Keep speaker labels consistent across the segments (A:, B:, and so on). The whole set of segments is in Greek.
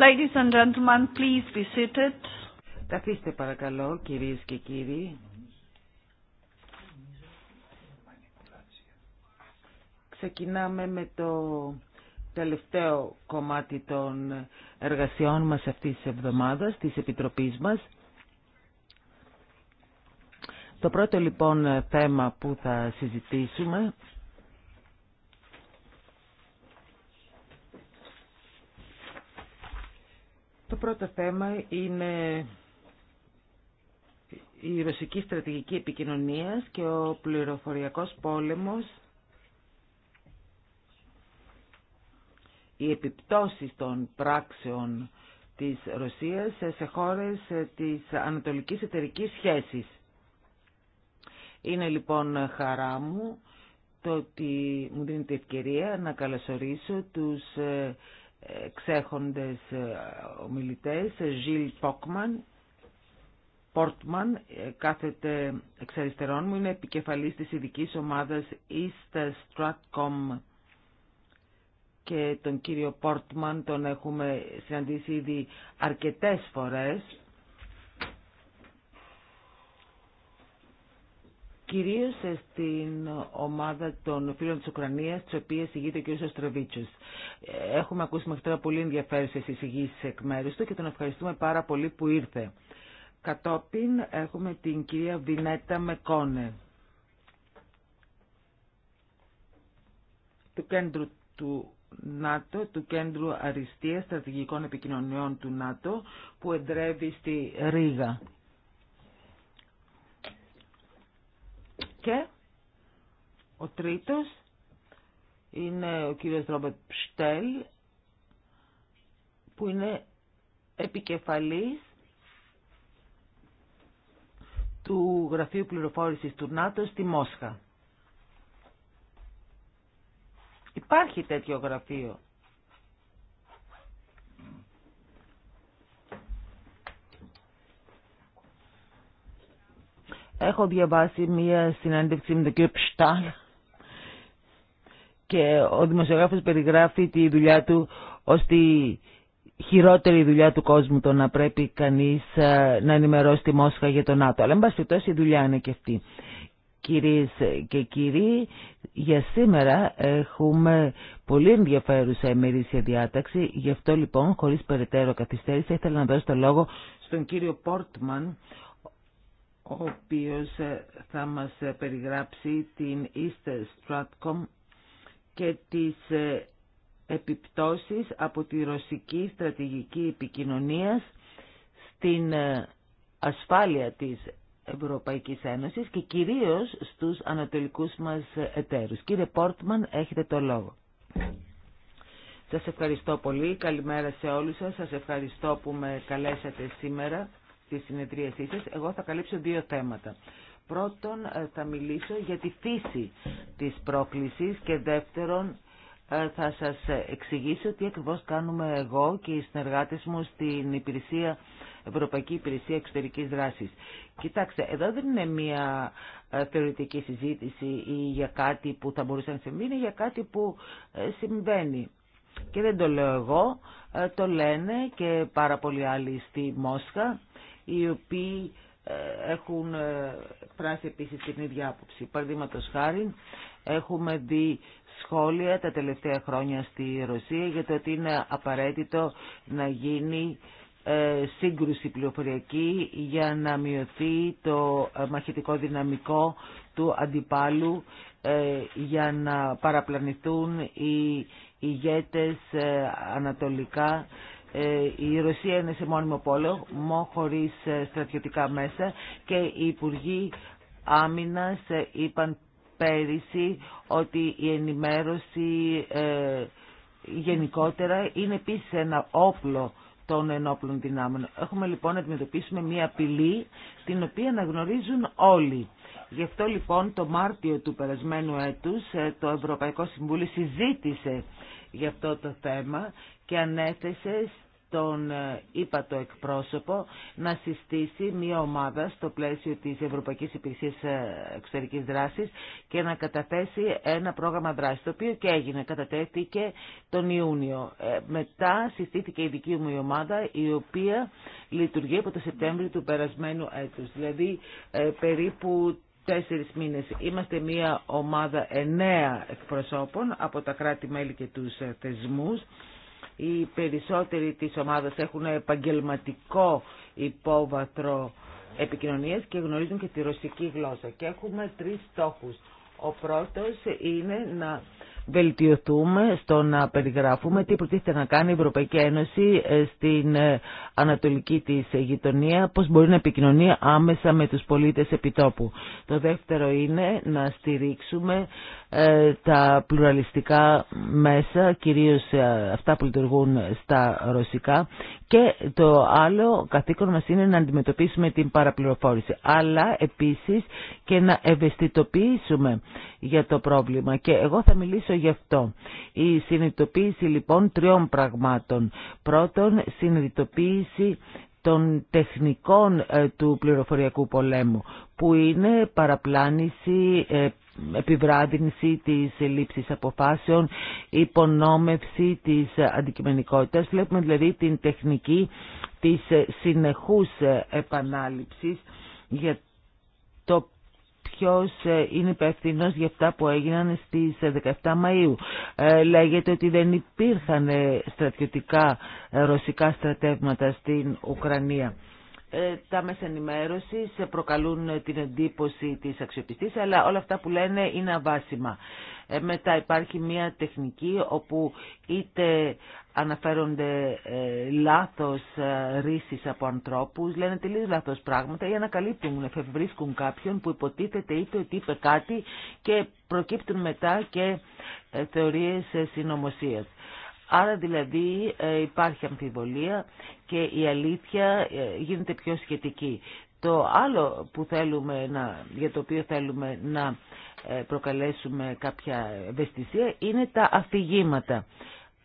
A: Ladies and gentlemen, please Καθίστε παρακαλώ, κυρίες και κύριοι. Ξεκινάμε με το τελευταίο κομμάτι των εργασιών μας αυτής της εβδομάδας, της Επιτροπής μας. Το πρώτο λοιπόν θέμα που θα συζητήσουμε Το πρώτο θέμα είναι η ρωσική στρατηγική επικοινωνίας και ο πληροφοριακός πόλεμος οι επιπτώσεις των πράξεων της Ρωσίας σε χώρες της ανατολικής εταιρικής σχέσης. Είναι λοιπόν χαρά μου το ότι μου δίνετε ευκαιρία να καλωσορίσω τους ε, εξέχοντες ε, ομιλητές, Ζιλ Πόκμαν, Πόρτμαν, κάθεται εξ αριστερών μου, είναι επικεφαλής της ειδικής ομάδας East Stratcom και τον κύριο Πόρτμαν τον έχουμε συναντήσει ήδη αρκετές φορές κυρίως στην ομάδα των φίλων της Ουκρανίας, τις οποίες ηγείται ο κ. Στρεβίτσος. Έχουμε ακούσει μέχρι τώρα πολύ ενδιαφέρουσες εισηγήσεις εκ μέρους του και τον ευχαριστούμε πάρα πολύ που ήρθε. Κατόπιν έχουμε την κυρία Βινέτα Μεκόνε του κέντρου του ΝΑΤΟ, του Κέντρου Αριστείας Στρατηγικών Επικοινωνιών του ΝΑΤΟ, που εντρεύει στη Ρήγα. Και ο τρίτος είναι ο κύριος Ρόμπερτ Πστέλ, που είναι επικεφαλής του Γραφείου Πληροφόρησης του ΝΑΤΟ στη Μόσχα. Υπάρχει τέτοιο γραφείο Έχω διαβάσει μία συνάντηση με τον κύριο Πστάλ και ο δημοσιογράφος περιγράφει τη δουλειά του ως τη χειρότερη δουλειά του κόσμου το να πρέπει κανείς ε, να ενημερώσει τη Μόσχα για τον ΝΑΤΟ. Αλλά, εν η δουλειά είναι και αυτή. Κυρίες και κύριοι, για σήμερα έχουμε πολύ ενδιαφέρουσα ημερήσια διάταξη. Γι' αυτό λοιπόν, χωρίς περαιτέρω καθυστέρηση, ήθελα να δώσω το λόγο στον κύριο Πόρτμαν, ο οποίος ε, θα μας ε, περιγράψει την Easter Stratcom και τις ε, επιπτώσεις από τη ρωσική στρατηγική Επικοινωνία στην ασφάλεια της Ευρωπαϊκής Ένωσης και κυρίως στους ανατολικούς μας εταίρους. Κύριε Πόρτμαν, έχετε το λόγο. Σας ευχαριστώ πολύ. Καλημέρα σε όλους σας. Σας ευχαριστώ που με καλέσατε σήμερα στη συνεδρίασή σας, εγώ θα καλύψω δύο θέματα. Πρώτον, ε, θα μιλήσω για τη φύση της πρόκλησης και δεύτερον, ε, θα σας εξηγήσω τι ακριβώς κάνουμε εγώ και οι συνεργάτες μου στην υπηρεσία, Ευρωπαϊκή Υπηρεσία Εξωτερικής Δράσης. Κοιτάξτε, εδώ δεν είναι μία ε, θεωρητική συζήτηση ή για κάτι που θα μπορούσε να συμβεί, είναι για κάτι που συμβαίνει. Και δεν το λέω εγώ, το λένε και πάρα πολλοί άλλοι στη Μόσχα οι οποίοι ε, έχουν πράσει ε, επίσης την ίδια άποψη. Παραδείγματο χάρη έχουμε δει σχόλια τα τελευταία χρόνια στη Ρωσία για το ότι είναι απαραίτητο να γίνει ε, σύγκρουση πληροφοριακή για να μειωθεί το μαχητικό δυναμικό του αντιπάλου για να παραπλανηθούν οι ηγέτες ανατολικά ε, η Ρωσία είναι σε μόνιμο πόλεμο μόχωρης ε, στρατιωτικά μέσα και οι Υπουργοί Άμυνα ε, είπαν πέρυσι ότι η ενημέρωση γενικότερα είναι επίσης ένα όπλο των ενόπλων δυνάμεων. Έχουμε λοιπόν να αντιμετωπίσουμε μία απειλή την οποία να γνωρίζουν όλοι. Γι' αυτό λοιπόν το Μάρτιο του περασμένου έτους το Ευρωπαϊκό Συμβούλιο συζήτησε για αυτό το θέμα και ανέθεσε τον ύπατο ε, εκπρόσωπο να συστήσει μια ομάδα στο πλαίσιο της Ευρωπαϊκής Υπηρεσίας ε, Εξωτερικής Δράσης και να καταθέσει ένα πρόγραμμα δράσης, το οποίο και έγινε, κατατέθηκε τον Ιούνιο. Ε, μετά συστήθηκε η δική μου ομάδα, η οποία λειτουργεί από το Σεπτέμβριο του περασμένου έτους, δηλαδή περίπου τέσσερις μήνες. Είμαστε μια ομάδα εννέα εκπροσώπων από τα κράτη-μέλη και τους θεσμούς. Οι περισσότεροι της ομάδας έχουν επαγγελματικό υπόβαθρο επικοινωνίας και γνωρίζουν και τη ρωσική γλώσσα. Και έχουμε τρεις στόχους. Ο πρώτος είναι να βελτιωθούμε στο να περιγράφουμε τι προτίθεται να κάνει η Ευρωπαϊκή Ένωση ε, στην ε, ανατολική της γειτονία, πώς μπορεί να επικοινωνεί άμεσα με τους πολίτες επιτόπου. Το δεύτερο είναι να στηρίξουμε ε, τα πλουραλιστικά μέσα, κυρίως αυτά που λειτουργούν στα ρωσικά και το άλλο καθήκον μας είναι να αντιμετωπίσουμε την παραπληροφόρηση, αλλά επίσης και να ευαισθητοποιήσουμε για το πρόβλημα και εγώ θα μιλήσω γι' Η συνειδητοποίηση λοιπόν τριών πραγμάτων. Πρώτον, συνειδητοποίηση των τεχνικών ε, του πληροφοριακού πολέμου που είναι παραπλάνηση, ε, επιβράδυνση της λήψης αποφάσεων, υπονόμευση της αντικειμενικότητας. Βλέπουμε δηλαδή την τεχνική της συνεχούς ε, επανάληψης για το ποιος ε, είναι υπεύθυνο για αυτά που έγιναν στις 17 ε, Μαΐου. Ε, λέγεται ότι δεν υπήρχαν στρατιωτικά ρωσικά στρατεύματα στην Ουκρανία. Τα μέσα ενημέρωση προκαλούν την εντύπωση της αξιοπιστής, αλλά όλα αυτά που λένε είναι αβάσιμα. Μετά υπάρχει μια τεχνική όπου είτε αναφέρονται ε, λάθος ε, ρίσεις από ανθρώπους, λένε τελείως λάθος πράγματα ή ανακαλύπτουν, εφευρίσκουν κάποιον που υποτίθεται είτε ότι είπε κάτι και προκύπτουν μετά και ε, θεωρίες ε, Άρα δηλαδή ε, υπάρχει αμφιβολία και η αλήθεια ε, γίνεται πιο σχετική. Το άλλο που θέλουμε να, για το οποίο θέλουμε να προκαλέσουμε κάποια ευαισθησία είναι τα αφηγήματα.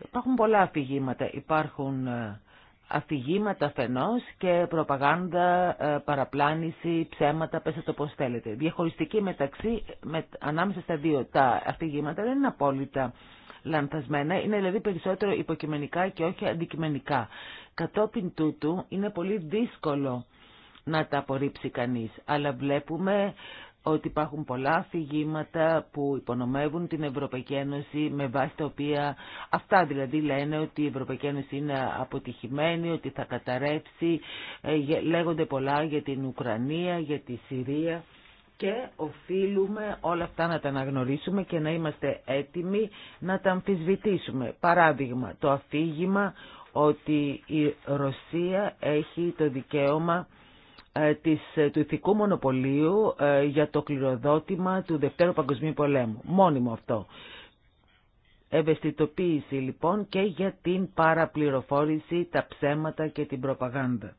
A: Υπάρχουν πολλά αφηγήματα. Υπάρχουν ε, αφηγήματα φενός και προπαγάνδα, ε, παραπλάνηση, ψέματα, πέσα το πώς θέλετε. Διαχωριστική μεταξύ, με, ανάμεσα στα δύο τα αφηγήματα δεν είναι απόλυτα λανθασμένα, είναι δηλαδή περισσότερο υποκειμενικά και όχι αντικειμενικά. Κατόπιν τούτου είναι πολύ δύσκολο να τα απορρίψει κανείς, αλλά βλέπουμε ότι υπάρχουν πολλά αφηγήματα που υπονομεύουν την Ευρωπαϊκή Ένωση με βάση τα οποία αυτά δηλαδή λένε ότι η Ευρωπαϊκή Ένωση είναι αποτυχημένη, ότι θα καταρρεύσει, ε, λέγονται πολλά για την Ουκρανία, για τη Συρία και οφείλουμε όλα αυτά να τα αναγνωρίσουμε και να είμαστε έτοιμοι να τα αμφισβητήσουμε. Παράδειγμα, το αφήγημα ότι η Ρωσία έχει το δικαίωμα ε, της, του ηθικού μονοπωλίου ε, για το κληροδότημα του Δευτέρου Παγκοσμίου Πολέμου. Μόνιμο αυτό. Ευαισθητοποίηση λοιπόν και για την παραπληροφόρηση, τα ψέματα και την προπαγάνδα.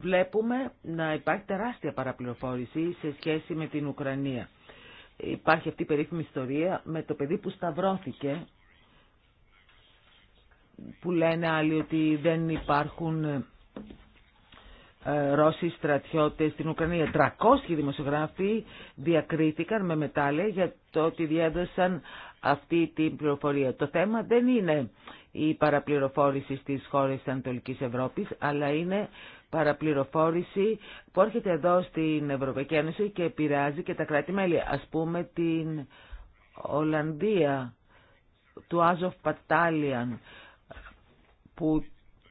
A: Βλέπουμε να υπάρχει τεράστια παραπληροφόρηση σε σχέση με την Ουκρανία. Υπάρχει αυτή η περίφημη ιστορία με το παιδί που σταυρώθηκε, που λένε άλλοι ότι δεν υπάρχουν ε, ε, Ρώσοι στρατιώτες στην Ουκρανία. 300 δημοσιογράφοι διακρίθηκαν με μετάλλια για το ότι διέδωσαν αυτή την πληροφορία. Το θέμα δεν είναι η παραπληροφόρηση στις χώρες της Ανατολικής Ευρώπης, αλλά είναι παραπληροφόρηση που έρχεται εδώ στην Ευρωπαϊκή Ένωση και επηρεάζει και τα κράτη-μέλη. Ας πούμε την Ολλανδία του Άζοφ Πατάλιαν που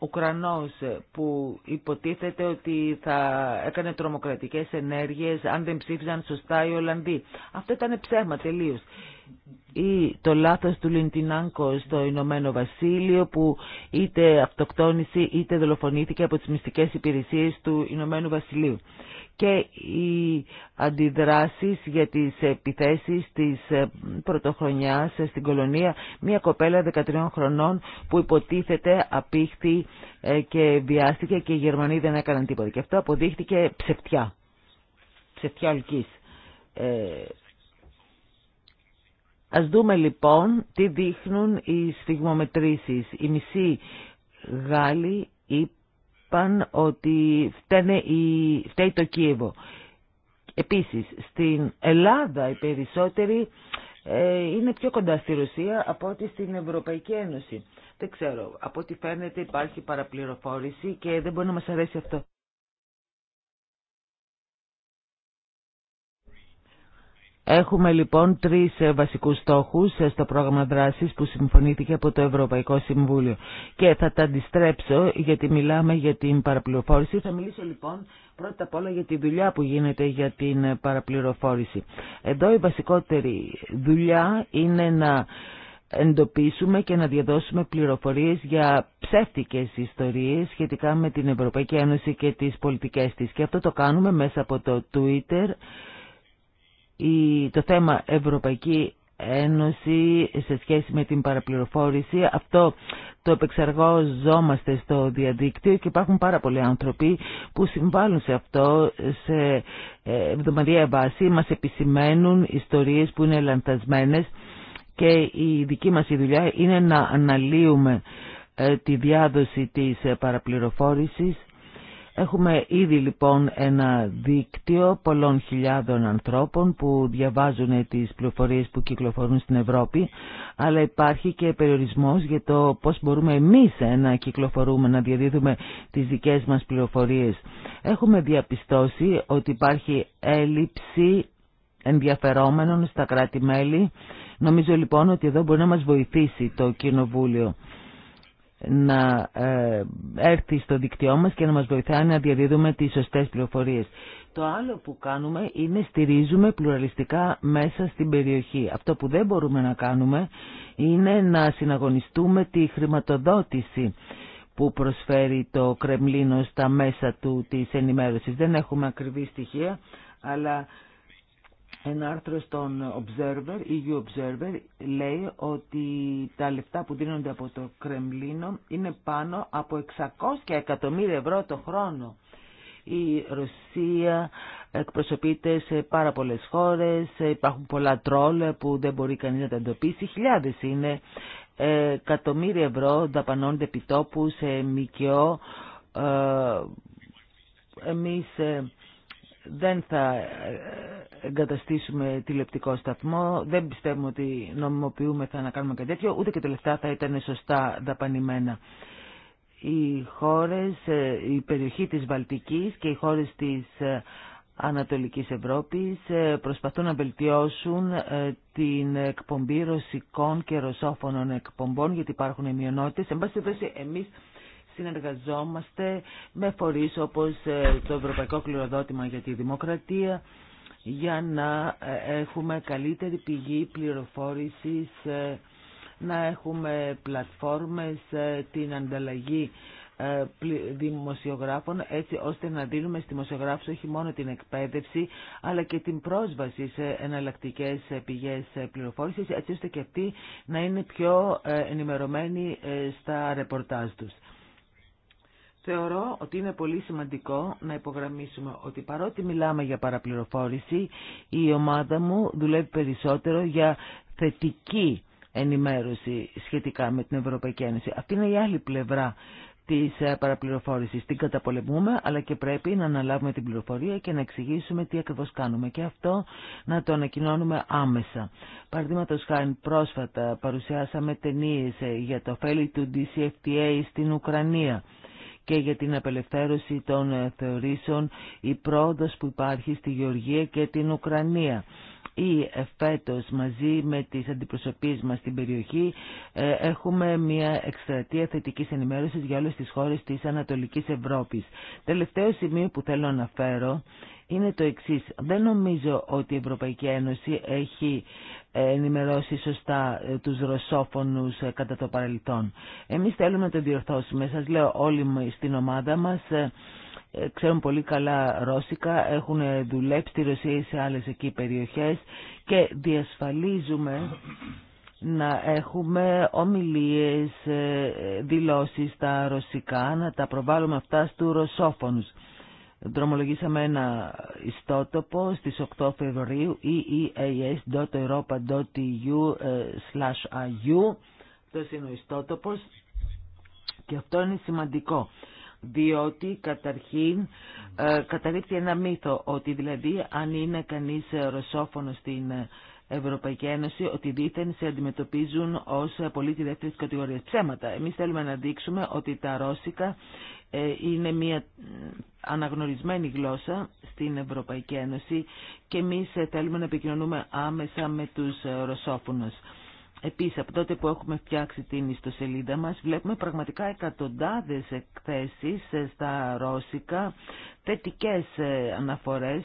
A: Ουκρανός που υποτίθεται ότι θα έκανε τρομοκρατικές ενέργειες αν δεν ψήφιζαν σωστά οι Ολλανδοί. Αυτό ήταν ψέμα τελείως ή το λάθος του Λιντινάνκο στο Ηνωμένο Βασίλειο που είτε αυτοκτόνησε είτε δολοφονήθηκε από τις μυστικές υπηρεσίες του Ηνωμένου Βασιλείου και οι αντιδράσεις για τις επιθέσεις της ε, πρωτοχρονιάς στην κολονία μια κοπέλα 13 χρονών που υποτίθεται απήχθη ε, και βιάστηκε και οι Γερμανοί δεν έκαναν τίποτα και αυτό αποδείχτηκε ψευτιά ψευτιά ολκής ε, Ας δούμε λοιπόν τι δείχνουν οι στιγμομετρήσεις. Οι μισοί Γάλλοι είπαν ότι φταίνε η... φταίει το Κίεβο. Επίσης, στην Ελλάδα οι περισσότεροι ε, είναι πιο κοντά στη Ρωσία από ότι στην Ευρωπαϊκή Ένωση. Δεν ξέρω, από ό,τι φαίνεται υπάρχει παραπληροφόρηση και δεν μπορεί να μας αρέσει αυτό. Έχουμε λοιπόν τρεις ε, βασικούς στόχους ε, στο πρόγραμμα δράσης που συμφωνήθηκε από το Ευρωπαϊκό Συμβούλιο και θα τα αντιστρέψω γιατί μιλάμε για την παραπληροφόρηση. Θα μιλήσω λοιπόν πρώτα απ' όλα για τη δουλειά που γίνεται για την ε, παραπληροφόρηση. Εδώ η βασικότερη δουλειά είναι να εντοπίσουμε και να διαδώσουμε πληροφορίες για ψεύτικες ιστορίες σχετικά με την Ευρωπαϊκή Ένωση και τις πολιτικές της. Και αυτό το κάνουμε μέσα από το Twitter, το θέμα Ευρωπαϊκή Ένωση σε σχέση με την παραπληροφόρηση. Αυτό το επεξεργόζόμαστε στο διαδίκτυο και υπάρχουν πάρα πολλοί άνθρωποι που συμβάλλουν σε αυτό σε ε, εβδομαδιαία βάση. Μας επισημαίνουν ιστορίες που είναι λανθασμένες και η δική μας η δουλειά είναι να αναλύουμε ε, τη διάδοση της ε, παραπληροφόρησης Έχουμε ήδη λοιπόν ένα δίκτυο πολλών χιλιάδων ανθρώπων που διαβάζουν τις πληροφορίες που κυκλοφορούν στην Ευρώπη αλλά υπάρχει και περιορισμός για το πώς μπορούμε εμείς ε, να κυκλοφορούμε, να διαδίδουμε τις δικές μας πληροφορίες. Έχουμε διαπιστώσει ότι υπάρχει έλλειψη ενδιαφερόμενων στα κράτη-μέλη. Νομίζω λοιπόν ότι εδώ μπορεί να μας βοηθήσει το Κοινοβούλιο να ε, έρθει στο δικτυό μας και να μας βοηθάει να διαδίδουμε τις σωστές πληροφορίες. Το άλλο που κάνουμε είναι στηρίζουμε πλουραλιστικά μέσα στην περιοχή. Αυτό που δεν μπορούμε να κάνουμε είναι να συναγωνιστούμε τη χρηματοδότηση που προσφέρει το Κρεμλίνο στα μέσα του της ενημέρωσης. Δεν έχουμε ακριβή στοιχεία, αλλά ένα άρθρο στον Observer, EU Observer, λέει ότι τα λεφτά που δίνονται από το Κρεμλίνο είναι πάνω από 600 εκατομμύρια ευρώ το χρόνο. Η Ρωσία εκπροσωπείται σε πάρα πολλές χώρες, υπάρχουν πολλά τρόλ που δεν μπορεί κανείς να τα εντοπίσει, χιλιάδες είναι. Εκατομμύρια ευρώ δαπανώνται επιτόπου σε ΜΚΟ. Ε, εμείς ε, δεν θα ε, εγκαταστήσουμε τηλεπτικό σταθμό, δεν πιστεύουμε ότι νομιμοποιούμε θα να κάνουμε κάτι τέτοιο, ούτε και τα λεφτά θα ήταν σωστά δαπανημένα. Οι χώρες, ε, η περιοχή της Βαλτικής και οι χώρες της ε, Ανατολικής Ευρώπης προσπαθούν να βελτιώσουν την εκπομπή ρωσικών και ρωσόφωνων εκπομπών γιατί υπάρχουν μειονότητες. Εν πάση εμείς συνεργαζόμαστε με φορείς όπως ε, το Ευρωπαϊκό Κληροδότημα για τη Δημοκρατία για να ε, έχουμε καλύτερη πηγή πληροφόρησης, ε, να έχουμε πλατφόρμες, την ανταλλαγή δημοσιογράφων έτσι ώστε να δίνουμε στη δημοσιογράφους όχι μόνο την εκπαίδευση αλλά και την πρόσβαση σε εναλλακτικές πηγές πληροφόρησης έτσι ώστε και αυτοί να είναι πιο ενημερωμένοι στα ρεπορτάζ τους. Θεωρώ ότι είναι πολύ σημαντικό να υπογραμμίσουμε ότι παρότι μιλάμε για παραπληροφόρηση, η ομάδα μου δουλεύει περισσότερο για θετική ενημέρωση σχετικά με την Ευρωπαϊκή Ένωση. Αυτή είναι η άλλη πλευρά της ε, παραπληροφόρησης. Την καταπολεμούμε, αλλά και πρέπει να αναλάβουμε την πληροφορία και να εξηγήσουμε τι ακριβώς κάνουμε. Και αυτό να το ανακοινώνουμε άμεσα. Παραδείγματος χάρη πρόσφατα παρουσιάσαμε ταινίε ε, για το φέλη του DCFTA στην Ουκρανία και για την απελευθέρωση των ε, θεωρήσεων, η πρόοδος που υπάρχει στη Γεωργία και την Ουκρανία ή φέτος μαζί με τις αντιπροσωπείς μας στην περιοχή ε, έχουμε μια εκστρατεία θετική ενημέρωσης για όλες τις χώρες της Ανατολικής Ευρώπης. Τελευταίο σημείο που θέλω να φέρω είναι το εξής. Δεν νομίζω ότι η Ευρωπαϊκή Ένωση έχει ε, ενημερώσει σωστά ε, τους ρωσόφωνους ε, κατά το παρελθόν. Εμείς θέλουμε να το διορθώσουμε. Σας λέω όλοι στην ομάδα μας ξέρουν πολύ καλά ρώσικα, έχουν δουλέψει στη Ρωσία σε άλλες εκεί περιοχές και διασφαλίζουμε να έχουμε ομιλίες, δηλώσεις στα ρωσικά, να τα προβάλλουμε αυτά στους ρωσόφωνους δρομολογήσαμε ένα ιστότοπο στις 8 Φεβρουαρίου eeas.europa.eu ε, au το είναι ο ιστότοπος και αυτό είναι σημαντικό διότι καταρχήν ε, ένα μύθο ότι δηλαδή αν είναι κανείς ρωσόφωνο στην Ευρωπαϊκή Ένωση ότι δήθεν σε αντιμετωπίζουν ως πολίτη δεύτερης κατηγορίας. Ψέματα. Εμείς θέλουμε να δείξουμε ότι τα ρώσικα ε, είναι μια ε, αναγνωρισμένη γλώσσα στην Ευρωπαϊκή Ένωση και εμείς ε, θέλουμε να επικοινωνούμε άμεσα με τους ρωσόφωνους. Επίσης, από τότε που έχουμε φτιάξει την ιστοσελίδα μας, βλέπουμε πραγματικά εκατοντάδες εκθέσεις στα ρώσικα, θετικές αναφορές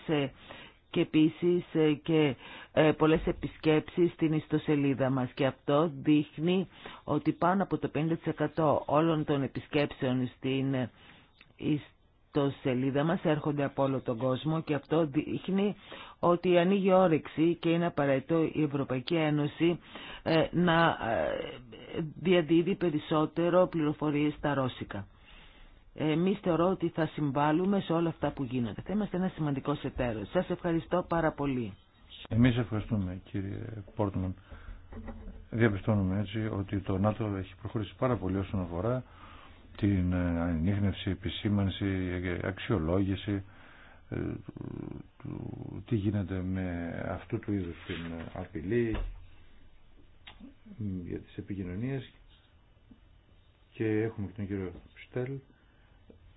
A: και επίσης ε, και ε, πολλές επισκέψεις στην ιστοσελίδα μας και αυτό δείχνει ότι πάνω από το 50% όλων των επισκέψεων στην ε, ιστοσελίδα μας έρχονται από όλο τον κόσμο και αυτό δείχνει ότι ανοίγει όρεξη και είναι απαραίτητο η Ευρωπαϊκή Ένωση να διαδίδει περισσότερο πληροφορίες στα ρώσικα. Εμεί θεωρώ ότι θα συμβάλλουμε σε όλα αυτά που γίνονται. Θα είμαστε ένα σημαντικό εταίρο. Σα ευχαριστώ πάρα πολύ.
B: Εμεί ευχαριστούμε κύριε Πόρτμαν. Διαπιστώνουμε έτσι ότι το ΝΑΤΟ έχει προχωρήσει πάρα πολύ όσον αφορά την ε, ανείχνευση, επισήμανση, ε, αξιολόγηση ε, τι γίνεται με αυτού του είδους την απειλή για τις επικοινωνίες και έχουμε τον κύριο Στέλ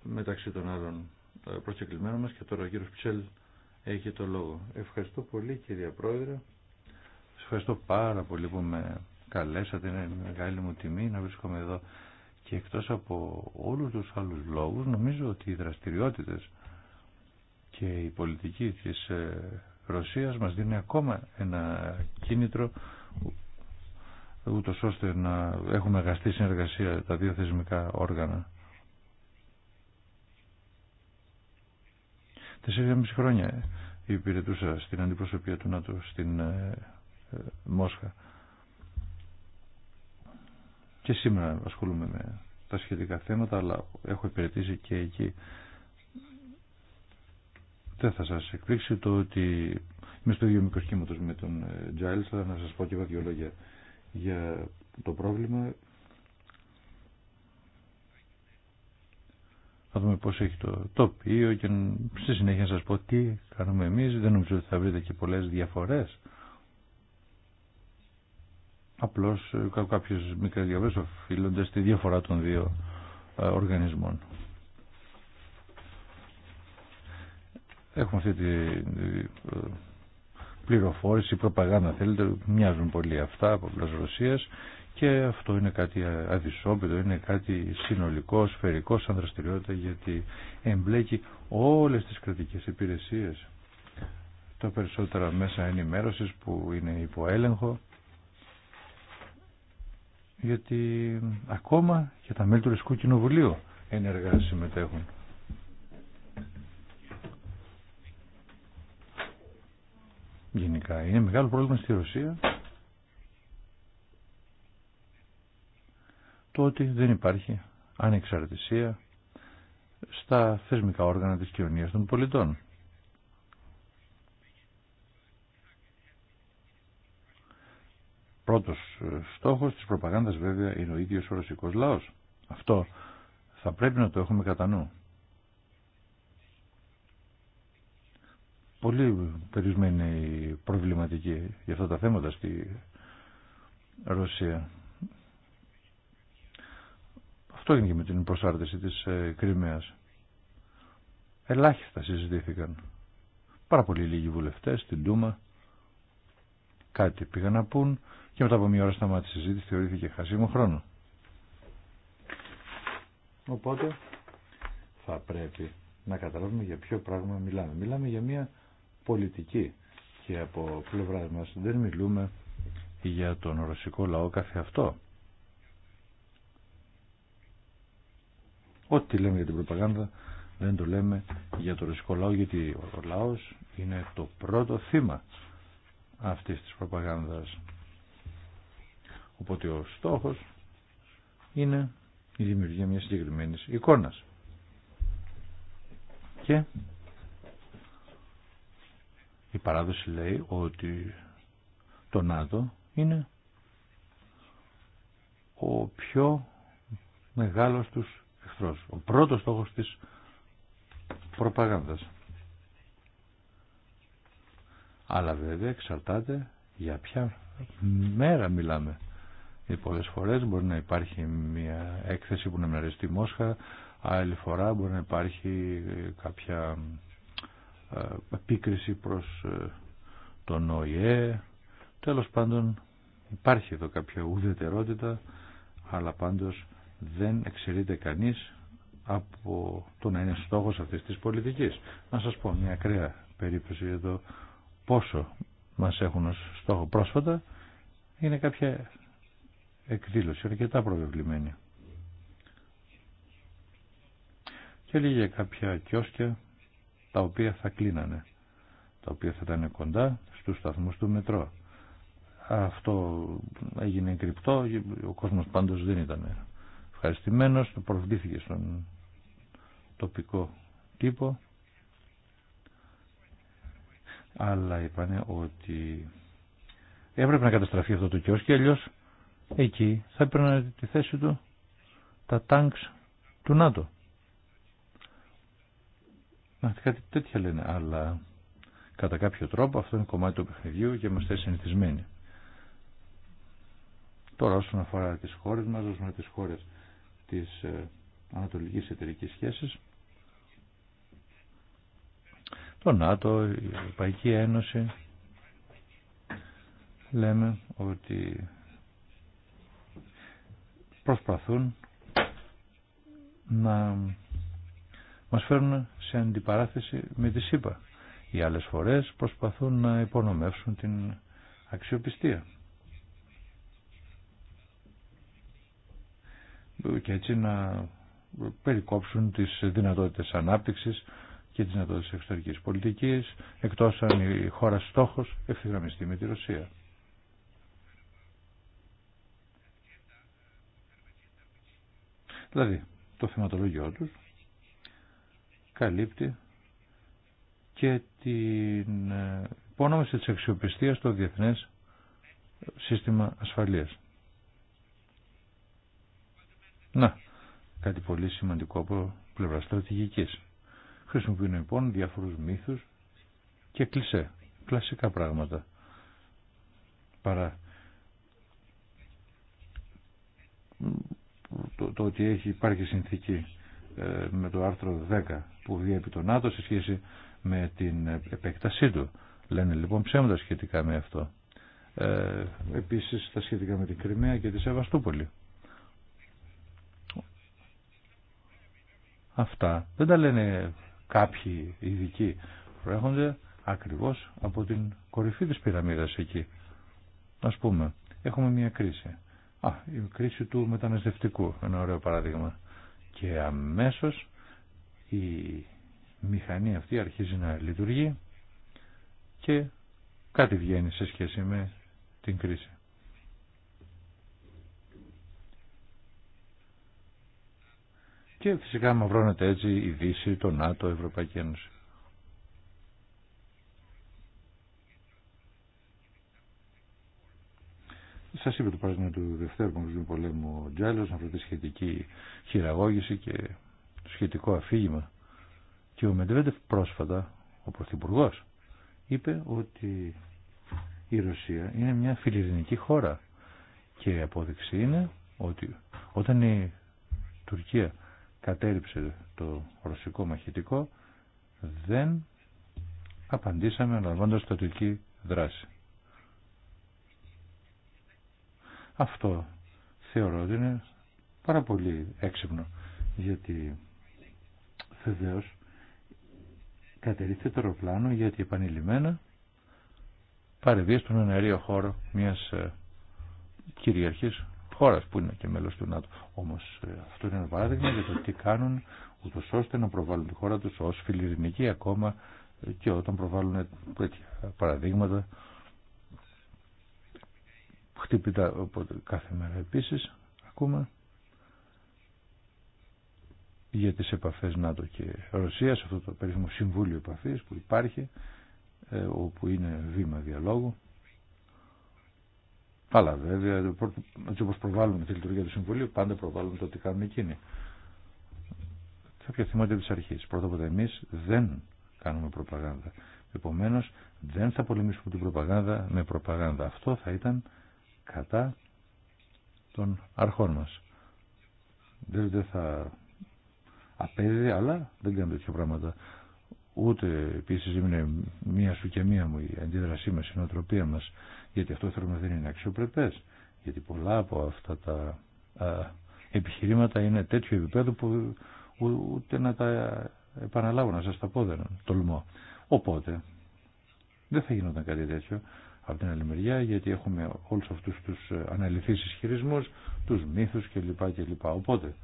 B: μεταξύ των άλλων ε, προσκεκλημένων μας και τώρα ο κύριος Πιτσέλ έχει το λόγο. Ευχαριστώ πολύ κύριε Πρόεδρε. Σας ευχαριστώ πάρα πολύ που με καλέσατε. Είναι μεγάλη μου τιμή να βρίσκομαι εδώ. Και εκτός από όλους τους άλλους λόγους νομίζω ότι οι δραστηριότητες και η πολιτική της ε, Ρωσίας μας δίνει ακόμα ένα κίνητρο ούτω ώστε να έχουμε αγαστή συνεργασία τα δύο θεσμικά όργανα. 4,5 χρόνια υπηρετούσα στην αντιπροσωπεία του ΝΑΤΟ στην ε, ε, Μόσχα. Και σήμερα ασχολούμαι με τα σχετικά θέματα, αλλά έχω υπηρετήσει και εκεί. Δεν θα σας εκπλήξει το ότι είμαι στο ίδιο με τον Giles, ε, αλλά να σας πω και δύο για το πρόβλημα να δούμε πώς έχει το τοπίο και στη συνέχεια να σας πω τι κάνουμε εμείς. Δεν νομίζω ότι θα βρείτε και πολλές διαφορές. Απλώς ε, κάποιες μικρές διαφορές οφείλονται στη διαφορά των δύο ε, οργανισμών. Έχουμε αυτή τη ε, πληροφόρηση, προπαγάνδα θέλετε, μοιάζουν πολύ αυτά από πλευρά Ρωσίας και αυτό είναι κάτι αδυσόπιτο, είναι κάτι συνολικό, σφαιρικό σαν δραστηριότητα γιατί εμπλέκει όλες τις κρατικές υπηρεσίες τα περισσότερα μέσα ενημέρωσης που είναι υποέλεγχο γιατί ακόμα και τα μέλη του Ρεσκού Κοινοβουλίου ενεργά συμμετέχουν. Γενικά είναι μεγάλο πρόβλημα στη Ρωσία το ότι δεν υπάρχει ανεξαρτησία στα θεσμικά όργανα της κοινωνίας των πολιτών. Πρώτος ε, στόχος της προπαγάνδας βέβαια είναι ο ίδιος ο ρωσικός λαός. Αυτό θα πρέπει να το έχουμε κατά νου. Πολύ περιορισμένη προβληματική για αυτά τα θέματα στη Ρωσία. Αυτό έγινε και με την προσάρτηση της ε, Κρυμαίας. Ελάχιστα συζητήθηκαν. Πάρα πολύ λίγοι βουλευτές στην Τούμα. Κάτι πήγαν να πούν και μετά από μια ώρα σταμάτησε η συζήτηση, θεωρήθηκε χασίμο χρόνο. Οπότε θα πρέπει να καταλάβουμε για ποιο πράγμα μιλάμε. Μιλάμε για μια πολιτική και από πλευρά μας δεν μιλούμε για τον ρωσικό λαό καθεαυτό. αυτό. Ό,τι λέμε για την προπαγάνδα δεν το λέμε για το ρωσικό λαό γιατί ο λαός είναι το πρώτο θύμα αυτής της προπαγάνδας. Οπότε ο στόχος είναι η δημιουργία μιας συγκεκριμένη εικόνας. Και η παράδοση λέει ότι το ΝΑΤΟ είναι ο πιο μεγάλος τους ο πρώτος στόχος της προπαγάνδας. Αλλά βέβαια εξαρτάται για ποια μέρα μιλάμε. Πολλέ πολλές φορές μπορεί να υπάρχει μια έκθεση που να αρέσει τη Μόσχα, άλλη φορά μπορεί να υπάρχει κάποια ε, επίκριση προς ε, τον ΟΗΕ. Τέλος πάντων υπάρχει εδώ κάποια ουδετερότητα, αλλά πάντως δεν εξαιρείται κανείς από το να είναι στόχος αυτής της πολιτικής. Να σας πω μια ακραία περίπτωση για πόσο μας έχουν ως στόχο πρόσφατα είναι κάποια εκδήλωση αρκετά προβεβλημένη. Και λίγε κάποια κιόσκια τα οποία θα κλείνανε, τα οποία θα ήταν κοντά στους σταθμούς του μετρό. Αυτό έγινε κρυπτό, ο κόσμος πάντως δεν ήταν ευχαριστημένος, το προβλήθηκε στον τοπικό τύπο αλλά είπανε ότι έπρεπε να καταστραφεί αυτό το και αλλιώς εκεί θα έπαιρνε τη θέση του τα τάγκς του ΝΑΤΟ. Να, κάτι τέτοια λένε, αλλά κατά κάποιο τρόπο αυτό είναι κομμάτι του παιχνιδιού και είμαστε συνηθισμένοι. Τώρα όσον αφορά τις χώρες μας, όσον αφορά τις χώρες της ε, ανατολικής εταιρικής σχέσης. Το ΝΑΤΟ, η Ευρωπαϊκή Ένωση, λέμε ότι προσπαθούν να μας φέρουν σε αντιπαράθεση με τη ΣΥΠΑ. Οι άλλες φορές προσπαθούν να υπονομεύσουν την αξιοπιστία. και έτσι να περικόψουν τις δυνατότητες ανάπτυξης και τις δυνατότητες εξωτερικής πολιτικής, εκτός αν η χώρα στόχος ευθυγραμμιστεί με τη Ρωσία. Δηλαδή, το θεματολογιό τους καλύπτει και την ε, υπόνομηση της αξιοπιστίας στο διεθνές σύστημα ασφαλείας. Να, κάτι πολύ σημαντικό από πλευρά στρατηγική. Χρησιμοποιούν λοιπόν διάφορου μύθου και κλισέ. Κλασικά πράγματα. Παρά το, το ότι έχει υπάρχει συνθήκη ε, με το άρθρο 10 που διέπει τον Άτο σε σχέση με την επέκτασή του. Λένε λοιπόν ψέματα σχετικά με αυτό. Ε, επίσης τα σχετικά με την Κρυμαία και τη Σεβαστούπολη. Αυτά δεν τα λένε κάποιοι ειδικοί. Προέρχονται ακριβώς από την κορυφή της πυραμίδας εκεί. Ας πούμε, έχουμε μια κρίση. Α, η κρίση του μεταναστευτικού, ένα ωραίο παράδειγμα. Και αμέσως η μηχανή αυτή αρχίζει να λειτουργεί και κάτι βγαίνει σε σχέση με την κρίση. Και φυσικά μαυρώνεται έτσι η Δύση, το ΝΑΤΟ, η Ευρωπαϊκή Ένωση. Σα είπε το παράδειγμα του Δευτέρου Παγκοσμίου Πολέμου ο Τζάλο, αυτή τη σχετική χειραγώγηση και το σχετικό αφήγημα. Και ο Μεντεβέντεφ πρόσφατα, ο Πρωθυπουργό, είπε ότι η Ρωσία είναι μια φιλιρινική χώρα. Και η απόδειξη είναι ότι όταν η Τουρκία κατέριψε το ρωσικό μαχητικό δεν απαντήσαμε αναλαμβάνοντας στατική δράση. Αυτό θεωρώ ότι είναι πάρα πολύ έξυπνο γιατί βεβαίω κατερίθεται το αεροπλάνο γιατί επανειλημμένα παρεμβεί στον εναερίο χώρο μιας ε, κυριαρχής Χώρα που είναι και μέλο του ΝΑΤΟ. Όμως ε, αυτό είναι ένα παράδειγμα για το τι κάνουν ούτω ώστε να προβάλλουν τη χώρα τους ω φιλιρινική ακόμα ε, και όταν προβάλλουν τέτοια παραδείγματα χτύπητα κάθε μέρα επίσης ακούμε για τις επαφές ΝΑΤΟ και Ρωσία αυτό το περίφημο Συμβούλιο Επαφής που υπάρχει ε, όπου είναι βήμα διαλόγου αλλά βέβαια, έτσι όπω προβάλλουμε τη λειτουργία του Συμβουλίου, πάντα προβάλλουμε το τι κάνουν εκείνοι. Κάποια θυμότητα τη αρχή. Πρώτα απ' όλα, εμεί δεν κάνουμε προπαγάνδα. Επομένω, δεν θα πολεμήσουμε την προπαγάνδα με προπαγάνδα. Αυτό θα ήταν κατά των αρχών μα. δεν θα απέδιδε, αλλά δεν κάνουμε τέτοια πράγματα. Ούτε επίση είναι μία σου και μία μου η αντίδρασή μα, η νοοτροπία μα γιατί αυτό θέλουμε δεν είναι αξιοπρεπές γιατί πολλά από αυτά τα επιχειρήματα είναι τέτοιο επίπεδο που ούτε να τα επαναλάβω να σας τα πω δεν τολμώ οπότε δεν θα γινόταν κάτι τέτοιο από την άλλη μεριά γιατί έχουμε όλους αυτούς τους ε, αναλυθείς ισχυρισμού, τους μύθους κλπ. κλπ. οπότε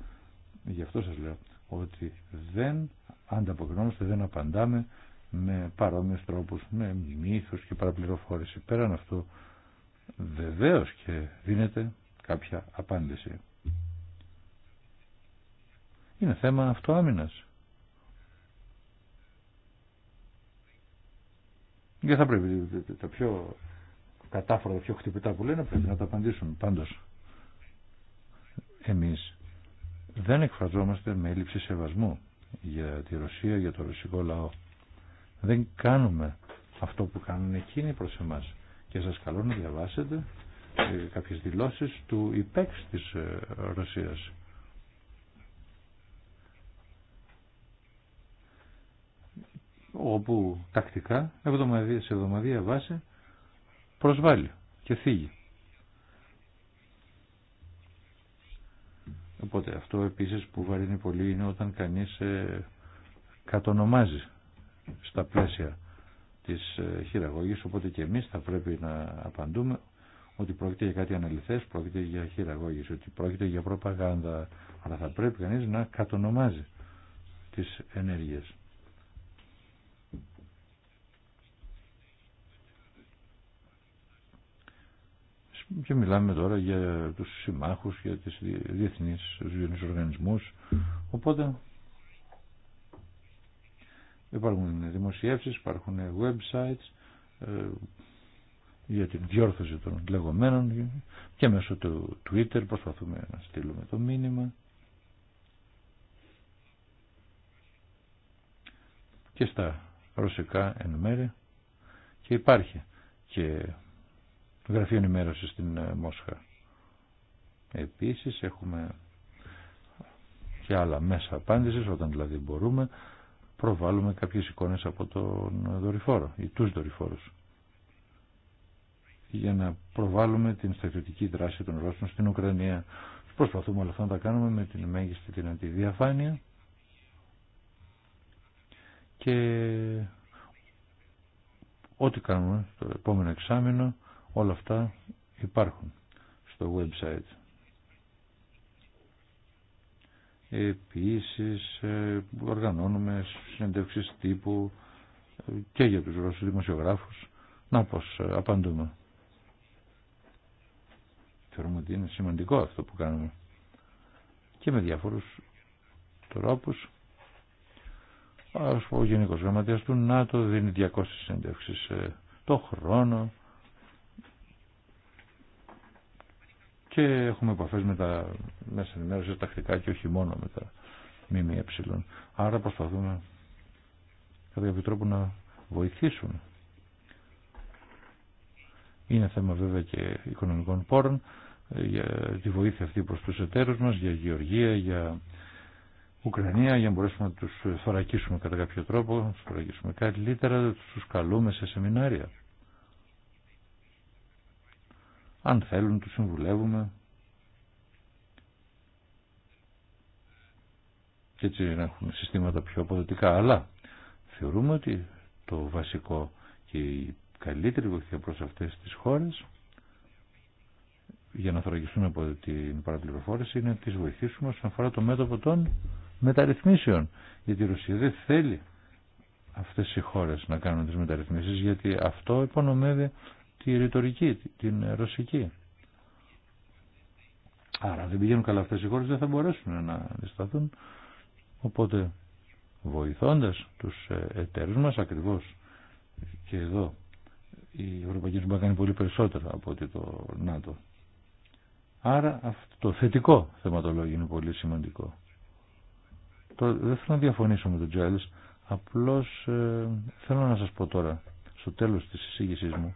B: γι' αυτό σας λέω ότι δεν ανταποκρινόμαστε, δεν απαντάμε με παρόμοιους τρόπους, με μύθους και παραπληροφόρηση. Πέραν αυτού βεβαίως και δίνεται κάποια απάντηση. Είναι θέμα αυτοάμυνας. και θα πρέπει τα πιο κατάφορα, τα πιο χτυπητά που λένε πρέπει να τα απαντήσουν. Πάντως, εμείς δεν εκφραζόμαστε με έλλειψη σεβασμού για τη Ρωσία, για το ρωσικό λαό. Δεν κάνουμε αυτό που κάνουν εκείνοι προς εμάς. Και σας καλώ να διαβάσετε ε, κάποιες δηλώσεις του υπέξ της ε, Ρωσίας. όπου τακτικά, εβδομαδία σε εβδομαδία βάση, προσβάλλει και θίγει. Οπότε αυτό επίσης που βαρύνει πολύ είναι όταν κανείς ε, κατονομάζει στα πλαίσια της ε, χειραγώγης, οπότε και εμείς θα πρέπει να απαντούμε ότι πρόκειται για κάτι αναλυθές, πρόκειται για χειραγώγηση, ότι πρόκειται για προπαγάνδα, αλλά θα πρέπει κανείς να κατονομάζει τις ενέργειες. Και μιλάμε τώρα για τους συμμάχους, για τις διεθνείς, τους οργανισμούς, οπότε Υπάρχουν δημοσιεύσεις, υπάρχουν websites ε, για την διόρθωση των λεγόμενων και μέσω του Twitter προσπαθούμε να στείλουμε το μήνυμα. και στα ρωσικά εν και υπάρχει και γραφείο ενημέρωση στην ε, Μόσχα. Επίσης έχουμε και άλλα μέσα απάντησης όταν δηλαδή μπορούμε προβάλλουμε κάποιες εικόνες από τον δορυφόρο ή τους δορυφόρους για να προβάλλουμε την στρατιωτική δράση των Ρώσων στην Ουκρανία. Προσπαθούμε όλα αυτά να τα κάνουμε με την μέγιστη την αντιδιαφάνεια και ό,τι κάνουμε το επόμενο εξάμεινο όλα αυτά υπάρχουν στο website. Επίσης ε, οργανώνουμε συνεντεύξεις τύπου ε, και για τους Ρώσους δημοσιογράφους. Να πως ε, απαντούμε. Θεωρούμε ότι είναι σημαντικό αυτό που κάνουμε. Και με διάφορους τρόπους. Ας πω ο Γενικός Γραμματέας του ΝΑΤΟ δίνει 200 συνέντευξεις το χρόνο και έχουμε επαφέ με τα μέσα ενημέρωση τακτικά και όχι μόνο με τα ΜΜΕ. Άρα προσπαθούμε κατά κάποιο τρόπο να βοηθήσουν. Είναι θέμα βέβαια και οικονομικών πόρων ε, για τη βοήθεια αυτή προς τους εταίρους μας, για Γεωργία, για Ουκρανία, για να μπορέσουμε να τους θωρακίσουμε κατά κάποιο τρόπο, να τους θωρακίσουμε καλύτερα, τους καλούμε σε σεμινάρια. Αν θέλουν, τους συμβουλεύουμε. Και έτσι να έχουν συστήματα πιο αποδοτικά. Αλλά θεωρούμε ότι το βασικό και η καλύτερη βοήθεια προς αυτές τις χώρες για να θωρακιστούν από την παραπληροφόρηση είναι να τις βοηθήσουμε όσον αφορά το μέτωπο των μεταρρυθμίσεων. Γιατί η Ρωσία δεν θέλει αυτές οι χώρες να κάνουν τις μεταρρυθμίσεις γιατί αυτό υπονομεύει τη ρητορική, την ρωσική. Άρα δεν πηγαίνουν καλά αυτές οι χώρες, δεν θα μπορέσουν να αντισταθούν. Οπότε βοηθώντας τους ε, εταίρους μας ακριβώς και εδώ η Ευρωπαϊκή Ένωση κάνει πολύ περισσότερο από ότι το ΝΑΤΟ. Άρα αυτό το θετικό θεματολόγιο είναι πολύ σημαντικό. δεν θέλω να διαφωνήσω με τον Τζέλης, απλώς ε, θέλω να σας πω τώρα στο τέλος της εισήγησής μου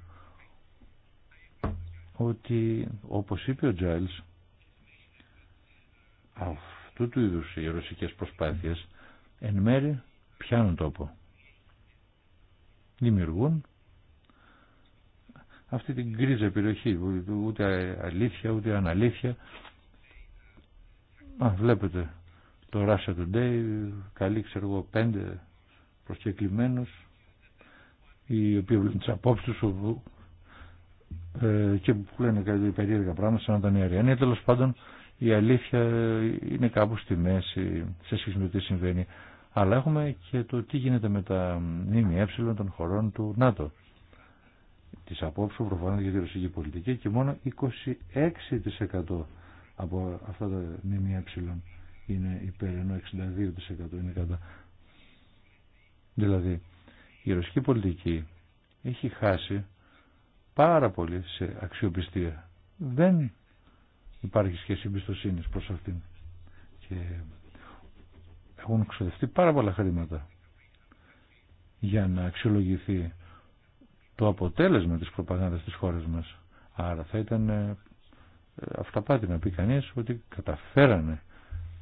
B: ότι όπως είπε ο Τζάιλς αυτού του είδους οι ρωσικές προσπάθειες εν μέρη πιάνουν τόπο. Δημιουργούν αυτή την γκρίζα περιοχή, ούτε αλήθεια ούτε αναλήθεια. Α, βλέπετε το Russia Today, καλή ξέρω εγώ πέντε προσκεκλημένους οι οποίοι βλέπουν τις απόψεις ε, και που λένε κάτι περίεργα πράγματα σαν να ήταν η ναι, Τέλος πάντων η αλήθεια είναι κάπου στη μέση σε σχέση με τι συμβαίνει. Αλλά έχουμε και το τι γίνεται με τα ΜΜΕ των χωρών του ΝΑΤΟ. Τις απόψου προφανώς για τη ρωσική πολιτική και μόνο 26% από αυτά τα Ε. είναι υπέρ ενώ 62% είναι κατά. Δηλαδή η ρωσική πολιτική έχει χάσει πάρα πολύ σε αξιοπιστία. Δεν υπάρχει σχέση εμπιστοσύνη προς αυτήν. Και έχουν ξοδευτεί πάρα πολλά χρήματα για να αξιολογηθεί το αποτέλεσμα της προπαγάνδας της χώρας μας. Άρα θα ήταν ε, αυταπάτη να πει κανεί ότι καταφέρανε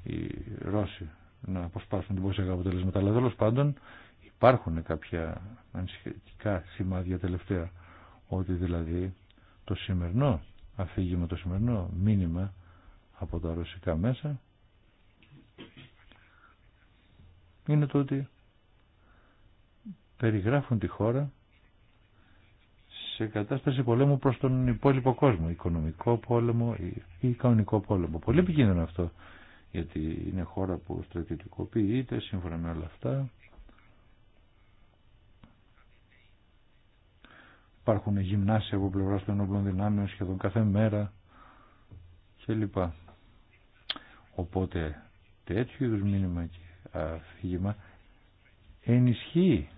B: οι Ρώσοι να αποσπάσουν την πόσα αποτελέσματα. Αλλά τέλο πάντων υπάρχουν κάποια ανησυχητικά σημάδια τελευταία ότι δηλαδή το σημερινό αφήγημα, το σημερινό μήνυμα από τα ρωσικά μέσα είναι το ότι περιγράφουν τη χώρα σε κατάσταση πολέμου προς τον υπόλοιπο κόσμο, οικονομικό πόλεμο ή κανονικό πόλεμο. Πολύ επικίνδυνο αυτό, γιατί είναι χώρα που στρατιωτικοποιείται σύμφωνα με όλα αυτά Υπάρχουν γυμνάσια από πλευρά των ενόπλων δυνάμεων σχεδόν κάθε μέρα κλπ. Οπότε τέτοιου είδου μήνυμα και αφήγημα ενισχύει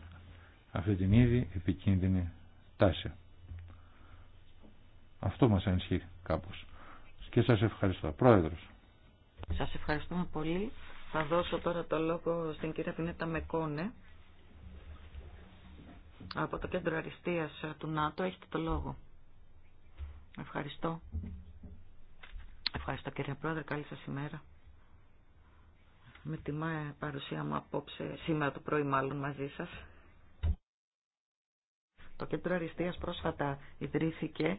B: αυτή την ήδη επικίνδυνη τάση. Αυτό μας ενισχύει κάπως. Και σας ευχαριστώ. Πρόεδρος.
A: Σας ευχαριστούμε πολύ. Θα δώσω τώρα το λόγο στην κυρία Πινέτα Μεκόνε από το κέντρο αριστείας ε, του ΝΑΤΟ. Έχετε το λόγο. Ευχαριστώ. Ευχαριστώ κύριε Πρόεδρε. Καλή σας ημέρα. Με τιμά ε, παρουσία μου απόψε, σήμερα το πρωί μάλλον μαζί σας. Το κέντρο αριστείας πρόσφατα ιδρύθηκε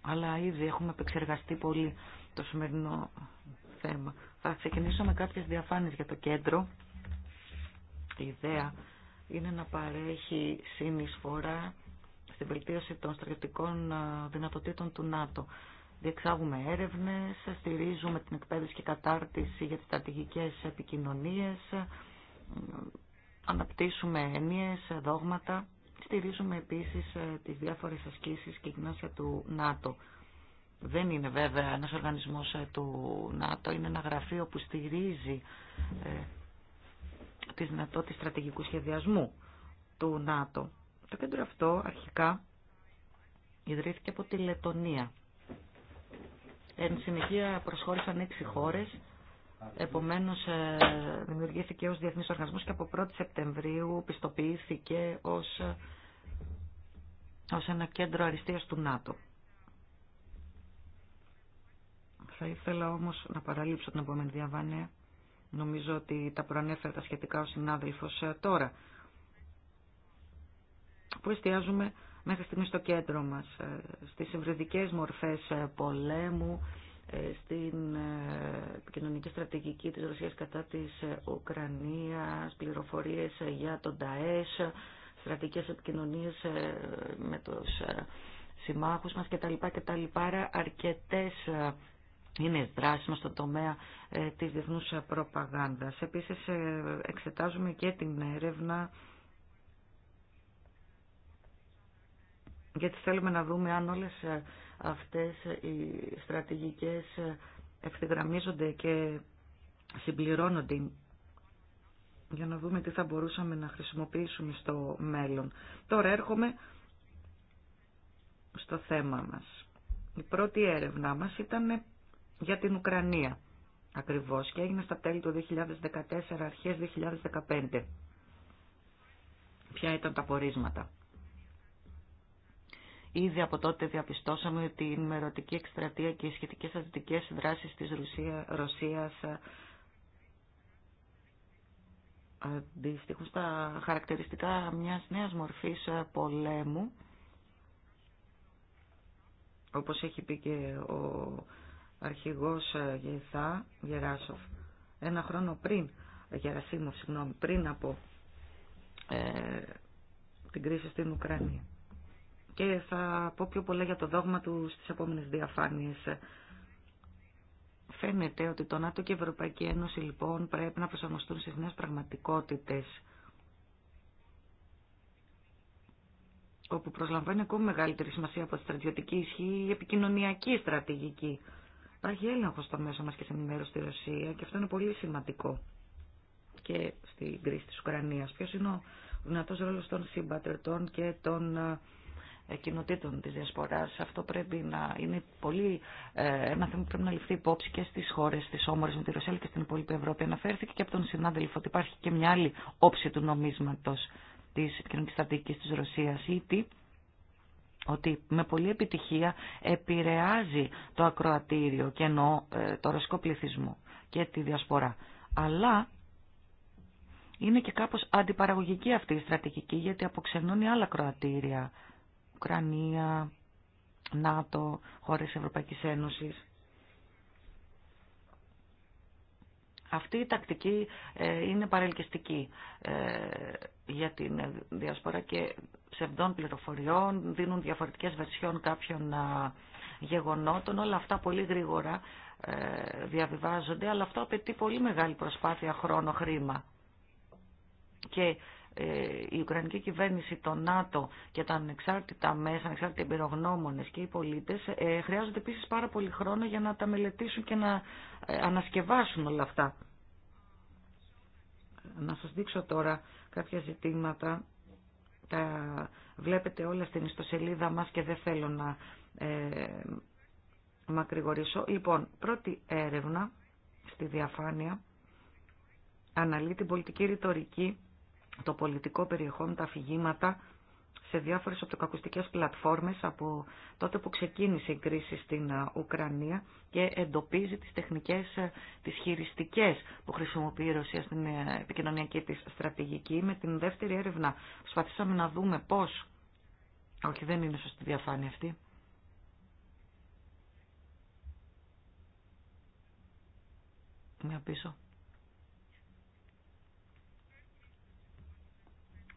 A: αλλά ήδη έχουμε επεξεργαστεί πολύ το σημερινό θέμα. Θα ξεκινήσω με κάποιες διαφάνειες για το κέντρο. Η ιδέα είναι να παρέχει συνεισφορά στην βελτίωση των στρατιωτικών ε, δυνατοτήτων του ΝΑΤΟ. Διεξάγουμε έρευνες, στηρίζουμε την εκπαίδευση και κατάρτιση για τις στρατηγικές επικοινωνίες, ε, αναπτύσσουμε έννοιες, ε, δόγματα, στηρίζουμε επίσης τις διάφορες ασκήσεις και γνώσια του ΝΑΤΟ δεν είναι βέβαια ένας οργανισμός ε, του ΝΑΤΟ, είναι ένα γραφείο που στηρίζει ε, τη δυνατότητα στρατηγικού σχεδιασμού του ΝΑΤΟ. Το κέντρο αυτό αρχικά ιδρύθηκε από τη Λετωνία. Εν συνεχεία προσχώρησαν έξι χώρες, επομένως ε, δημιουργήθηκε ως Διεθνής Οργανισμός και από 1η Σεπτεμβρίου πιστοποιήθηκε ως, ε, ως ένα κέντρο αριστείας του ΝΑΤΟ. Θα ήθελα όμως να παραλείψω την επόμενη διαβάνεια. Νομίζω ότι τα προανέφερα τα σχετικά ο συνάδελφος ε, τώρα. Που εστιάζουμε μέχρι στιγμή στο κέντρο μας, ε, στις ευρυδικές μορφές ε, πολέμου, στην κοινωνική στρατηγική της Ρωσίας κατά της Ουκρανίας, πληροφορίες για τον ΤΑΕΣ, στρατηγικές επικοινωνίες με τους συμμάχους μας κτλ. αρκετές είναι δράσιμο στο τομέα ε, της διεθνούς προπαγάνδας. Επίσης ε, εξετάζουμε και την έρευνα γιατί θέλουμε να δούμε αν όλες ε, αυτές οι στρατηγικές ευθυγραμμίζονται και συμπληρώνονται για να δούμε τι θα μπορούσαμε να χρησιμοποιήσουμε στο μέλλον. Τώρα έρχομαι στο θέμα μας. Η πρώτη έρευνά μας ήταν για την Ουκρανία ακριβώς και έγινε στα τέλη του 2014, αρχές 2015. Ποια ήταν τα πορίσματα. Ήδη από τότε διαπιστώσαμε ότι η νημερωτική εκστρατεία και οι σχετικές αστικές δράσεις της Ρωσία, Ρωσίας ε, αντιστοιχούν στα χαρακτηριστικά μιας νέας μορφής ε, πολέμου όπως έχει πει και ο αρχηγός ε, Γεθά Γεράσοφ ένα χρόνο πριν ε, Γερασίμοφ, συγγνώμη, πριν από ε, την κρίση στην Ουκρανία. Και θα πω πιο πολλά για το δόγμα του στις επόμενες διαφάνειες. Φαίνεται ότι το ΝΑΤΟ και η Ευρωπαϊκή Ένωση λοιπόν πρέπει να προσαρμοστούν στις νέες πραγματικότητες όπου προσλαμβάνει ακόμη μεγαλύτερη σημασία από τη στρατιωτική ισχύ η επικοινωνιακή στρατηγική Υπάρχει έλεγχο στο μέσο μα και σε ενημέρωση στη Ρωσία και αυτό είναι πολύ σημαντικό και στην κρίση τη Ουκρανία. Ποιο είναι ο δυνατό ρόλο των συμπατρετών και των ε, κοινοτήτων τη Διασποράς. Αυτό πρέπει να είναι πολύ, ε, ένα θέμα που πρέπει να ληφθεί υπόψη και στι χώρε τη όμορφη με τη Ρωσία και στην υπόλοιπη Ευρώπη. Αναφέρθηκε και από τον συνάδελφο ότι υπάρχει και μια άλλη όψη του νομίσματος τη κοινωνική στρατηγική της Ρωσίας ή τι ότι με πολλή επιτυχία επηρεάζει το ακροατήριο και ε, το ρωσικό πληθυσμό και τη διασπορά. Αλλά είναι και κάπως αντιπαραγωγική αυτή η στρατηγική γιατί αποξενώνει άλλα ακροατήρια, Ουκρανία, ΝΑΤΟ, χώρες Ευρωπαϊκής Ένωσης. Αυτή η τακτική ε, είναι παρελκυστική ε, για την διασπορά και ψευδών πληροφοριών, δίνουν διαφορετικές βερσιών κάποιων γεγονότων, όλα αυτά πολύ γρήγορα ε, διαβιβάζονται, αλλά αυτό απαιτεί πολύ μεγάλη προσπάθεια, χρόνο, χρήμα. Και ε, η Ουκρανική κυβέρνηση, το ΝΑΤΟ και τα ανεξάρτητα μέσα, ανεξάρτητα εμπειρογνώμονες και οι πολίτες ε, χρειάζονται επίση πάρα πολύ χρόνο για να τα μελετήσουν και να ε, ανασκευάσουν όλα αυτά. Να σας δείξω τώρα κάποια ζητήματα. Τα βλέπετε όλα στην ιστοσελίδα μας και δεν θέλω να ε, μακρηγορήσω. Λοιπόν, πρώτη έρευνα στη διαφάνεια αναλύει την πολιτική ρητορική το πολιτικό περιεχόμενο, τα αφηγήματα σε διάφορες οπτικοακουστικές πλατφόρμες από τότε που ξεκίνησε η κρίση στην ε, Ουκρανία και εντοπίζει τις τεχνικές, ε, τις χειριστικές που χρησιμοποιεί η Ρωσία στην ε, επικοινωνιακή της στρατηγική. Με την δεύτερη έρευνα προσπαθήσαμε να δούμε πώς... Όχι, δεν είναι σωστή διαφάνεια αυτή. Μια πίσω.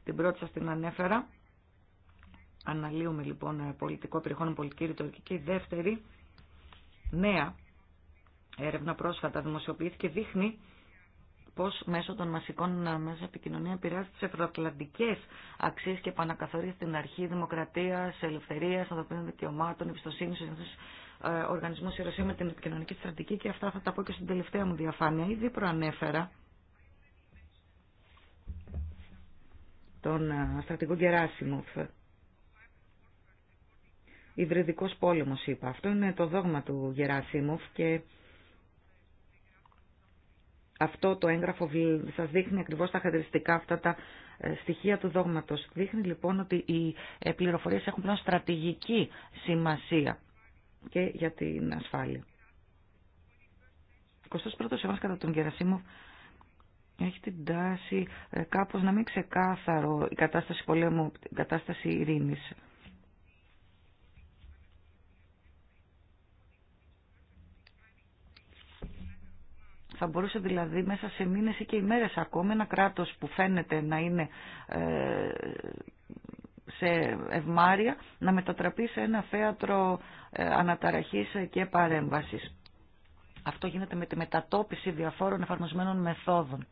A: Την πρώτη σας την ανέφερα. Αναλύουμε λοιπόν πολιτικό περιεχόμενο, πολιτική ρητορική. Και η Δεύτερη, νέα έρευνα πρόσφατα δημοσιοποιήθηκε, δείχνει πω μέσω των μασικών μέσα επικοινωνία επηρεάζει τι ευρωατλαντικέ αξίε και επανακαθορίζει την αρχή δημοκρατίας, ελευθερίας, ανθρωπίνων δικαιωμάτων, εμπιστοσύνη στους η ε, Ρωσία με την επικοινωνική στρατηγική και αυτά θα τα πω και στην τελευταία μου διαφάνεια. Ήδη προανέφερα τον ε, στρατηγό Γεράσιμοφ. Υβριδικός πόλεμος είπα. Αυτό είναι το δόγμα του Γεράσιμοφ και αυτό το έγγραφο σας δείχνει ακριβώς τα χαρακτηριστικά αυτά τα ε, στοιχεία του δόγματος. Δείχνει λοιπόν ότι οι ε, πληροφορίες έχουν πλέον στρατηγική σημασία και για την ασφάλεια. 21ος αιώνας κατά τον Γερασίμοφ έχει την τάση ε, κάπως να μην ξεκάθαρο η κατάσταση πολέμου, η κατάσταση ειρήνης. Θα μπορούσε δηλαδή μέσα σε μήνες ή και ημέρες ακόμα ένα κράτος που φαίνεται να είναι ε, σε ευμάρια να μετατραπεί σε ένα θέατρο ε, αναταραχής και παρέμβασης. Αυτό γίνεται με τη μετατόπιση διαφόρων εφαρμοσμένων μεθόδων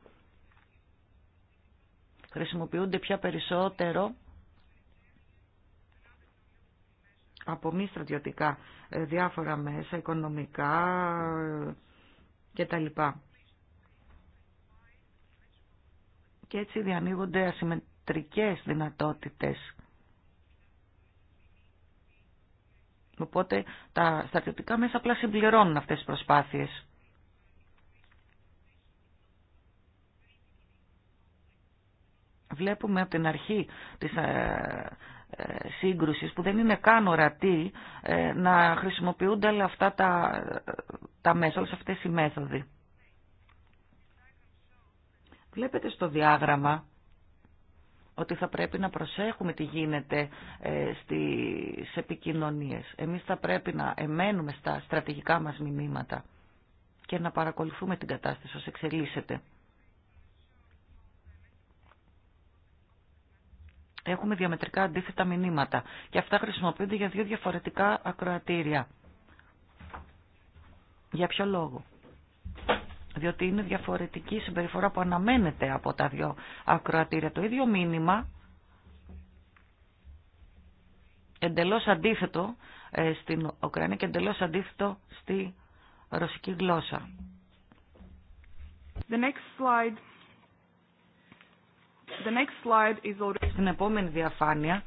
A: χρησιμοποιούνται πια περισσότερο από μη στρατιωτικά ε, διάφορα μέσα, οικονομικά ε, κτλ. Και έτσι διανοίγονται ασυμμετρικές δυνατότητες. Οπότε τα στρατιωτικά μέσα απλά συμπληρώνουν αυτές τις προσπάθειες. Βλέπουμε από την αρχή της ε, ε, σύγκρουσης που δεν είναι καν ορατή ε, να χρησιμοποιούνται όλα αυτά τα, τα μέσα, όλες αυτές οι μέθοδοι. Βλέπετε στο διάγραμμα ότι θα πρέπει να προσέχουμε τι γίνεται στις επικοινωνίες. Εμείς θα πρέπει να εμένουμε στα στρατηγικά μας μηνύματα και να παρακολουθούμε την κατάσταση όσο εξελίσσεται. έχουμε διαμετρικά αντίθετα μηνύματα και αυτά χρησιμοποιούνται για δύο διαφορετικά ακροατήρια. Για ποιο λόγο. Διότι είναι διαφορετική συμπεριφορά που αναμένεται από τα δύο ακροατήρια. Το ίδιο μήνυμα, εντελώς αντίθετο ε, στην Ουκρανία και εντελώς αντίθετο στη ρωσική γλώσσα.
C: The next slide. The next slide is already...
A: Στην επόμενη διαφάνεια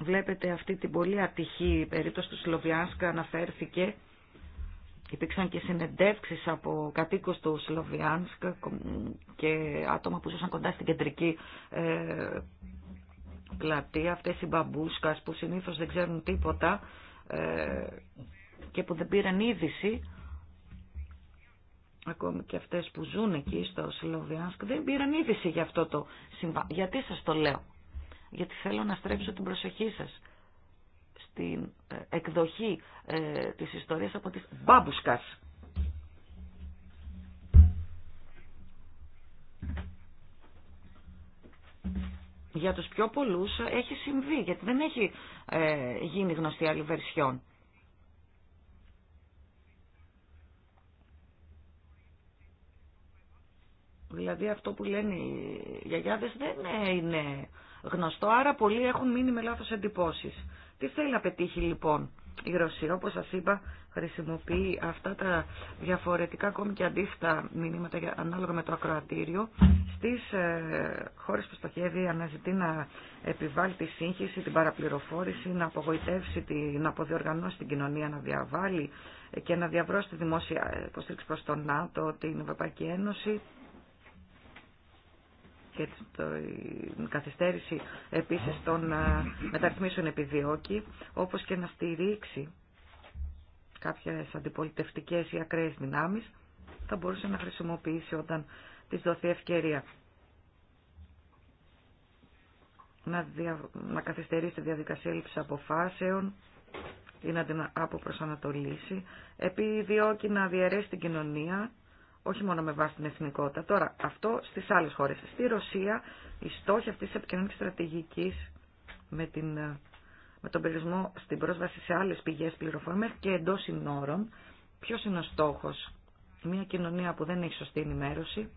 A: βλέπετε αυτή την πολύ ατυχή περίπτωση του Σλοβιάνσκα αναφέρθηκε. Υπήρξαν και συνεντεύξεις από κατοίκους του Σλοβιάνσκ και άτομα που ζούσαν κοντά στην κεντρική ε, πλατεία, αυτές οι μπαμπούσκας που συνήθως δεν ξέρουν τίποτα ε, και που δεν πήραν είδηση ακόμη και αυτές που ζουν εκεί στο Σιλοβιάνσκ, δεν πήραν είδηση για αυτό το συμβάν. Γιατί σας το λέω. Γιατί θέλω να στρέψω την προσοχή σας στην ε, εκδοχή ε, της ιστορίας από τις μπάμπουσκας. Για τους πιο πολλούς έχει συμβεί, γιατί δεν έχει ε, γίνει γνωστή άλλη βερσιόν. Δηλαδή αυτό που λένε οι γιαγιάδες δεν είναι γνωστό, άρα πολλοί έχουν μείνει με λάθος εντυπώσεις. Τι θέλει να πετύχει λοιπόν η Ρωσία, όπως σας είπα, χρησιμοποιεί αυτά τα διαφορετικά ακόμη και αντίστοιχα μηνύματα ανάλογα με το ακροατήριο στις ε, χώρες που στοχεύει αναζητεί να επιβάλλει τη σύγχυση, την παραπληροφόρηση, να απογοητεύσει, τη να αποδιοργανώσει την κοινωνία, να διαβάλει και να διαβρώσει τη δημόσια υποστήριξη προς το ΝΑΤΟ, την Ευρωπαϊκή Ένωση και την καθυστέρηση επίσης των ε, μεταρρυθμίσεων επιδιώκει, όπως και να στηρίξει κάποιες αντιπολιτευτικές ή ακραίες δυνάμεις, θα μπορούσε να χρησιμοποιήσει όταν της δοθεί ευκαιρία. Να, δια... να καθυστερήσει τη διαδικασία λήψη αποφάσεων ή να την αποπροσανατολίσει. Επιδιώκει να διαιρέσει την κοινωνία όχι μόνο με βάση την εθνικότητα. Τώρα, αυτό στι άλλε χώρε. Στη Ρωσία, η στόχη αυτή τη επικοινωνική στρατηγική με, την, ε, με τον περιορισμό στην πρόσβαση σε άλλες πηγές πληροφοριών μέχρι και εντός συνόρων, ποιος είναι ο στόχος. Μια κοινωνία που δεν έχει σωστή ενημέρωση,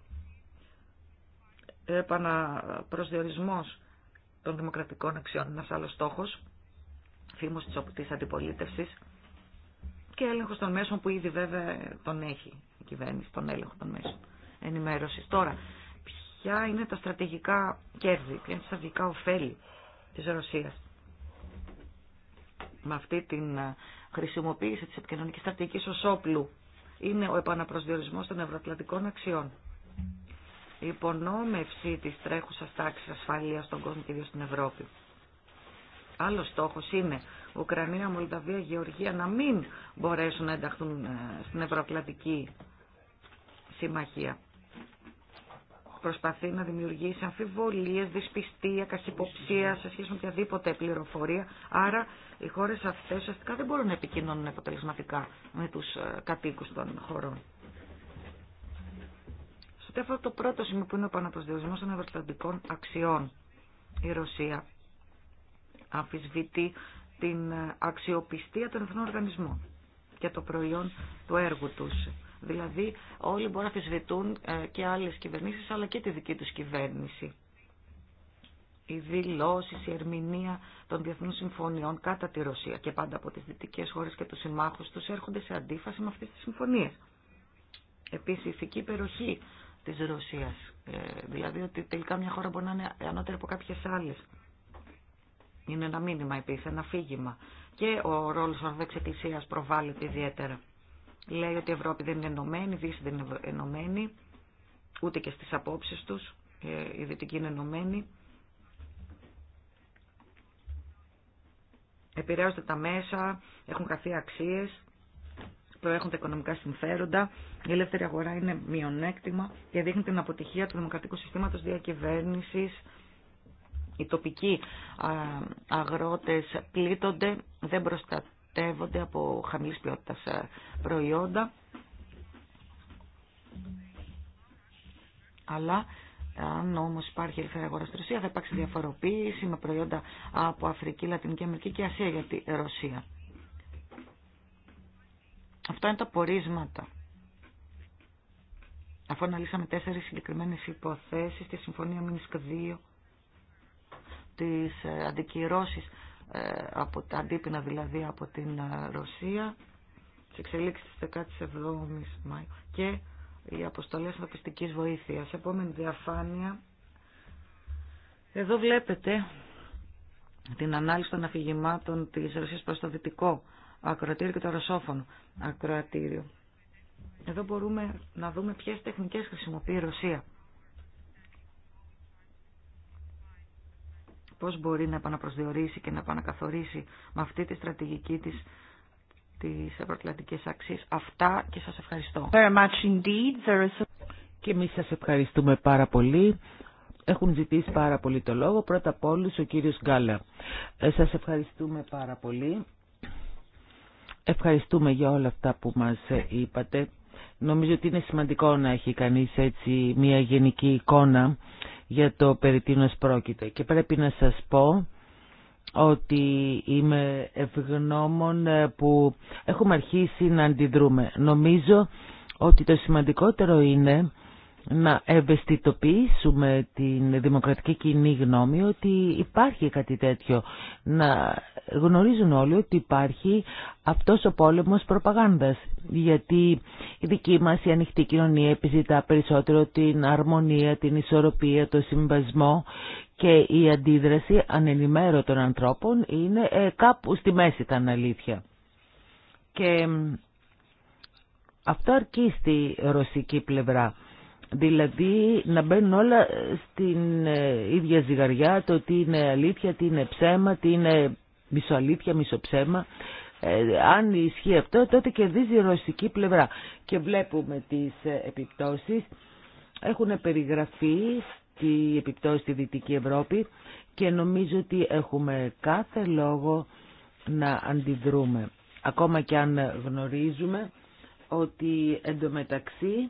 A: επαναπροσδιορισμός των δημοκρατικών αξιών, ένας άλλος στόχος, θύμος της αντιπολίτευσης και έλεγχος των μέσων που ήδη βέβαια τον έχει κυβέρνηση τον έλεγχο των μέσων ενημέρωση. Τώρα, ποια είναι τα στρατηγικά κέρδη, ποια είναι τα στρατηγικά ωφέλη τη Ρωσία. με αυτή την ε, χρησιμοποίηση τη επικοινωνική στρατηγική ω όπλου είναι ο επαναπροσδιορισμός των ευρωατλαντικών αξιών. Η υπονόμευση της τρέχουσας τάξης ασφαλείας στον κόσμο και ιδίως στην Ευρώπη. Άλλος στόχος είναι Ουκρανία, Μολδαβία, Γεωργία να μην μπορέσουν να ενταχθούν ε, στην ευρωατλαντική συμμαχία. Προσπαθεί να δημιουργήσει αμφιβολίες, δυσπιστία, καχυποψία σε σχέση με οποιαδήποτε πληροφορία. Άρα οι χώρες αυτές ουσιαστικά δεν μπορούν να επικοινωνούν αποτελεσματικά με τους ε, κατοίκους των χωρών. Στο αυτό το πρώτο σημείο που είναι ο παναπροσδιορισμός των ευρωπαϊκών αξιών. Η Ρωσία αμφισβητεί την ε, αξιοπιστία των εθνών οργανισμών και το προϊόν του έργου τους. Δηλαδή όλοι μπορούν να αφισβητούν ε, και άλλες κυβερνήσεις αλλά και τη δική τους κυβέρνηση. Οι δηλώσει, η ερμηνεία των διεθνών συμφωνιών κατά τη Ρωσία και πάντα από τις δυτικές χώρες και τους συμμάχους τους έρχονται σε αντίφαση με αυτές τις συμφωνίες. Επίσης η ηθική υπεροχή της Ρωσίας, ε, δηλαδή ότι τελικά μια χώρα μπορεί να είναι ανώτερη από κάποιες άλλες. Είναι ένα μήνυμα επίσης, ένα αφήγημα. Και ο ρόλος της Εκκλησίας προβάλλεται ιδιαίτερα λέει ότι η Ευρώπη δεν είναι ενωμένη, η Δύση δεν είναι ενωμένη, ούτε και στις απόψεις τους, η Δυτική είναι ενωμένη. Επηρεάζονται τα μέσα, έχουν καθεί αξίες, προέχουν οικονομικά συμφέροντα, η ελεύθερη αγορά είναι μειονέκτημα και δείχνει την αποτυχία του δημοκρατικού συστήματος διακυβέρνησης. Οι τοπικοί αγρότες πλήττονται, δεν προστατεύονται προστατεύονται από χαμηλής ποιότητας ε, προϊόντα. Αλλά αν όμω υπάρχει ελεύθερη αγορά στη Ρωσία, θα υπάρξει διαφοροποίηση με προϊόντα από Αφρική, Λατινική Αμερική και Ασία για τη Ρωσία. Αυτά είναι τα πορίσματα. Αφού αναλύσαμε τέσσερις συγκεκριμένε υποθέσεις, τη Συμφωνία Μινσκ 2, τι ε, αντικυρώσει ε, από τα αντίπεινα δηλαδή από την ε, Ρωσία σε εξελίξει της 17ης Μάη και οι αποστολές ανθρωπιστικής βοήθειας. Επόμενη διαφάνεια. Εδώ βλέπετε την ανάλυση των αφηγημάτων της Ρωσίας προς το δυτικό ακροατήριο και το ρωσόφωνο ακροατήριο. Εδώ μπορούμε να δούμε ποιες τεχνικές χρησιμοποιεί η Ρωσία πώς μπορεί να επαναπροσδιορίσει και να επανακαθορίσει με αυτή τη στρατηγική της τις ευρωατλαντικές Αυτά και σας ευχαριστώ. Και εμείς σας ευχαριστούμε πάρα πολύ. Έχουν ζητήσει πάρα πολύ το λόγο. Πρώτα απ' όλους ο κύριος Γκάλα. Ε, σας ευχαριστούμε πάρα πολύ. Ευχαριστούμε για όλα αυτά που μας ε, είπατε. Νομίζω ότι είναι σημαντικό να έχει κανείς έτσι μια γενική εικόνα για το περί τίνος πρόκειται. Και πρέπει να σας πω ότι είμαι ευγνώμων ε, που έχουμε αρχίσει να αντιδρούμε. Νομίζω ότι το σημαντικότερο είναι να ευαισθητοποιήσουμε την δημοκρατική κοινή γνώμη ότι υπάρχει κάτι τέτοιο. Να γνωρίζουν όλοι ότι υπάρχει αυτός ο πόλεμος προπαγάνδας. Γιατί η δική μας η ανοιχτή κοινωνία επιζητά περισσότερο την αρμονία, την ισορροπία, το συμβασμό και η αντίδραση των ανθρώπων είναι ε, κάπου στη μέση τα αλήθεια. Και αυτό αρκεί στη ρωσική πλευρά. Δηλαδή να μπαίνουν όλα στην ε, ίδια ζυγαριά, το τι είναι αλήθεια, τι είναι ψέμα, τι είναι μισοαλήθεια, μισοψέμα. Ε, αν ισχύει αυτό τότε κερδίζει η ρωσική πλευρά. Και βλέπουμε τις ε, επιπτώσεις. Έχουν περιγραφεί στη επιπτώσεις στη Δυτική Ευρώπη και νομίζω ότι έχουμε κάθε λόγο να αντιδρούμε. Ακόμα και αν γνωρίζουμε ότι εντωμεταξύ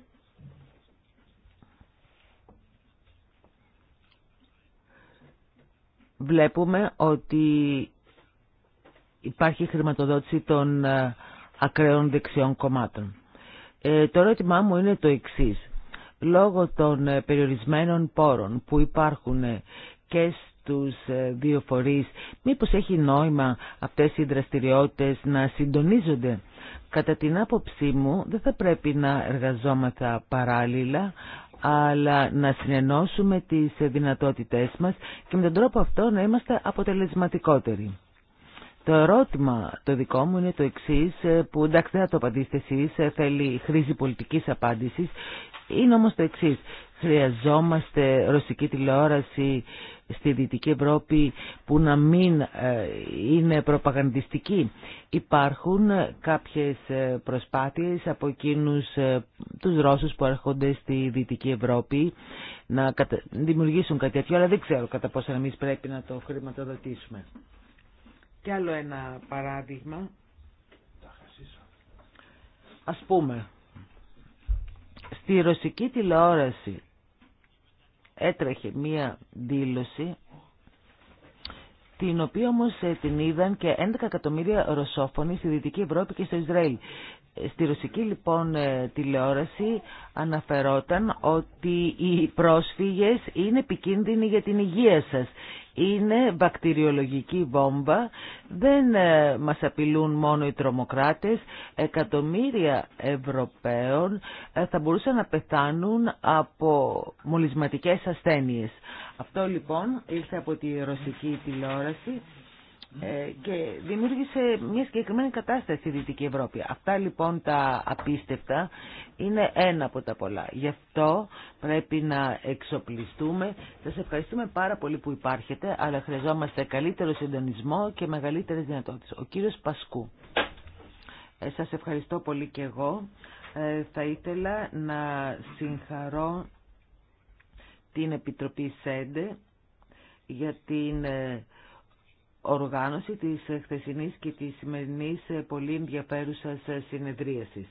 A: βλέπουμε ότι υπάρχει χρηματοδότηση των ε, ακραίων δεξιών κομμάτων. Ε, το ερώτημά μου είναι το εξής. Λόγω των ε, περιορισμένων πόρων που υπάρχουν ε, και στους δύο φορείς, μήπως έχει νόημα αυτές οι δραστηριότητες να συντονίζονται. Κατά την άποψή μου δεν θα πρέπει να εργαζόμαστε παράλληλα, αλλά να συνενώσουμε τις δυνατότητές μας και με τον τρόπο αυτό να είμαστε αποτελεσματικότεροι. Το ερώτημα το δικό μου είναι το εξή, ε, που εντάξει δεν θα το απαντήσετε εσείς, ε, θέλει χρήση πολιτικής απάντησης, Είναι όμως το εξή. Χρειαζόμαστε ρωσική τηλεόραση στη Δυτική Ευρώπη που να μην ε, είναι προπαγανδιστική. Υπάρχουν ε, κάποιες ε, προσπάθειες από εκείνους τους Ρώσους που έρχονται στη Δυτική Ευρώπη να δημιουργήσουν κάτι τέτοιο, αλλά δεν ξέρω κατά πόσο εμείς πρέπει να το χρηματοδοτήσουμε. Και άλλο ένα παράδειγμα. Ας πούμε, στη ρωσική τηλεόραση έτρεχε μία δήλωση την οποία όμω ε, την είδαν και 11 εκατομμύρια ρωσόφωνοι στη Δυτική Ευρώπη και στο Ισραήλ. Στη ρωσική λοιπόν ε, τηλεόραση αναφερόταν ότι οι πρόσφυγες είναι επικίνδυνοι για την υγεία σας. Είναι βακτηριολογική βόμβα, δεν ε, μας απειλούν μόνο οι τρομοκράτες, εκατομμύρια Ευρωπαίων ε, θα μπορούσαν να πεθάνουν από μολυσματικές ασθένειες. Αυτό λοιπόν ήρθε από τη ρωσική τηλεόραση ε, και δημιούργησε μια συγκεκριμένη κατάσταση στη Δυτική Ευρώπη. Αυτά λοιπόν τα απίστευτα είναι ένα από τα πολλά. Γι' αυτό πρέπει να εξοπλιστούμε. Σας ευχαριστούμε πάρα πολύ που υπάρχετε, αλλά χρειαζόμαστε καλύτερο συντονισμό και μεγαλύτερες δυνατότητες. Ο κύριος Πασκού. Ε, σας ευχαριστώ πολύ και εγώ. Ε, θα ήθελα να συγχαρώ την Επιτροπή ΣΕΝΤΕ για την ε, οργάνωση της χθεσινής και της σημερινής πολύ ενδιαφέρουσας συνεδρίασης.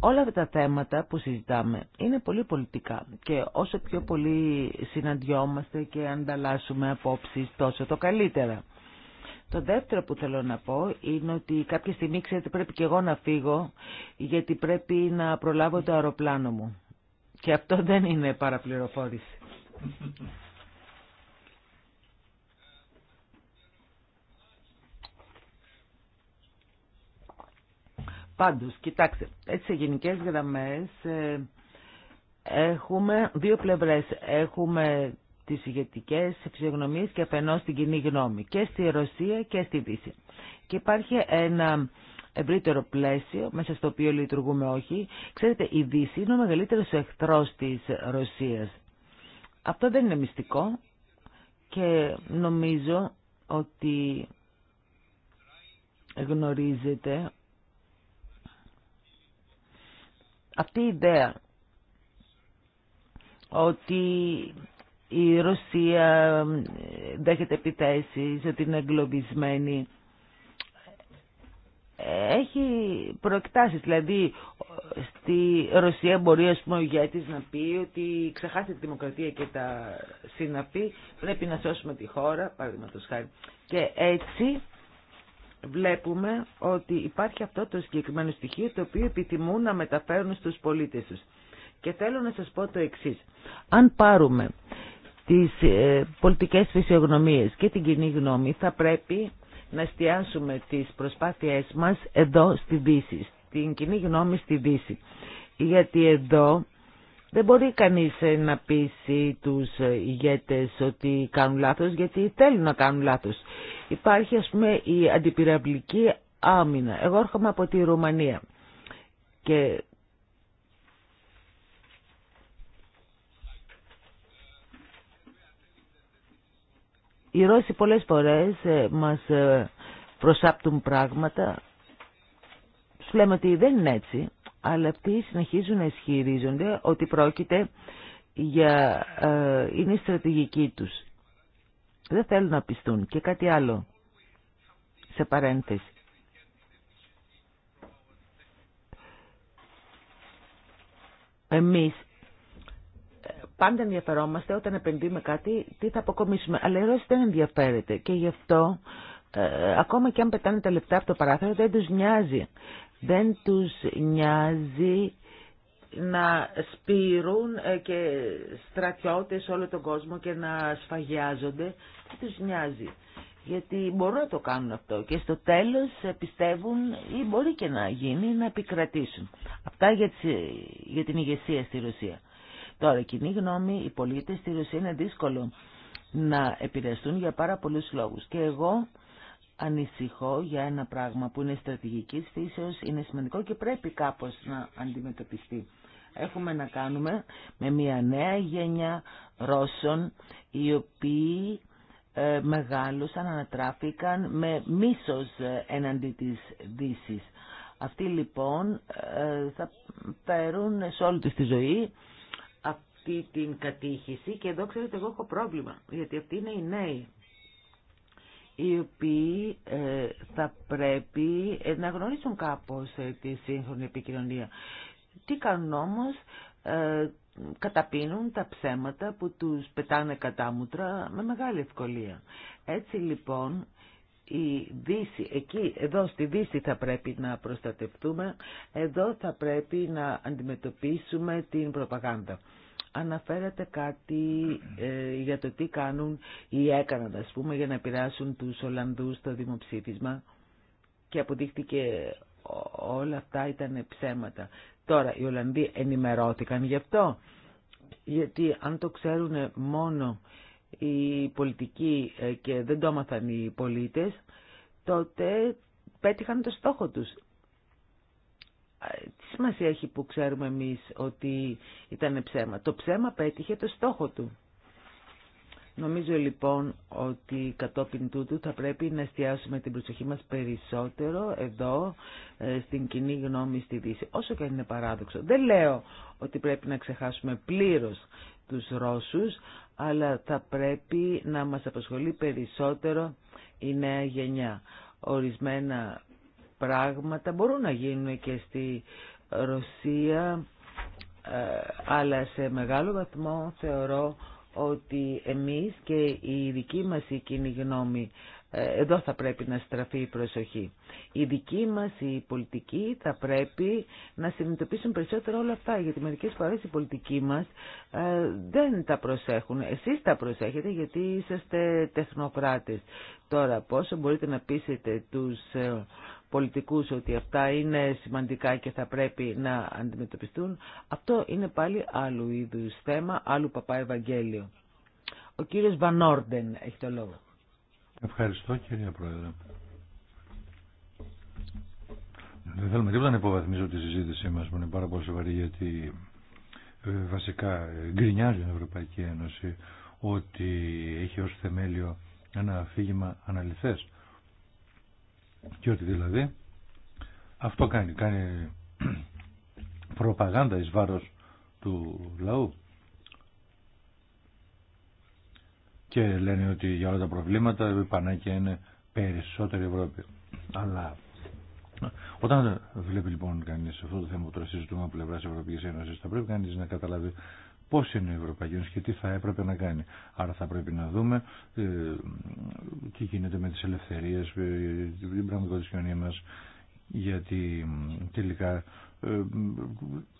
A: Όλα αυτά τα θέματα που συζητάμε είναι πολύ πολιτικά και όσο πιο πολύ συναντιόμαστε και ανταλλάσσουμε απόψεις τόσο το καλύτερα. Το δεύτερο που θέλω να πω είναι ότι κάποια στιγμή ξέρετε πρέπει και εγώ να φύγω γιατί πρέπει να προλάβω το αεροπλάνο μου. Και αυτό δεν είναι παραπληροφόρηση. Πάντως, κοιτάξτε, έτσι σε γενικές γραμμές ε, έχουμε δύο πλευρές. Έχουμε τις ηγετικές φυσιογνωμίες και αφενός την κοινή γνώμη και στη Ρωσία και στη Δύση. Και υπάρχει ένα ευρύτερο πλαίσιο μέσα στο οποίο λειτουργούμε όχι. Ξέρετε, η Δύση είναι ο μεγαλύτερος εχθρός της Ρωσίας. Αυτό δεν είναι μυστικό και νομίζω ότι γνωρίζετε αυτή η ιδέα ότι η Ρωσία δέχεται επιθέσεις, ότι είναι εγκλωβισμένη έχει προεκτάσει, Δηλαδή, στη Ρωσία μπορεί ας ο ηγέτη να πει ότι ξεχάσετε τη δημοκρατία και τα συναπή, πρέπει να σώσουμε τη χώρα, παραδείγματο χάρη. Και έτσι βλέπουμε ότι υπάρχει αυτό το συγκεκριμένο στοιχείο το οποίο επιθυμούν να μεταφέρουν στους πολίτες τους. Και θέλω να σας πω το εξής. Αν πάρουμε τις ε, πολιτικές φυσιογνωμίες και την κοινή γνώμη θα πρέπει να εστιάσουμε τις προσπάθειές μας εδώ στη Δύση, στην κοινή γνώμη στη Δύση. Γιατί εδώ δεν μπορεί κανείς ε, να πείσει τους ε, ηγέτες ότι κάνουν λάθος, γιατί θέλουν να κάνουν λάθος. Υπάρχει ας πούμε η αντιπυραυλική άμυνα. Εγώ έρχομαι από τη Ρουμανία και Οι Ρώσοι πολλές φορές ε, μας ε, προσάπτουν πράγματα. Τους λέμε ότι δεν είναι έτσι, αλλά αυτοί συνεχίζουν να ισχυρίζονται ότι πρόκειται για... Ε, είναι στρατηγική τους. Δεν θέλουν να πιστούν. Και κάτι άλλο, σε παρένθεση. Εμείς πάντα ενδιαφερόμαστε όταν επενδύουμε κάτι τι θα αποκομίσουμε. Αλλά η Ρώση δεν ενδιαφέρεται και γι' αυτό ε, ακόμα και αν πετάνε τα λεπτά από το παράθυρο δεν τους νοιάζει. Δεν τους νοιάζει να σπείρουν ε, και στρατιώτες όλο τον κόσμο και να σφαγιάζονται. Δεν τους νοιάζει. Γιατί μπορούν να το κάνουν αυτό και στο τέλος ε, πιστεύουν ή μπορεί και να γίνει να επικρατήσουν. Αυτά για την ηγεσία στη Ρωσία. Τώρα, κοινή γνώμη, οι πολίτες στη Ρωσία είναι δύσκολο να επηρεαστούν για πάρα πολλούς λόγους. Και εγώ ανησυχώ για ένα πράγμα που είναι στρατηγικής φύσεως, είναι σημαντικό και πρέπει κάπως να αντιμετωπιστεί. Έχουμε να κάνουμε με μια νέα γένεια Ρώσων, οι οποίοι ε, μεγάλωσαν, ανατράφηκαν με μίσος εναντί της δύση. Αυτοί λοιπόν ε, θα φέρουν σε όλη τη ζωή αυτή την κατήχηση και εδώ ξέρετε εγώ έχω πρόβλημα γιατί αυτοί είναι οι νέοι οι οποίοι ε, θα πρέπει ε, να γνωρίσουν κάπως ε, τη σύγχρονη επικοινωνία. Τι κάνουν όμως, καταπίνουν τα ψέματα που τους πετάνε κατάμουτρα με μεγάλη ευκολία. Έτσι λοιπόν η Δύση, εκεί, εδώ στη Δύση θα πρέπει να προστατευτούμε, εδώ θα πρέπει να αντιμετωπίσουμε την προπαγάνδα αναφέρατε κάτι ε, για το τι κάνουν ή έκαναν, ας πούμε, για να πειράσουν τους Ολλανδούς στο δημοψήφισμα και αποδείχτηκε όλα αυτά ήταν ψέματα. Τώρα, οι Ολλανδοί ενημερώθηκαν γι' αυτό, γιατί αν το ξέρουν μόνο οι πολιτικοί ε, και δεν το έμαθαν οι πολίτες, τότε πέτυχαν το στόχο τους τι σημασία έχει που ξέρουμε εμείς ότι ήταν ψέμα. Το ψέμα πέτυχε το στόχο του. Νομίζω λοιπόν ότι κατόπιν τούτου θα πρέπει να εστιάσουμε την προσοχή μας περισσότερο εδώ ε, στην κοινή γνώμη στη Δύση, όσο και αν είναι παράδοξο. Δεν λέω ότι πρέπει να ξεχάσουμε πλήρως τους Ρώσους, αλλά θα πρέπει να μας απασχολεί περισσότερο η νέα γενιά. Ορισμένα πράγματα μπορούν να γίνουν και στη Ρωσία, ε, αλλά σε μεγάλο βαθμό θεωρώ ότι εμείς και η δική μας η κοινή γνώμη ε, εδώ θα πρέπει να στραφεί η προσοχή. Η δική μας η πολιτική θα πρέπει να συνειδητοποιήσουν περισσότερο όλα αυτά, γιατί μερικές φορές οι πολιτικοί μας ε, δεν τα προσέχουν. Εσείς τα προσέχετε γιατί είσαστε τεχνοκράτες. Τώρα πόσο μπορείτε να πείσετε τους πολιτικούς ότι αυτά είναι σημαντικά και θα πρέπει να αντιμετωπιστούν, αυτό είναι πάλι άλλου είδους θέμα, άλλου παπά Ευαγγέλιο. Ο κύριος Βανόρντεν έχει το λόγο.
B: Ευχαριστώ κύριε Πρόεδρε. Δεν θέλουμε τίποτα να υποβαθμίζω τη συζήτησή μας που είναι πάρα πολύ σοβαρή γιατί ε, βασικά γκρινιάζει η Ευρωπαϊκή Ένωση ότι έχει ως θεμέλιο ένα αφήγημα αναλυθές και ότι δηλαδή αυτό κάνει, κάνει προπαγάνδα εις βάρος του λαού. Και λένε ότι για όλα τα προβλήματα η Πανάκια είναι περισσότερη Ευρώπη. Αλλά όταν βλέπει λοιπόν κανείς αυτό το θέμα που τώρα συζητούμε από πλευράς Ευρωπαϊκή Ένωση, θα πρέπει κανεί να καταλάβει πώς είναι η Ευρωπαϊκή Ένωση και τι θα έπρεπε να κάνει. Άρα θα πρέπει να δούμε ε, τι γίνεται με τις ελευθερίες, ε, την πραγματικότητα της κοινωνία μας, γιατί τελικά ε,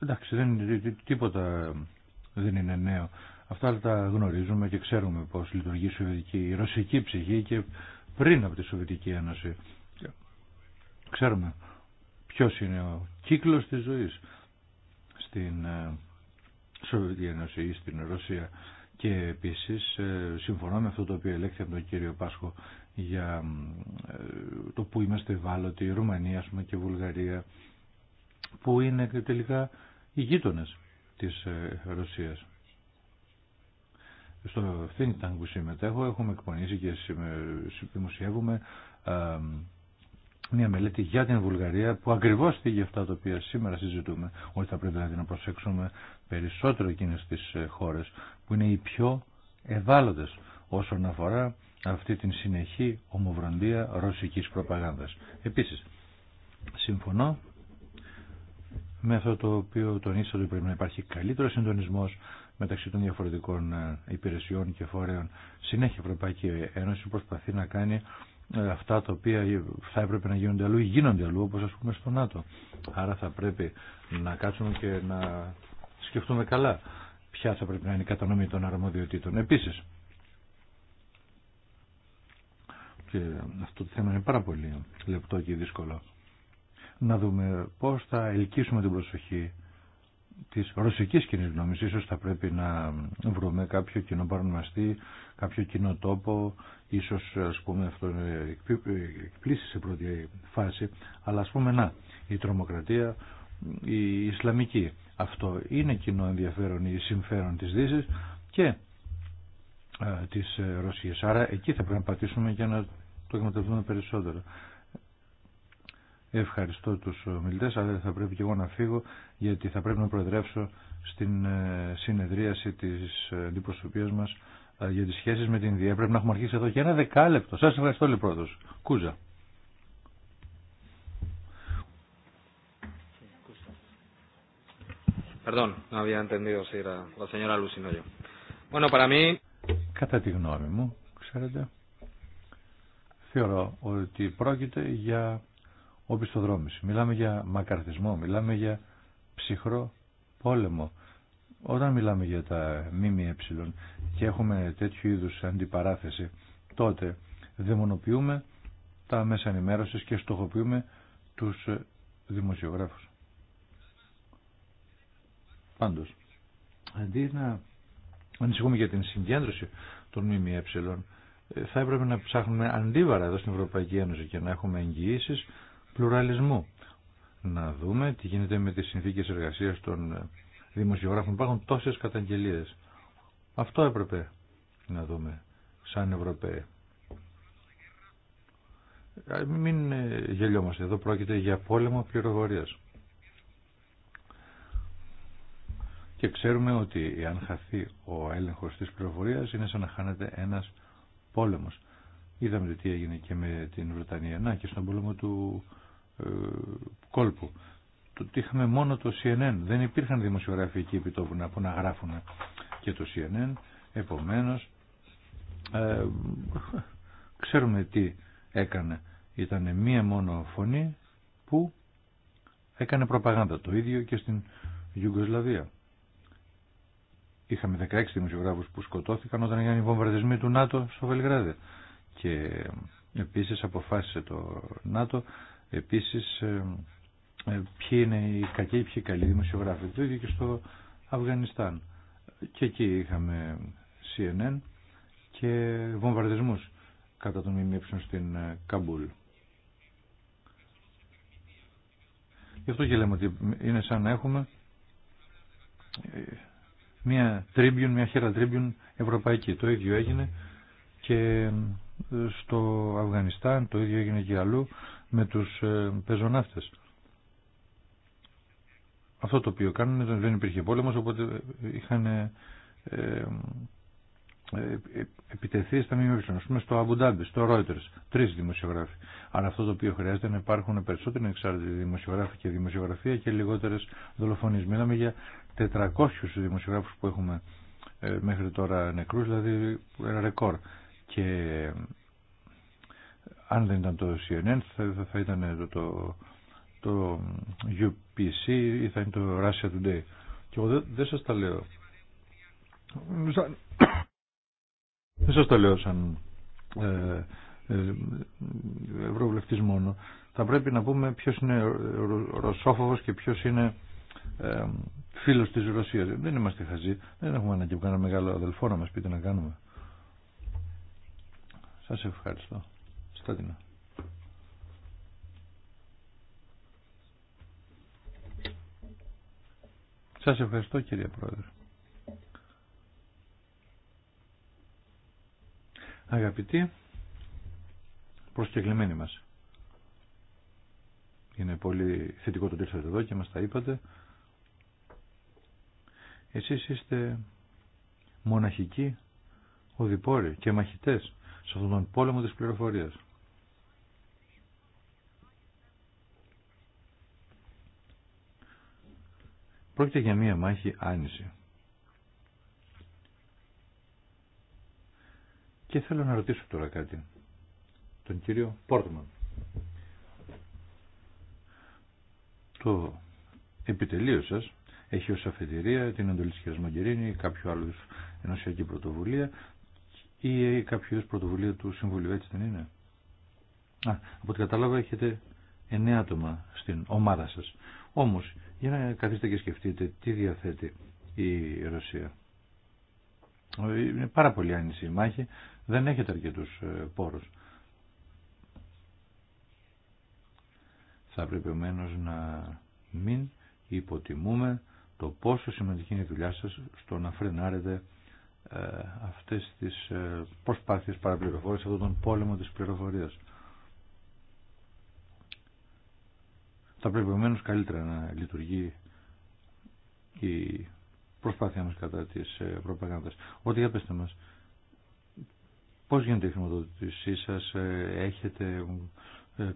B: εντάξει, δεν, τίποτα δεν είναι νέο. Αυτά τα γνωρίζουμε και ξέρουμε πώς λειτουργεί η, Σοβιετική, η ρωσική ψυχή και πριν από τη Σοβιετική Ένωση. Ξέρουμε ποιος είναι ο κύκλος της ζωής στην ε, Σοβιετική Ένωση ή στην Ρωσία. Και επίσης ε, συμφωνώ με αυτό το οποίο ελέγχθη από τον κύριο Πάσχο για ε, το που είμαστε ευάλωτοι, η Ρουμανία πούμε, και η Βουλγαρία που είναι τελικά οι γείτονες της ε, Ρωσίας. Στο think tank που συμμετέχω έχουμε εκπονήσει και δημοσιεύουμε μια μελέτη για την Βουλγαρία που ακριβώς θίγει αυτά τα οποία σήμερα συζητούμε ότι θα πρέπει δηλαδή να προσέξουμε περισσότερο εκείνες τις ε, χώρες που είναι οι πιο ευάλωτες όσον αφορά αυτή την συνεχή ομοβροντία ρωσικής προπαγάνδας. Επίσης, συμφωνώ με αυτό το οποίο τονίσατε ότι πρέπει να υπάρχει καλύτερο συντονισμός μεταξύ των διαφορετικών ε, υπηρεσιών και φορέων. Συνέχεια η Ευρωπαϊκή Ένωση προσπαθεί να κάνει ε, αυτά τα οποία θα έπρεπε να γίνονται αλλού ή γίνονται αλλού όπως ας πούμε στο ΝΑΤΟ. Άρα θα πρέπει να κάτσουμε και να σκεφτούμε καλά ποια θα πρέπει να είναι η κατανομή των αρμοδιοτήτων. Επίσης, και αυτό το θέμα είναι πάρα πολύ λεπτό και δύσκολο, να δούμε πώς θα ελκύσουμε την προσοχή της ρωσικής κοινή γνώμης. Ίσως θα πρέπει να βρούμε κάποιο κοινό παρονομαστή, κάποιο κοινό τόπο, ίσως ας πούμε αυτό εκπλήσει σε πρώτη φάση, αλλά ας πούμε να, η τρομοκρατία η Ισλαμική. Αυτό είναι κοινό ενδιαφέρον ή συμφέρον της δύση και ε, της ε, Ρωσίας. Άρα εκεί θα πρέπει να πατήσουμε και να το εκμεταλλευτούμε περισσότερο. Ευχαριστώ τους μιλητές, αλλά θα πρέπει και εγώ να φύγω γιατί θα πρέπει να προεδρεύσω στην ε, συνεδρίαση της αντιπροσωπείας μας για τις σχέσεις με την Ινδία. Πρέπει να έχουμε αρχίσει εδώ και ένα δεκάλεπτο. Σας ευχαριστώ λοιπόν, Κούζα. Κατά τη γνώμη μου, ξέρετε, θεωρώ ότι πρόκειται για οπισθοδρόμηση. Μιλάμε για μακαρθισμό, μιλάμε για ψυχρό πόλεμο. Όταν μιλάμε για τα ΜΜΕ και έχουμε τέτοιου είδους αντιπαράθεση, τότε δαιμονοποιούμε τα μέσα ενημέρωσης και στοχοποιούμε τους δημοσιογράφους πάντω, αντί να ανησυχούμε για την συγκέντρωση των ΜΜΕ, ε, θα έπρεπε να ψάχνουμε αντίβαρα εδώ στην Ευρωπαϊκή Ένωση και να έχουμε εγγυήσει πλουραλισμού. Να δούμε τι γίνεται με τις συνθήκες εργασίας των ε, δημοσιογράφων. Υπάρχουν τόσες καταγγελίε. Αυτό έπρεπε να δούμε σαν Ευρωπαίοι. Μην ε, γελιόμαστε. Εδώ πρόκειται για πόλεμο πληροφορίας. και ξέρουμε ότι εάν χαθεί ο έλεγχος τη πληροφορία είναι σαν να χάνεται ένας πόλεμος. Είδαμε τι έγινε και με την Βρετανία. Να και στον πόλεμο του ε, κόλπου. Το, είχαμε μόνο το CNN. Δεν υπήρχαν δημοσιογράφοι εκεί επιτόπου να, να γράφουν και το CNN. Επομένως, ε, ξέρουμε τι έκανε. Ήταν μία μόνο φωνή που έκανε προπαγάνδα. Το ίδιο και στην Ιουγκοσλαβία. Είχαμε 16 δημοσιογράφους που σκοτώθηκαν όταν έγιναν οι βομβαρδισμοί του ΝΑΤΟ στο Βελιγράδι. Και ε, επίσης αποφάσισε το ΝΑΤΟ επίσης ε, ε, ποιοι είναι οι κακοί και ποιοι οι καλοί δημοσιογράφοι. Το ίδιο και στο Αφγανιστάν. Και εκεί είχαμε CNN και βομβαρδισμούς κατά τον ΜΜΕ στην Καμπούλ. Γι' αυτό και λέμε ότι είναι σαν να έχουμε μια τρίμπιουν, μια χέρα τρίμπιουν ευρωπαϊκή. Το ίδιο έγινε και ε, στο Αφγανιστάν, το ίδιο έγινε και αλλού με τους ε, πεζοναύτες. Αυτό το οποίο κάνουν δεν υπήρχε πόλεμος, οπότε ε, είχαν ε, ε, επιτεθεί στα ΜΜΕ, ας πούμε στο Αμπουντάμπι, στο Reuters, τρεις δημοσιογράφοι. Αλλά αυτό το οποίο χρειάζεται είναι να υπάρχουν περισσότεροι εξάρτητοι δημοσιογράφοι και δημοσιογραφία και λιγότερες δολοφονίες. 400 δημοσιογράφους που έχουμε ε, μέχρι τώρα νεκρούς, δηλαδή ένα ρεκόρ. Και ε, αν δεν ήταν το CNN θα, θα ήταν το, το, το UPC ή θα είναι το Russia Today. Και εγώ δεν, σα σας τα λέω. δεν σας τα λέω σαν ε, ε, ευρωβουλευτής μόνο. Θα πρέπει να πούμε ποιος είναι ρωσόφοβος και ποιος είναι ε, φίλος της Ρωσίας. Δεν είμαστε χαζοί, δεν έχουμε ανάγκη που κάνουμε μεγάλο αδελφό να μας πείτε να κάνουμε. Σας ευχαριστώ. Στάτινα. Σας ευχαριστώ κύριε Πρόεδρε. Αγαπητοί, προσκεκλημένοι μας. Είναι πολύ θετικό το ότι εδώ και μας τα είπατε. Εσείς είστε μοναχικοί οδηπόροι και μαχητές σε αυτόν τον πόλεμο της πληροφορίας. Πρόκειται για μία μάχη άνηση. Και θέλω να ρωτήσω τώρα κάτι. Τον κύριο Πόρτμαν. Το επιτελείο σας έχει ως αφετηρία την εντολή της κυρίας Μαγκερίνη ή κάποιο άλλο ενωσιακή πρωτοβουλία ή κάποιο πρωτοβουλία του Συμβουλίου, έτσι δεν είναι. Α, από ό,τι κατάλαβα έχετε εννέα άτομα στην ομάδα σας. Όμως, για να καθίσετε και σκεφτείτε τι διαθέτει η Ρωσία. Είναι πάρα πολύ άνηση η μάχη, δεν έχετε αρκετούς ε, πόρους. Θα πρέπει ομένως να μην υποτιμούμε το πόσο σημαντική είναι η δουλειά σας στο να φρενάρετε ε, αυτές τις ε, προσπάθειες παραπληροφόρησης, αυτόν τον πόλεμο της πληροφορία. Θα πρέπει επομένω καλύτερα να λειτουργεί η προσπάθειά μας κατά της ε, προπαγάνδα. Ό,τι για πέστε μας, πώς γίνεται η χρηματοδότησή σας, έχετε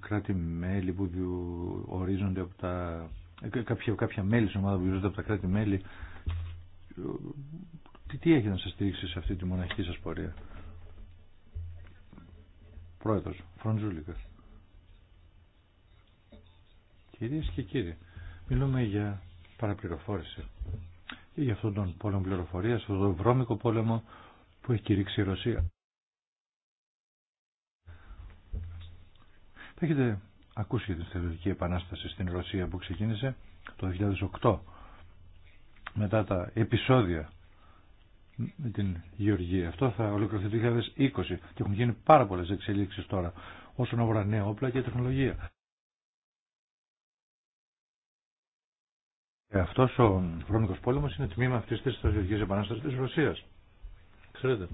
B: κράτη-μέλη που ορίζονται από τα ε, κάποια, κάποια μέλη στην ομάδα που γυρίζονται από τα κράτη-μέλη τι, τι έχει να σα στηρίξει σε αυτή τη μοναχική σας πορεία Πρόεδρο Φροντζούλικα Κυρίες και κύριοι μιλούμε για παραπληροφόρηση και για αυτόν τον πόλεμο πληροφορία αυτόν τον βρώμικο πόλεμο που έχει κηρύξει η Ρωσία Έχετε ακούσει την στρατιωτική επανάσταση στην Ρωσία που ξεκίνησε το 2008 μετά τα επεισόδια με την Γεωργία. Αυτό θα ολοκληρωθεί το 2020 και έχουν γίνει πάρα πολλές εξελίξεις τώρα όσον αφορά νέα όπλα και τεχνολογία. Ε, αυτός ο χρονικός πόλεμος είναι τμήμα αυτής της στρατιωτικής επανάστασης της Ρωσίας. Ξέρετε,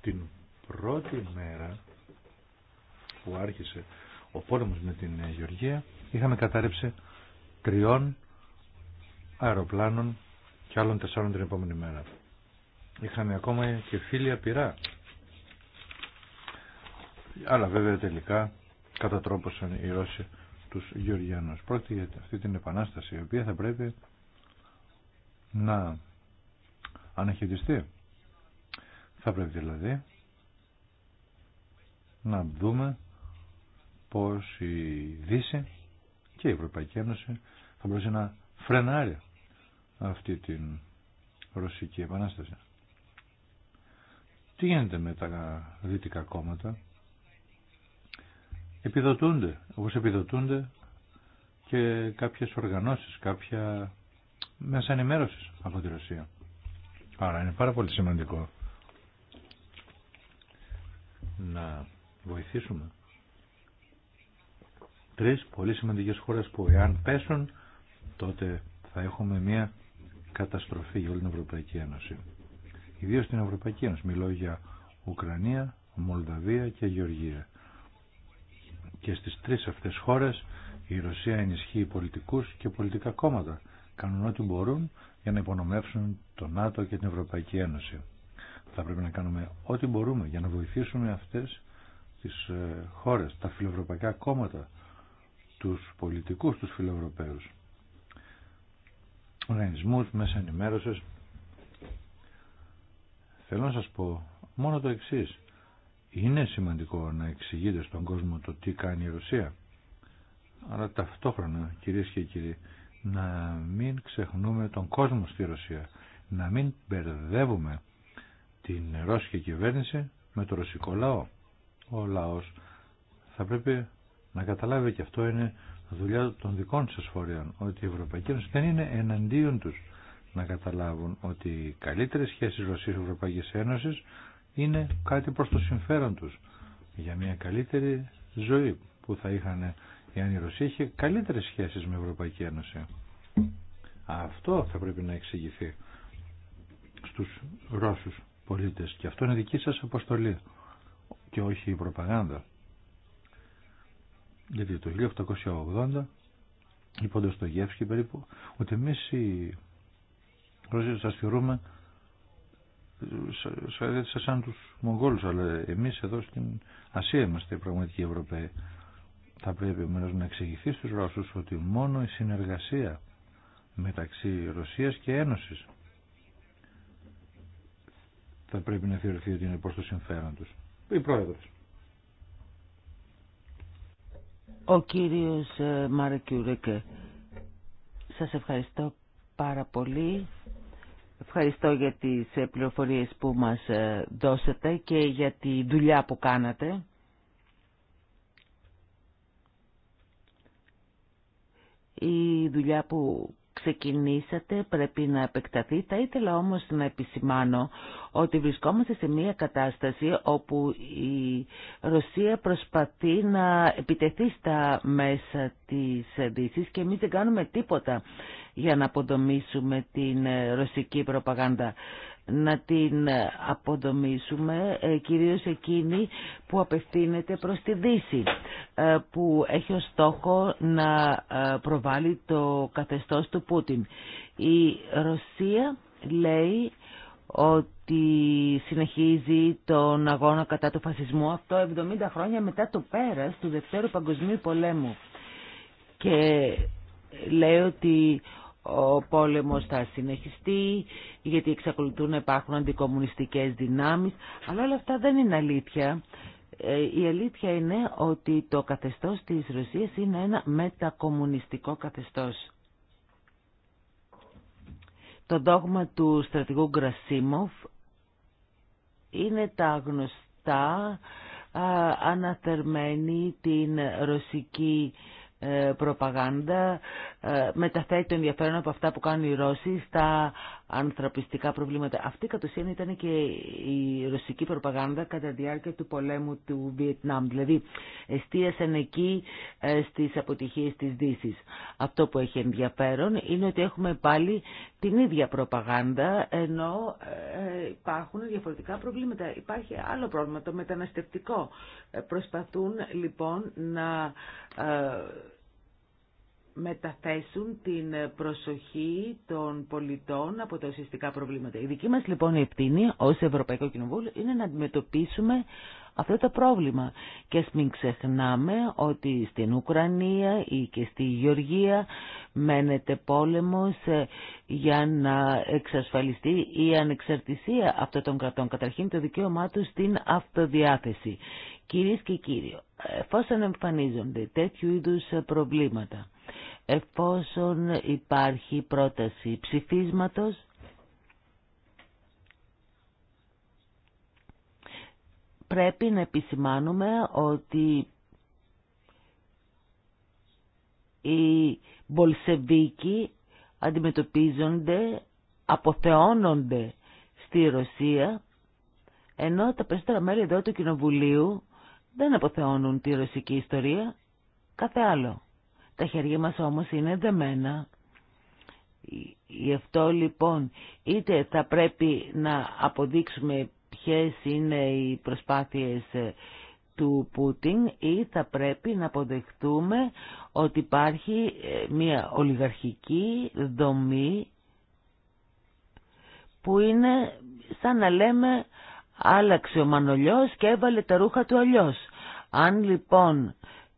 B: την πρώτη μέρα που άρχισε ο πόλεμος με την ε, Γεωργία είχαμε κατάρρευση τριών αεροπλάνων και άλλων τεσσάρων την επόμενη μέρα. Είχαμε ακόμα και φίλια πειρά Αλλά βέβαια τελικά κατατρόπωσαν οι Ρώσοι τους Γεωργιανούς. Πρόκειται για αυτή την επανάσταση η οποία θα πρέπει να αναχαιριστεί. Θα πρέπει δηλαδή να δούμε πως η Δύση και η Ευρωπαϊκή Ένωση θα μπορούσε να φρενάρει αυτή την Ρωσική Επανάσταση. Τι γίνεται με τα δυτικά κόμματα. Επιδοτούνται, όπως επιδοτούνται και κάποιες οργανώσεις, κάποια μέσα ενημέρωση από τη Ρωσία. Άρα είναι πάρα πολύ σημαντικό να βοηθήσουμε τρεις πολύ σημαντικές χώρες που εάν πέσουν τότε θα έχουμε μια καταστροφή για όλη την Ευρωπαϊκή Ένωση. Ιδίω την Ευρωπαϊκή Ένωση. Μιλώ για Ουκρανία, Μολδαβία και Γεωργία. Και στις τρεις αυτές χώρες η Ρωσία ενισχύει πολιτικούς και πολιτικά κόμματα. Κάνουν ό,τι μπορούν για να υπονομεύσουν το ΝΑΤΟ και την Ευρωπαϊκή Ένωση. Θα πρέπει να κάνουμε ό,τι μπορούμε για να βοηθήσουμε αυτές τις ε, χώρες, τα φιλοευρωπαϊκά κόμματα τους πολιτικούς, τους φιλοευρωπαίους οργανισμούς, μέσα ενημέρωσης θέλω να σας πω μόνο το εξής είναι σημαντικό να εξηγείτε στον κόσμο το τι κάνει η Ρωσία αλλά ταυτόχρονα κυρίες και κύριοι να μην ξεχνούμε τον κόσμο στη Ρωσία να μην μπερδεύουμε την ρώσικη κυβέρνηση με το ρωσικό λαό ο λαός θα πρέπει να καταλάβει και αυτό είναι δουλειά των δικών σας φορέων, ότι η Ευρωπαϊκή Ένωση δεν είναι εναντίον τους να καταλάβουν ότι οι καλύτερες σχέσεις Ρωσίας-Ευρωπαϊκής Ένωσης είναι κάτι προς το συμφέρον τους για μια καλύτερη ζωή που θα είχαν εάν η Ρωσία είχε καλύτερες σχέσεις με Ευρωπαϊκή Ένωση. Αυτό θα πρέπει να εξηγηθεί στους Ρώσους πολίτες και αυτό είναι δική σας αποστολή και όχι η προπαγάνδα γιατί το 1880 είπαν στο Γεύσκι περίπου ότι εμείς οι Ρώσοι σας θεωρούμε σαν του Μογγόλους αλλά εμείς εδώ στην Ασία είμαστε οι πραγματικοί Ευρωπαίοι θα πρέπει ομένως να εξηγηθεί στου Ρώσους ότι μόνο η συνεργασία μεταξύ Ρωσίας και Ένωση θα πρέπει να θεωρηθεί ότι είναι προ το συμφέρον του.
A: Ο κύριος ε, Μαρακιουρικέ, σας ευχαριστώ πάρα πολύ. Ευχαριστώ για τις ε, πληροφορίες που μας ε, δώσατε και για τη δουλειά που κάνατε. Η δουλειά που ξεκινήσατε πρέπει να επεκταθεί. Θα ήθελα όμως να επισημάνω ότι βρισκόμαστε σε μια κατάσταση όπου η Ρωσία προσπαθεί να επιτεθεί στα μέσα της Δύσης και εμείς δεν κάνουμε τίποτα για να αποδομήσουμε την ρωσική προπαγάνδα να την αποδομήσουμε ε, κυρίως εκείνη που απευθύνεται προς τη Δύση ε, που έχει ως στόχο να ε, προβάλλει το καθεστώς του Πούτιν. Η Ρωσία λέει ότι συνεχίζει τον αγώνα κατά του φασισμού αυτό 70 χρόνια μετά το πέρας του Δευτέρου Παγκοσμίου Πολέμου και λέει ότι ο πόλεμος θα συνεχιστεί γιατί εξακολουθούν να υπάρχουν αντικομουνιστικές δυνάμεις αλλά όλα αυτά δεν είναι αλήθεια ε, η αλήθεια είναι ότι το καθεστώς της Ρωσίας είναι ένα μετακομμουνιστικό καθεστώς το δόγμα του στρατηγού Γκρασίμοφ είναι τα γνωστά αναθερμένη την ρωσική ε, προπαγάνδα ε, μεταθέτει το ενδιαφέρον από αυτά που κάνουν οι Ρώσοι στα ανθρωπιστικά προβλήματα. Αυτή κατ' ουσίαν ήταν και η ρωσική προπαγάνδα κατά τη διάρκεια του πολέμου του Βιετνάμ. Δηλαδή εστίασαν εκεί ε, στις αποτυχίες της δύση. Αυτό που έχει ενδιαφέρον είναι ότι έχουμε πάλι την ίδια προπαγάνδα ενώ ε, υπάρχουν διαφορετικά προβλήματα. Υπάρχει άλλο πρόβλημα, το μεταναστευτικό. Ε, προσπαθούν λοιπόν να μεταθέσουν την προσοχή των πολιτών από τα ουσιαστικά προβλήματα. Η δική μας λοιπόν ευθύνη ως Ευρωπαϊκό Κοινοβούλιο είναι να αντιμετωπίσουμε αυτό το πρόβλημα. Και ας μην ξεχνάμε ότι στην Ουκρανία ή και στη Γεωργία μένεται πόλεμος ε, για να εξασφαλιστεί η ανεξαρτησία αυτών των κρατών. Καταρχήν το δικαίωμά τους στην αυτοδιάθεση. Κυρίες και κύριοι, εφόσον εμφανίζονται τέτοιου είδους προβλήματα εφόσον υπάρχει πρόταση ψηφίσματος πρέπει να επισημάνουμε ότι οι Μπολσεβίκοι αντιμετωπίζονται, αποθεώνονται στη Ρωσία, ενώ τα περισσότερα μέλη εδώ του Κοινοβουλίου δεν αποθεώνουν τη ρωσική ιστορία, κάθε άλλο. Τα χέρια μας όμως είναι δεμένα. Γι' αυτό λοιπόν είτε θα πρέπει να αποδείξουμε ποιες είναι οι προσπάθειες ε, του Πούτιν ή θα πρέπει να αποδεχτούμε ότι υπάρχει ε, μια ολιγαρχική δομή που είναι σαν να λέμε άλλαξε ο Μανολιός και έβαλε τα ρούχα του αλλιώς. Αν λοιπόν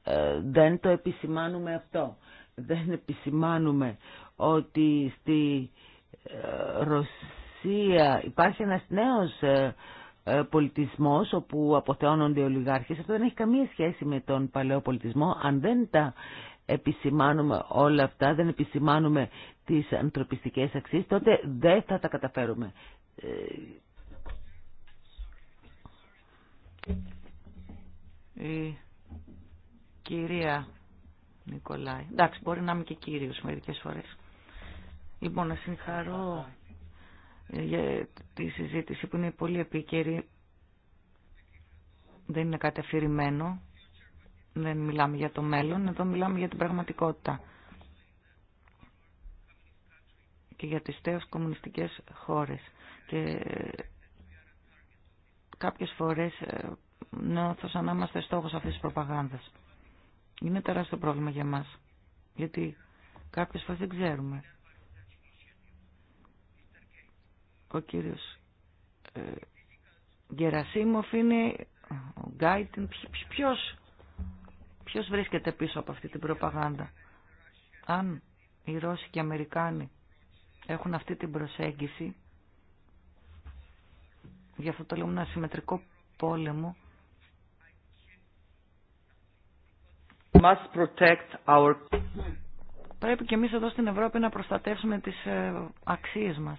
A: ε, δεν το επισημάνουμε αυτό. Δεν επισημάνουμε ότι στη ε, Ρωσία υπάρχει ένας νέος ε, πολιτισμός όπου αποθεώνονται οι ολιγάρχες. Αυτό δεν έχει καμία σχέση με τον παλαιό πολιτισμό. Αν δεν τα επισημάνουμε όλα αυτά, δεν επισημάνουμε τις ανθρωπιστικές αξίες, τότε δεν θα τα καταφέρουμε. Κυρία Νικολάη. Εντάξει, μπορεί να είμαι και κύριος μερικές φορές. Λοιπόν, να συγχαρώ ε, για τη συζήτηση που είναι πολύ επίκαιρη. Δεν είναι κάτι αφηρημένο. Δεν μιλάμε για το μέλλον, εδώ μιλάμε για την πραγματικότητα. Και για τις τέως κομμουνιστικές χώρες. Και ε, κάποιες φορές ε, νιώθω σαν να είμαστε στόχος αυτής της προπαγάνδας. Είναι τεράστιο πρόβλημα για μας. Γιατί κάποιες φορές δεν ξέρουμε. Ο κύριος ε, Γερασίμοφ είναι ο Γκάιτιν. Ποιος, ποιος βρίσκεται πίσω από αυτή την προπαγάνδα. Αν οι Ρώσοι και οι Αμερικάνοι έχουν αυτή την προσέγγιση, για αυτό το λέμε ένα συμμετρικό πόλεμο, Πρέπει και εμείς εδώ στην Ευρώπη να προστατεύσουμε τις ε, αξίες μας.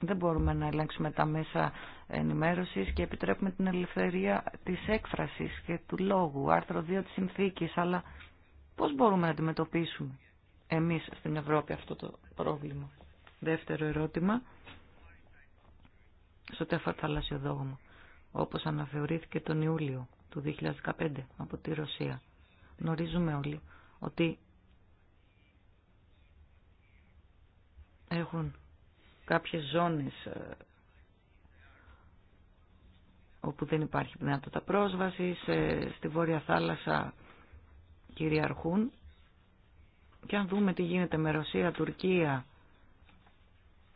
A: Δεν μπορούμε να ελέγξουμε τα μέσα ενημέρωσης και επιτρέπουμε την ελευθερία της έκφρασης και του λόγου, άρθρο 2 της συνθήκης, αλλά πώς μπορούμε να αντιμετωπίσουμε εμείς στην Ευρώπη αυτό το πρόβλημα. Δεύτερο ερώτημα, στο τέφαρ θαλασσιοδόγμα, όπως αναθεωρήθηκε τον Ιούλιο του 2015 από τη Ρωσία. Γνωρίζουμε όλοι ότι έχουν κάποιες ζώνες ε, όπου δεν υπάρχει τα πρόσβαση, ε, στη Βόρεια Θάλασσα κυριαρχούν. Και αν δούμε τι γίνεται με Ρωσία, Τουρκία,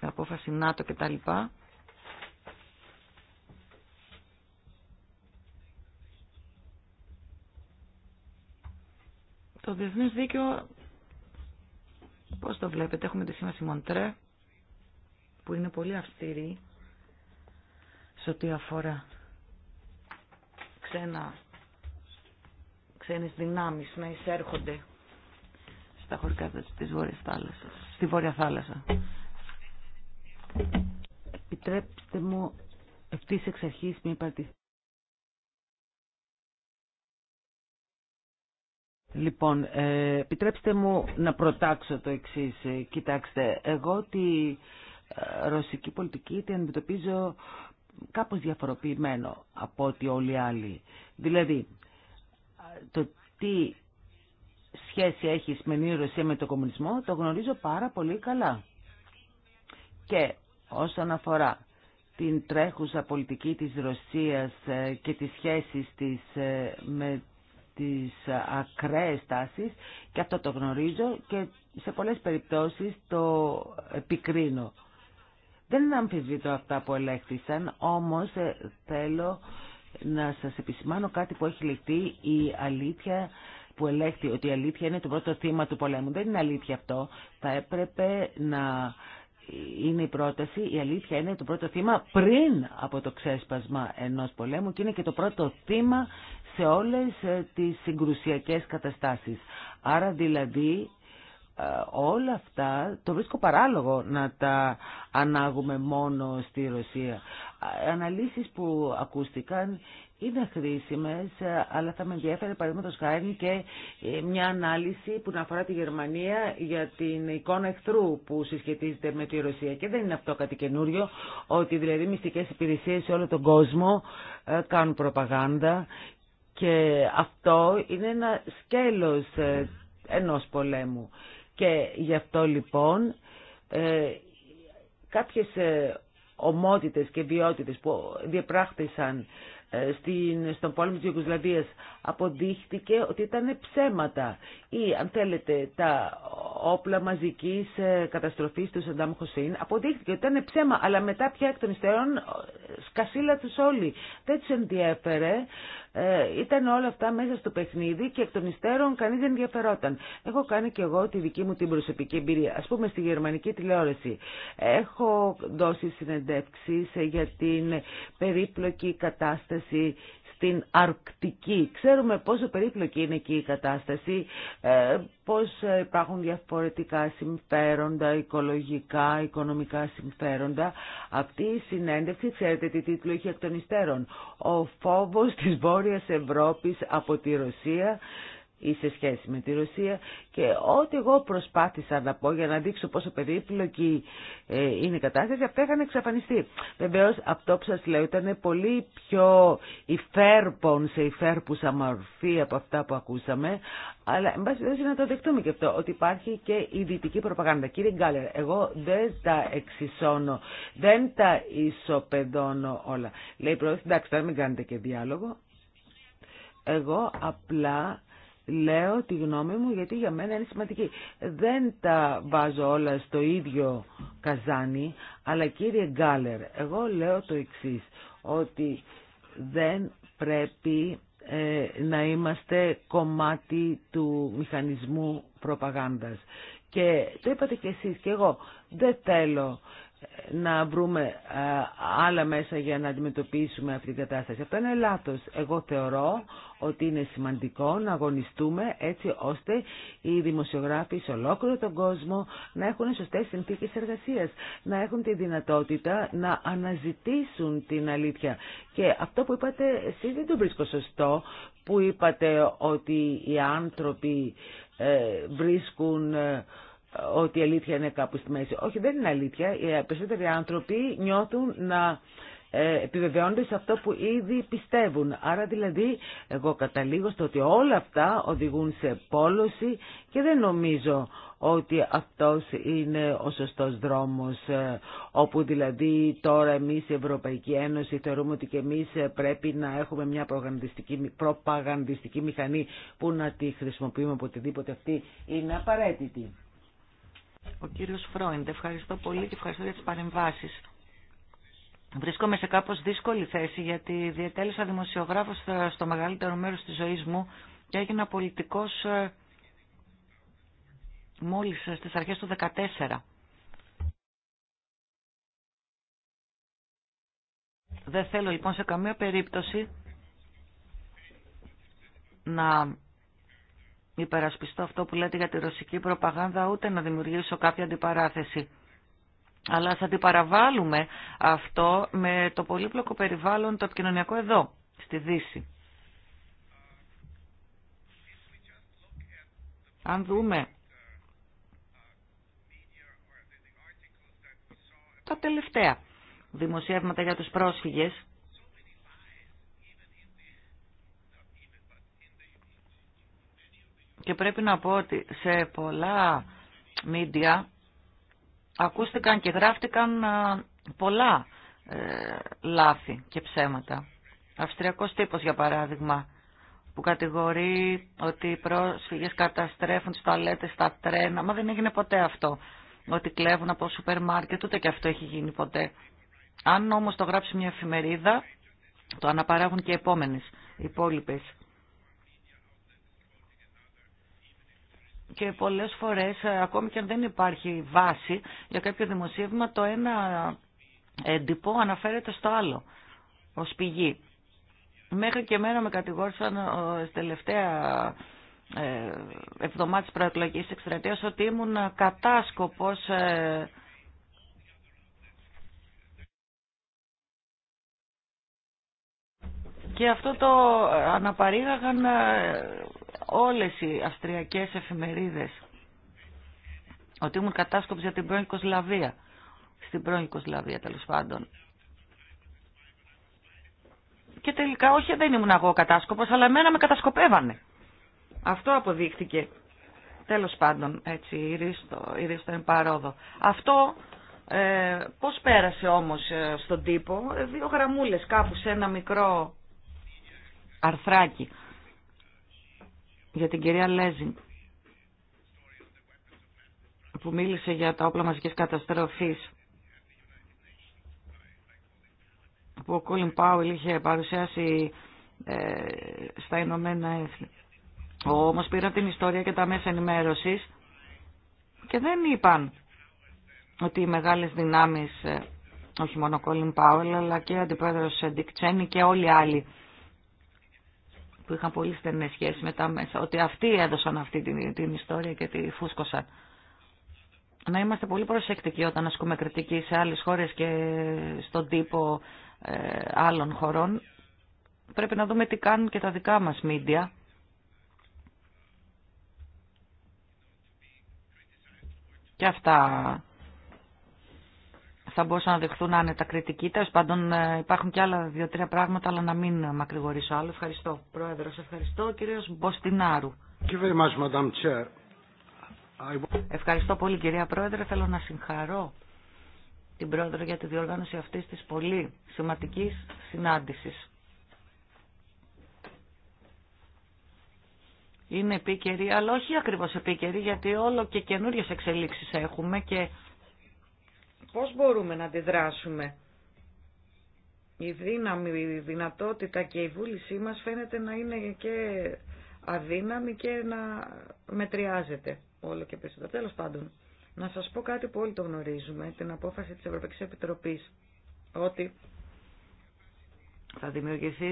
A: απόφαση ΝΑΤΟ κτλ, Το διεθνές δίκαιο, πώς το βλέπετε, έχουμε τη σήμαση Μοντρέ, που είναι πολύ αυστηρή σε ό,τι αφορά ξένα, ξένες δυνάμεις να εισέρχονται στα χωρικά της Βόρειας Θάλασσας, στη Βόρεια Θάλασσα. Επιτρέψτε μου ευθύς εξ αρχής μια Λοιπόν, ε, επιτρέψτε μου να προτάξω το εξής. Ε, κοιτάξτε, εγώ τη ε, ρωσική πολιτική την αντιμετωπίζω κάπως διαφοροποιημένο από ό,τι όλοι οι άλλοι. Δηλαδή, το τι σχέση έχει η σημερινή Ρωσία με τον κομμουνισμό το γνωρίζω πάρα πολύ καλά. Και όσον αφορά την τρέχουσα πολιτική της Ρωσίας και τις σχέσεις της με τις ακραίες τάσεις και αυτό το γνωρίζω και σε πολλές περιπτώσεις το επικρίνω. Δεν αμφισβητώ αυτά που ελέγχθησαν, όμως ε, θέλω να σας επισημάνω κάτι που έχει λεχτεί η αλήθεια που ελέγχθη ότι η αλήθεια είναι το πρώτο θύμα του πολέμου. Δεν είναι αλήθεια αυτό. Θα έπρεπε να είναι η πρόταση, η αλήθεια είναι το πρώτο θύμα πριν από το ξέσπασμα ενός πολέμου και είναι και το πρώτο θύμα σε όλες ε, τις συγκρουσιακές καταστάσεις. Άρα δηλαδή ε, όλα αυτά το βρίσκω παράλογο να τα ανάγουμε μόνο στη Ρωσία. Ε, αναλύσεις που ακούστηκαν είναι χρήσιμες, αλλά θα με ενδιαφέρει παραδείγματο χάρη και μια ανάλυση που να αφορά τη Γερμανία για την εικόνα εχθρού που συσχετίζεται με τη Ρωσία. Και δεν είναι αυτό κάτι καινούριο, ότι δηλαδή μυστικές υπηρεσίες σε όλο τον κόσμο κάνουν προπαγάνδα και αυτό είναι ένα σκέλος ε, ενός πολέμου. Και γι' αυτό λοιπόν ε, κάποιες ε, ομότητες και βιότητες που διαπράχτησαν στην, στον πόλεμο της Ιουγκοσλαβίας αποδείχτηκε ότι ήταν ψέματα ή αν θέλετε τα όπλα μαζικής ε, καταστροφής του Σαντάμ Χωσήν αποδείχτηκε ότι ήταν ψέμα αλλά μετά πια εκ των υστέρων ε, σκασίλα τους όλοι δεν τους ενδιέφερε ε, ήταν όλα αυτά μέσα στο παιχνίδι και εκ των υστέρων κανείς δεν ενδιαφερόταν έχω κάνει και εγώ τη δική μου την προσωπική εμπειρία ας πούμε στη γερμανική τηλεόραση έχω δώσει συνεντεύξεις για την περίπλοκη κατάσταση στην Αρκτική. Ξέρουμε πόσο περίπλοκη είναι εκεί η κατάσταση, ε, πώς ε, υπάρχουν διαφορετικά συμφέροντα, οικολογικά, οικονομικά συμφέροντα. Αυτή η συνέντευξη, ξέρετε τι τίτλο είχε εκ των υστέρων, «Ο φόβος της Βόρειας Ευρώπης από τη Ρωσία ή σε σχέση με τη Ρωσία και ό,τι εγώ προσπάθησα να πω για να δείξω πόσο περίπλοκη ε, είναι η κατάσταση αυτά είχαν εξαφανιστεί. Βεβαίω αυτό που σας λέω ήταν πολύ πιο υφέρπον σε υφέρπουσα μορφή από αυτά που ακούσαμε αλλά εν πάση περιπτώσει να το δεχτούμε και αυτό ότι υπάρχει και η δυτική προπαγάνδα. Κύριε Γκάλερ, εγώ δεν τα εξισώνω, δεν τα ισοπεδώνω όλα. Λέει πρόεδρο, εντάξει, τώρα μην κάνετε και διάλογο. Εγώ απλά Λέω τη γνώμη μου γιατί για μένα είναι σημαντική. Δεν τα βάζω όλα στο ίδιο καζάνι, αλλά κύριε Γκάλερ, εγώ λέω το εξής, ότι δεν πρέπει ε, να είμαστε κομμάτι του μηχανισμού προπαγάνδας. Και το είπατε κι εσείς και εγώ, δεν θέλω να βρούμε ε, άλλα μέσα για να αντιμετωπίσουμε αυτή την κατάσταση. Αυτό είναι λάθος. Εγώ θεωρώ ότι είναι σημαντικό να αγωνιστούμε έτσι ώστε οι δημοσιογράφοι σε ολόκληρο τον κόσμο να έχουν σωστές συνθήκες εργασίας, να έχουν τη δυνατότητα να αναζητήσουν την αλήθεια. Και αυτό που είπατε εσύ δεν το βρίσκω σωστό, που είπατε ότι οι άνθρωποι ε, βρίσκουν ε, ότι η αλήθεια είναι κάπου στη μέση. Όχι, δεν είναι αλήθεια. Οι περισσότεροι άνθρωποι νιώθουν να ε, επιβεβαιώνονται σε αυτό που ήδη πιστεύουν. Άρα δηλαδή εγώ καταλήγω στο ότι όλα αυτά οδηγούν σε πόλωση και δεν νομίζω ότι αυτός είναι ο σωστός δρόμος ε, όπου δηλαδή τώρα εμείς η Ευρωπαϊκή Ένωση θεωρούμε ότι και εμείς ε, πρέπει να έχουμε μια προπαγανδιστική, προπαγανδιστική μηχανή που να τη χρησιμοποιούμε οποτεδήποτε αυτή είναι απαραίτητη. Ο κύριος Φρόιντ, ευχαριστώ πολύ και ευχαριστώ για τις παρεμβάσεις. Βρίσκομαι σε κάπως δύσκολη θέση γιατί διατέλεσα δημοσιογράφος στο μεγαλύτερο μέρος της ζωής μου και έγινα πολιτικός ε, μόλις ε, στις αρχές του 2014. Δεν θέλω λοιπόν σε καμία περίπτωση να υπερασπιστώ αυτό που λέτε για τη ρωσική προπαγάνδα, ούτε να δημιουργήσω κάποια αντιπαράθεση. Αλλά θα αντιπαραβάλλουμε αυτό με το πολύπλοκο περιβάλλον το επικοινωνιακό εδώ, στη Δύση. Αν δούμε τα τελευταία δημοσιεύματα για τους πρόσφυγες, Και πρέπει να πω ότι σε πολλά μίντια ακούστηκαν και γράφτηκαν πολλά ε, λάθη και ψέματα. Αυστριακός τύπος για παράδειγμα που κατηγορεί ότι οι πρόσφυγες καταστρέφουν τις ταλέτες στα τρένα, μα δεν έγινε ποτέ αυτό. Ότι κλέβουν από σούπερ μάρκετ, ούτε και αυτό έχει γίνει ποτέ. Αν όμως το γράψει μια εφημερίδα, το αναπαράγουν και επόμενες, υπόλοιπες. και πολλές φορές, ε, ακόμη και αν δεν υπάρχει βάση για κάποιο δημοσίευμα, το ένα εντυπώ αναφέρεται στο άλλο, ως πηγή. Μέχρι και μένα με κατηγόρησαν το ε, τελευταία ε, εβδομάδα της προεκλογικής εκστρατείας ότι ήμουν κατάσκοπος και αυτό το αναπαρήγαγαν όλες οι αυστριακές εφημερίδες ότι ήμουν κατάσκοπη για την πρώην Κοσλαβία Στην πρώην Κοσλαβία τέλος πάντων. Και τελικά όχι δεν ήμουν εγώ κατάσκοπος, αλλά εμένα με κατασκοπεύανε. Αυτό αποδείχτηκε. Τέλος πάντων, έτσι, η Ρίστο, είναι παρόδο. Αυτό ε, πώς πέρασε όμως ε, στον τύπο, ε, δύο γραμμούλες κάπου σε ένα μικρό αρθράκι για την κυρία Λέζιν που μίλησε για τα όπλα μαζικής καταστροφής που ο Κόλιν Πάουελ είχε παρουσιάσει ε, στα Ηνωμένα Έθνη. Όμως πήραν την ιστορία και τα μέσα ενημέρωσης και δεν είπαν ότι οι μεγάλες δυνάμεις, ε, όχι μόνο ο Κόλιν Πάουλ αλλά και ο αντιπρόεδρος Ντικ και όλοι οι άλλοι που είχαν πολύ στενές σχέσεις με τα μέσα, ότι αυτοί έδωσαν αυτή την, την ιστορία και τη φούσκωσαν. Να είμαστε πολύ προσεκτικοί όταν ασκούμε κριτική σε άλλες χώρες και στον τύπο ε, άλλων χωρών. Πρέπει να δούμε τι κάνουν και τα δικά μας μίντια. Και αυτά θα μπορούσαν να δεχθούν άνετα κριτική. Τέλο πάντων, ε, υπάρχουν και άλλα δύο-τρία πράγματα, αλλά να μην μακρηγορήσω άλλο. Ευχαριστώ, Πρόεδρο. Ευχαριστώ, κύριο Μποστινάρου. Ευχαριστώ πολύ, κυρία Πρόεδρε. Θέλω να συγχαρώ την Πρόεδρο για τη διοργάνωση αυτή τη πολύ σημαντική συνάντηση. Είναι επίκαιρη, αλλά όχι ακριβώς επίκαιρη, γιατί όλο και καινούριε εξελίξεις έχουμε και Πώς μπορούμε να αντιδράσουμε. Η δύναμη, η δυνατότητα και η βούλησή μας φαίνεται να είναι και αδύναμη και να μετριάζεται όλο και περισσότερο. Τέλος πάντων, να σας πω κάτι που όλοι το γνωρίζουμε, την απόφαση της Ευρωπαϊκής Επιτροπής, ότι θα δημιουργηθεί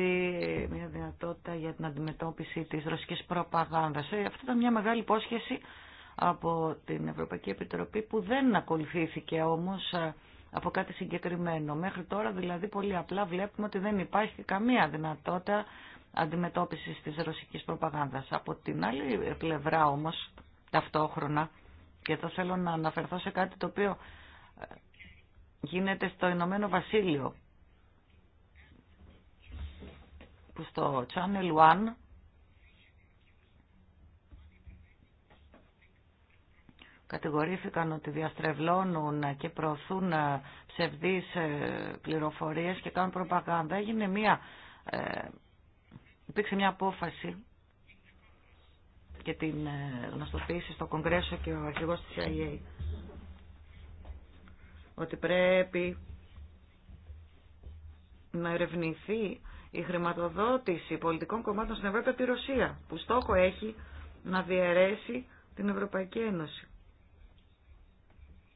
A: μια δυνατότητα για την αντιμετώπιση της ρωσικής προπαγάνδας. Ε, αυτή ήταν μια μεγάλη υπόσχεση από την Ευρωπαϊκή Επιτροπή που δεν ακολουθήθηκε όμως ε, από κάτι συγκεκριμένο. Μέχρι τώρα δηλαδή πολύ απλά βλέπουμε ότι δεν υπάρχει καμία δυνατότητα αντιμετώπισης της ρωσικής προπαγάνδας. Από την άλλη πλευρά όμως ταυτόχρονα και εδώ θέλω να αναφερθώ σε κάτι το οποίο ε, γίνεται στο Ηνωμένο Βασίλειο που στο Channel One κατηγορήθηκαν ότι διαστρεβλώνουν και προωθούν ε, ψευδείς ε, πληροφορίες και κάνουν προπαγάνδα. Έγινε μια, ε, υπήρξε μια απόφαση και την γνωστοποίηση στο Κογκρέσο και ο αρχηγός της CIA ότι πρέπει να ερευνηθεί η χρηματοδότηση πολιτικών κομμάτων στην Ευρώπη από τη Ρωσία, που στόχο έχει να διαιρέσει την Ευρωπαϊκή Ένωση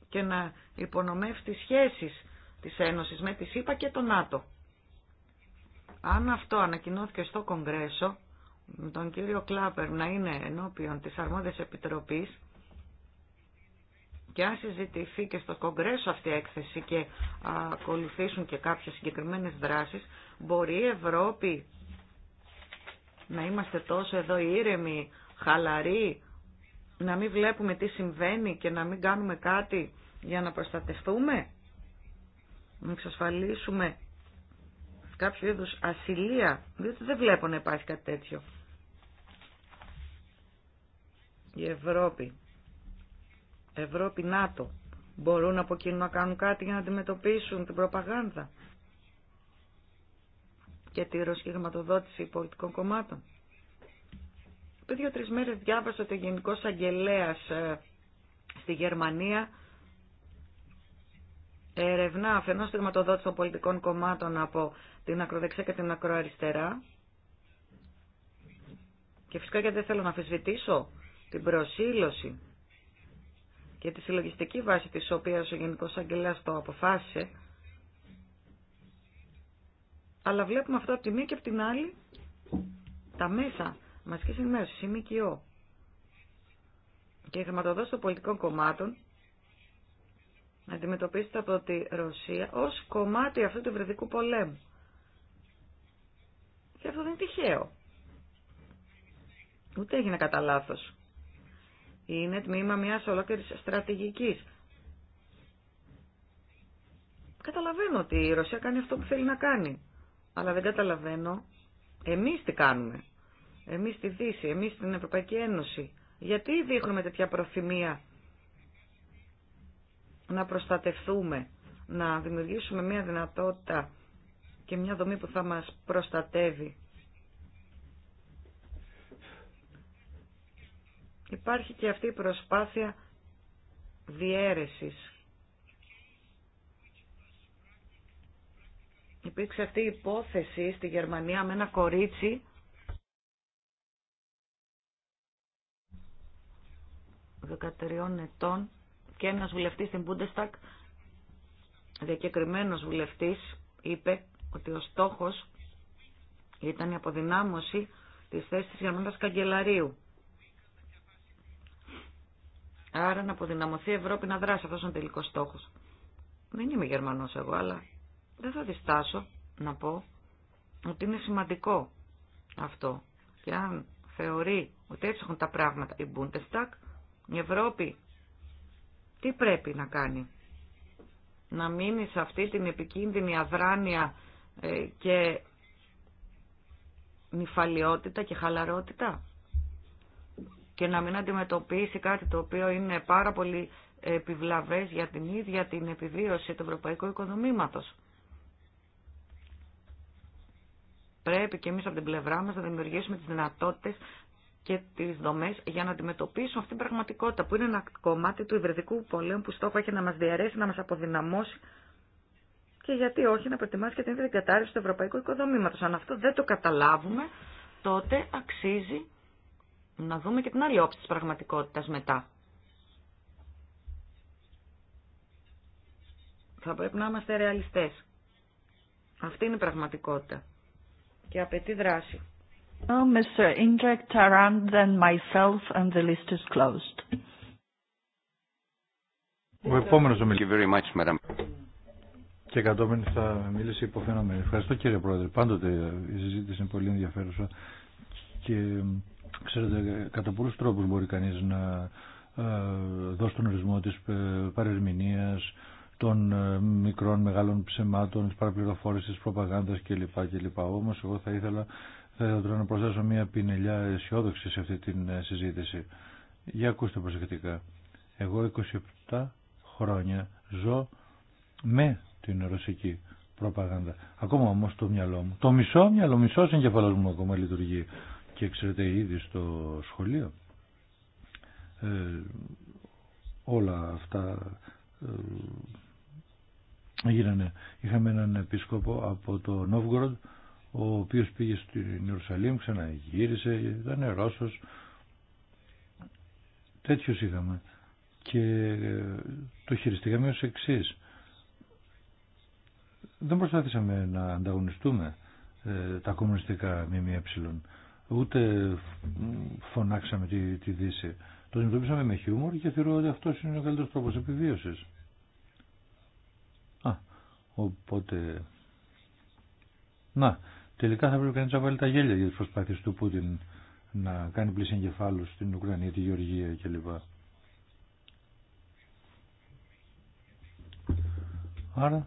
A: και να υπονομεύει τις σχέσεις της Ένωσης με τη ΣΥΠΑ και το ΝΑΤΟ. Αν αυτό ανακοινώθηκε στο Κογκρέσο, με τον κύριο Κλάπερ να είναι ενώπιον της αρμόδιας επιτροπής και αν συζητηθεί και στο Κογκρέσο αυτή η έκθεση και ακολουθήσουν και κάποιες συγκεκριμένες δράσεις, μπορεί η Ευρώπη να είμαστε τόσο εδώ ήρεμοι, χαλαροί, να μην βλέπουμε τι συμβαίνει και να μην κάνουμε κάτι για να προστατευτούμε, να εξασφαλίσουμε κάποιο είδους ασυλία, διότι δεν βλέπω να υπάρχει κάτι τέτοιο. Η Ευρώπη, Ευρώπη ΝΑΤΟ, μπορούν από κοινού να κάνουν κάτι για να αντιμετωπίσουν την προπαγάνδα και τη ρωσική πολιτικών κομμάτων. Πριν δύο-τρει μέρε διάβασα ότι ο Γενικό Αγγελέα ε, στη Γερμανία ερευνά αφενός χρηματοδότηση των πολιτικών κομμάτων από την ακροδεξιά και την ακροαριστερά. Και φυσικά γιατί δεν θέλω να αφισβητήσω την προσήλωση και τη συλλογιστική βάση της οποίας ο Γενικός Αγγελάς το αποφάσισε. Αλλά βλέπουμε αυτό από τη μία και από την άλλη τα μέσα μαζικής ενημέρωσης, η ΜΚΟ και η χρηματοδότηση των πολιτικών κομμάτων αντιμετωπίσετε από τη Ρωσία ως κομμάτι αυτού του βρεδικού πολέμου. Και αυτό δεν είναι τυχαίο. Ούτε έγινε κατά λάθο. Είναι τμήμα μιας ολόκληρης στρατηγικής. Καταλαβαίνω ότι η Ρωσία κάνει αυτό που θέλει να κάνει. Αλλά δεν καταλαβαίνω εμείς τι κάνουμε. Εμείς στη Δύση, εμείς στην Ευρωπαϊκή Ένωση. Γιατί δείχνουμε τέτοια προθυμία να προστατευτούμε, να δημιουργήσουμε μια δυνατότητα και μια δομή που θα μας προστατεύει. Υπάρχει και αυτή η προσπάθεια διέρεσης. Υπήρξε αυτή η υπόθεση στη Γερμανία με ένα κορίτσι δεκατεριών ετών και ένας βουλευτής στην Bundestag, διακεκριμένος βουλευτής, είπε ότι ο στόχος ήταν η αποδυνάμωση της θέσης της Γερμανίας Καγκελαρίου. Άρα να αποδυναμωθεί η Ευρώπη να δράσει. Αυτός είναι ο τελικός στόχος. Δεν είμαι Γερμανός εγώ, αλλά δεν θα διστάσω να πω ότι είναι σημαντικό αυτό. Και αν θεωρεί ότι έτσι έχουν τα πράγματα η Bundestag, η Ευρώπη τι πρέπει να κάνει. Να μείνει σε αυτή την επικίνδυνη αδράνεια ε, και νυφαλιότητα και χαλαρότητα και να μην αντιμετωπίσει κάτι το οποίο είναι πάρα πολύ επιβλαβές για την ίδια την επιβίωση του ευρωπαϊκού οικοδομήματος. Πρέπει και εμείς από την πλευρά μας να δημιουργήσουμε τις δυνατότητες και τις δομές για να αντιμετωπίσουν αυτή την πραγματικότητα που είναι ένα κομμάτι του υβριδικού πολέμου που στόχο έχει να μας διαρρέσει, να μας αποδυναμώσει και γιατί όχι να προετοιμάσει και την ίδια την κατάρρευση του ευρωπαϊκού οικοδομήματος. Αν αυτό δεν το καταλάβουμε, τότε αξίζει να δούμε και την άλλη όψη τη πραγματικότητα μετά. Θα πρέπει να είμαστε ρεαλιστές. Αυτή είναι η πραγματικότητα και απαιτεί δράση. Mr. Indrek Tarand, then myself, and the list is closed.
B: Ο επόμενο ομιλητή. Και κατόπιν θα μιλήσει υποφαινόμενη. Ευχαριστώ κύριε Πρόεδρε. Πάντοτε η συζήτηση είναι πολύ ενδιαφέρουσα και ξέρετε κατά πολλούς τρόπους μπορεί κανείς να ε, δώσει τον ορισμό της ε, παρερμηνίας, των ε, μικρών μεγάλων ψεμάτων, της παραπληροφόρησης, της προπαγάνδας κλπ. κλπ. Όμως εγώ θα ήθελα θα ήθελα να προσθέσω μια πινελιά αισιόδοξη σε αυτή τη ε, συζήτηση. Για ακούστε προσεκτικά. Εγώ 27 χρόνια ζω με την ρωσική προπαγάνδα. Ακόμα όμω το μυαλό μου, το μισό μυαλό, μισό εγκεφαλός μου ακόμα λειτουργεί. Και ξέρετε ήδη στο σχολείο ε, όλα αυτά ε, γίνανε. Είχαμε έναν επίσκοπο από το Νόβγκοροντ ο οποίο πήγε στην Ιερουσαλήμ, ξαναγύρισε, ήταν Ρώσος. Τέτοιος είχαμε και ε, το χειριστήκαμε ως εξή. Δεν προσπάθησαμε να ανταγωνιστούμε ε, τα κομμουνιστικά ΜΜΕ, ούτε φωνάξαμε τη, τη Δύση. Το αντιμετωπίσαμε με χιούμορ και θεωρώ ότι αυτό είναι ο καλύτερο τρόπο επιβίωση. Α, οπότε... Να, τελικά θα πρέπει κανείς να βάλει τα γέλια για τις προσπάθειες του Πούτιν να κάνει πλήση εγκεφάλου στην Ουκρανία, τη Γεωργία κλπ. Άρα,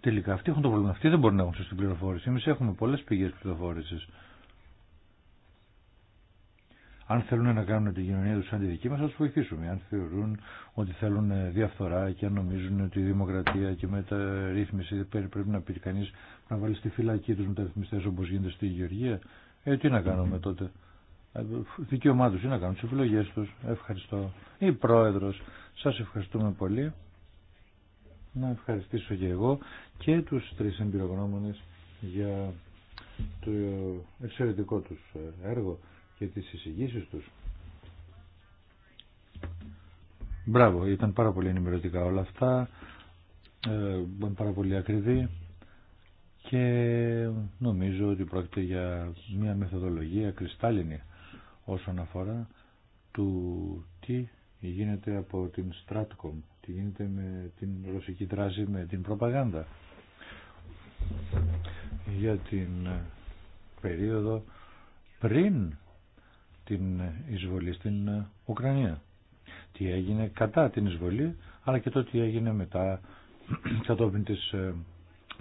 B: τελικά αυτοί έχουν το πρόβλημα. Αυτοί δεν μπορούν να έχουν σωστή πληροφόρηση. Εμεί έχουμε πολλέ πηγέ πληροφόρηση. Αν θέλουν να κάνουν την κοινωνία του σαν τη δική μα, θα του βοηθήσουμε. Αν θεωρούν ότι θέλουν ε, διαφθορά και αν νομίζουν ότι η δημοκρατία και η μεταρρύθμιση πρέπει να πει κανεί να βάλει στη φυλακή του μεταρρυθμιστέ όπω γίνεται στη Γεωργία, ε, τι να κάνουμε τότε. Ε, δικαίωμά του είναι να κάνουν τι επιλογέ του. Ευχαριστώ. Η πρόεδρο, σα ευχαριστούμε πολύ. Να ευχαριστήσω και εγώ και του τρει εμπειρογνώμονες για το εξαιρετικό του ε, έργο και τις εισηγήσεις τους. Μπράβο, ήταν πάρα πολύ ενημερωτικά όλα αυτά, ε, ήταν πάρα πολύ ακριβή και νομίζω ότι πρόκειται για μια μεθοδολογία κρυστάλλινη όσον αφορά του τι γίνεται από την Stratcom, τι γίνεται με την ρωσική δράση, με την προπαγάνδα για την περίοδο πριν την εισβολή στην Ουκρανία. Τι έγινε κατά την εισβολή, αλλά και το τι έγινε μετά κατόπιν της ε,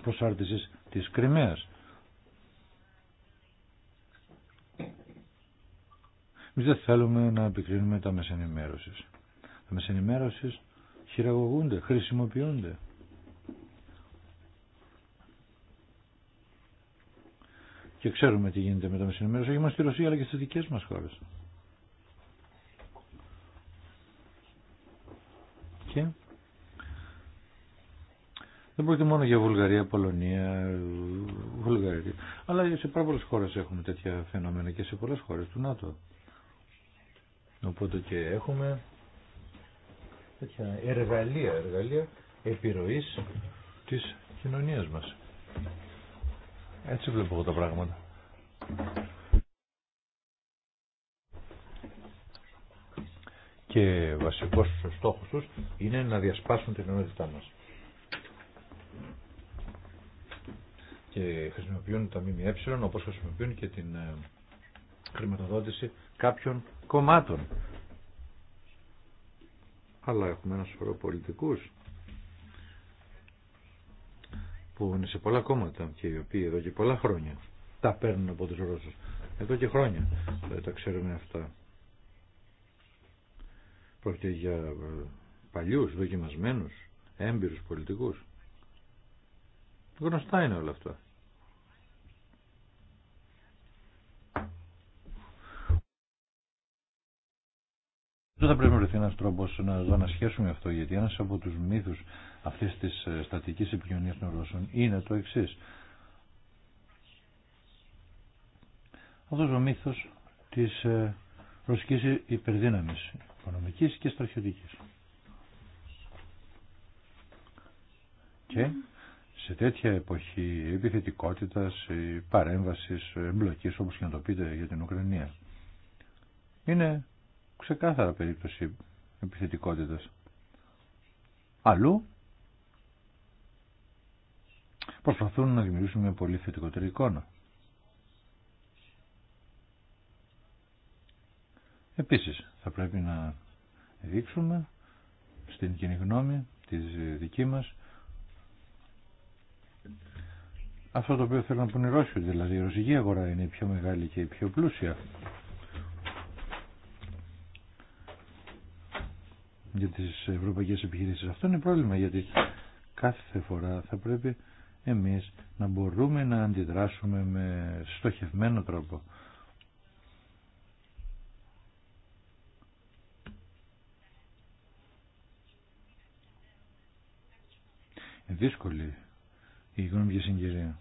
B: προσάρτησης της Κρυμαίας. Εμείς δεν θέλουμε να επικρίνουμε τα μεσενημέρωσης. Τα μεσενημέρωσης χειραγωγούνται, χρησιμοποιούνται. Και ξέρουμε τι γίνεται με τα μεσημέρωση, όχι μόνο στη Ρωσία αλλά και στι δικές μας χώρες. Και δεν πρόκειται μόνο για Βουλγαρία, Πολωνία, Βουλγαρία. Αλλά σε πάρα πολλές χώρες έχουμε τέτοια φαινόμενα και σε πολλές χώρες του ΝΑΤΟ. Οπότε και έχουμε τέτοια εργαλεία, εργαλεία επιρροής της κοινωνίας μας. Έτσι βλέπω εγώ τα πράγματα. Και βασικός στόχος τους είναι να διασπάσουν την ενότητά μας. Και χρησιμοποιούν τα ΜΜΕ όπως χρησιμοποιούν και την ε, χρηματοδότηση κάποιων κομμάτων. Αλλά έχουμε ένα σωρό πολιτικούς που είναι σε πολλά κόμματα και οι οποίοι εδώ και πολλά χρόνια τα παίρνουν από τους Ρώσους. Εδώ και χρόνια δεν τα ξέρουμε αυτά. Πρόκειται για ε, παλιούς, δοκιμασμένους, έμπειρους πολιτικούς. Γνωστά είναι όλα αυτά. Δεν θα πρέπει να βρεθεί ένα τρόπο να το ανασχέσουμε αυτό, γιατί ένα από του μύθου αυτή τη ε, στατική επικοινωνία των Ρώσων είναι το εξή. Αυτό ο μύθο τη ε, ρωσική υπερδύναμη, οικονομική και στρατιωτικής. Και σε τέτοια εποχή επιθετικότητας, ε, παρέμβασης, εμπλοκής όπως και να το πείτε για την Ουκρανία. Είναι ξεκάθαρα περίπτωση επιθετικότητας. Αλλού προσπαθούν να δημιουργήσουν μια πολύ θετικότερη εικόνα. Επίσης θα πρέπει να δείξουμε στην κοινή γνώμη της δική μας αυτό το οποίο θέλω να πούνε δηλαδή η ρωσική αγορά είναι η πιο μεγάλη και η πιο πλούσια για τις ευρωπαϊκές επιχειρήσεις. Αυτό είναι πρόβλημα γιατί κάθε φορά θα πρέπει εμείς να μπορούμε να αντιδράσουμε με στοχευμένο τρόπο. Είναι δύσκολη η οικονομική συγκυρία.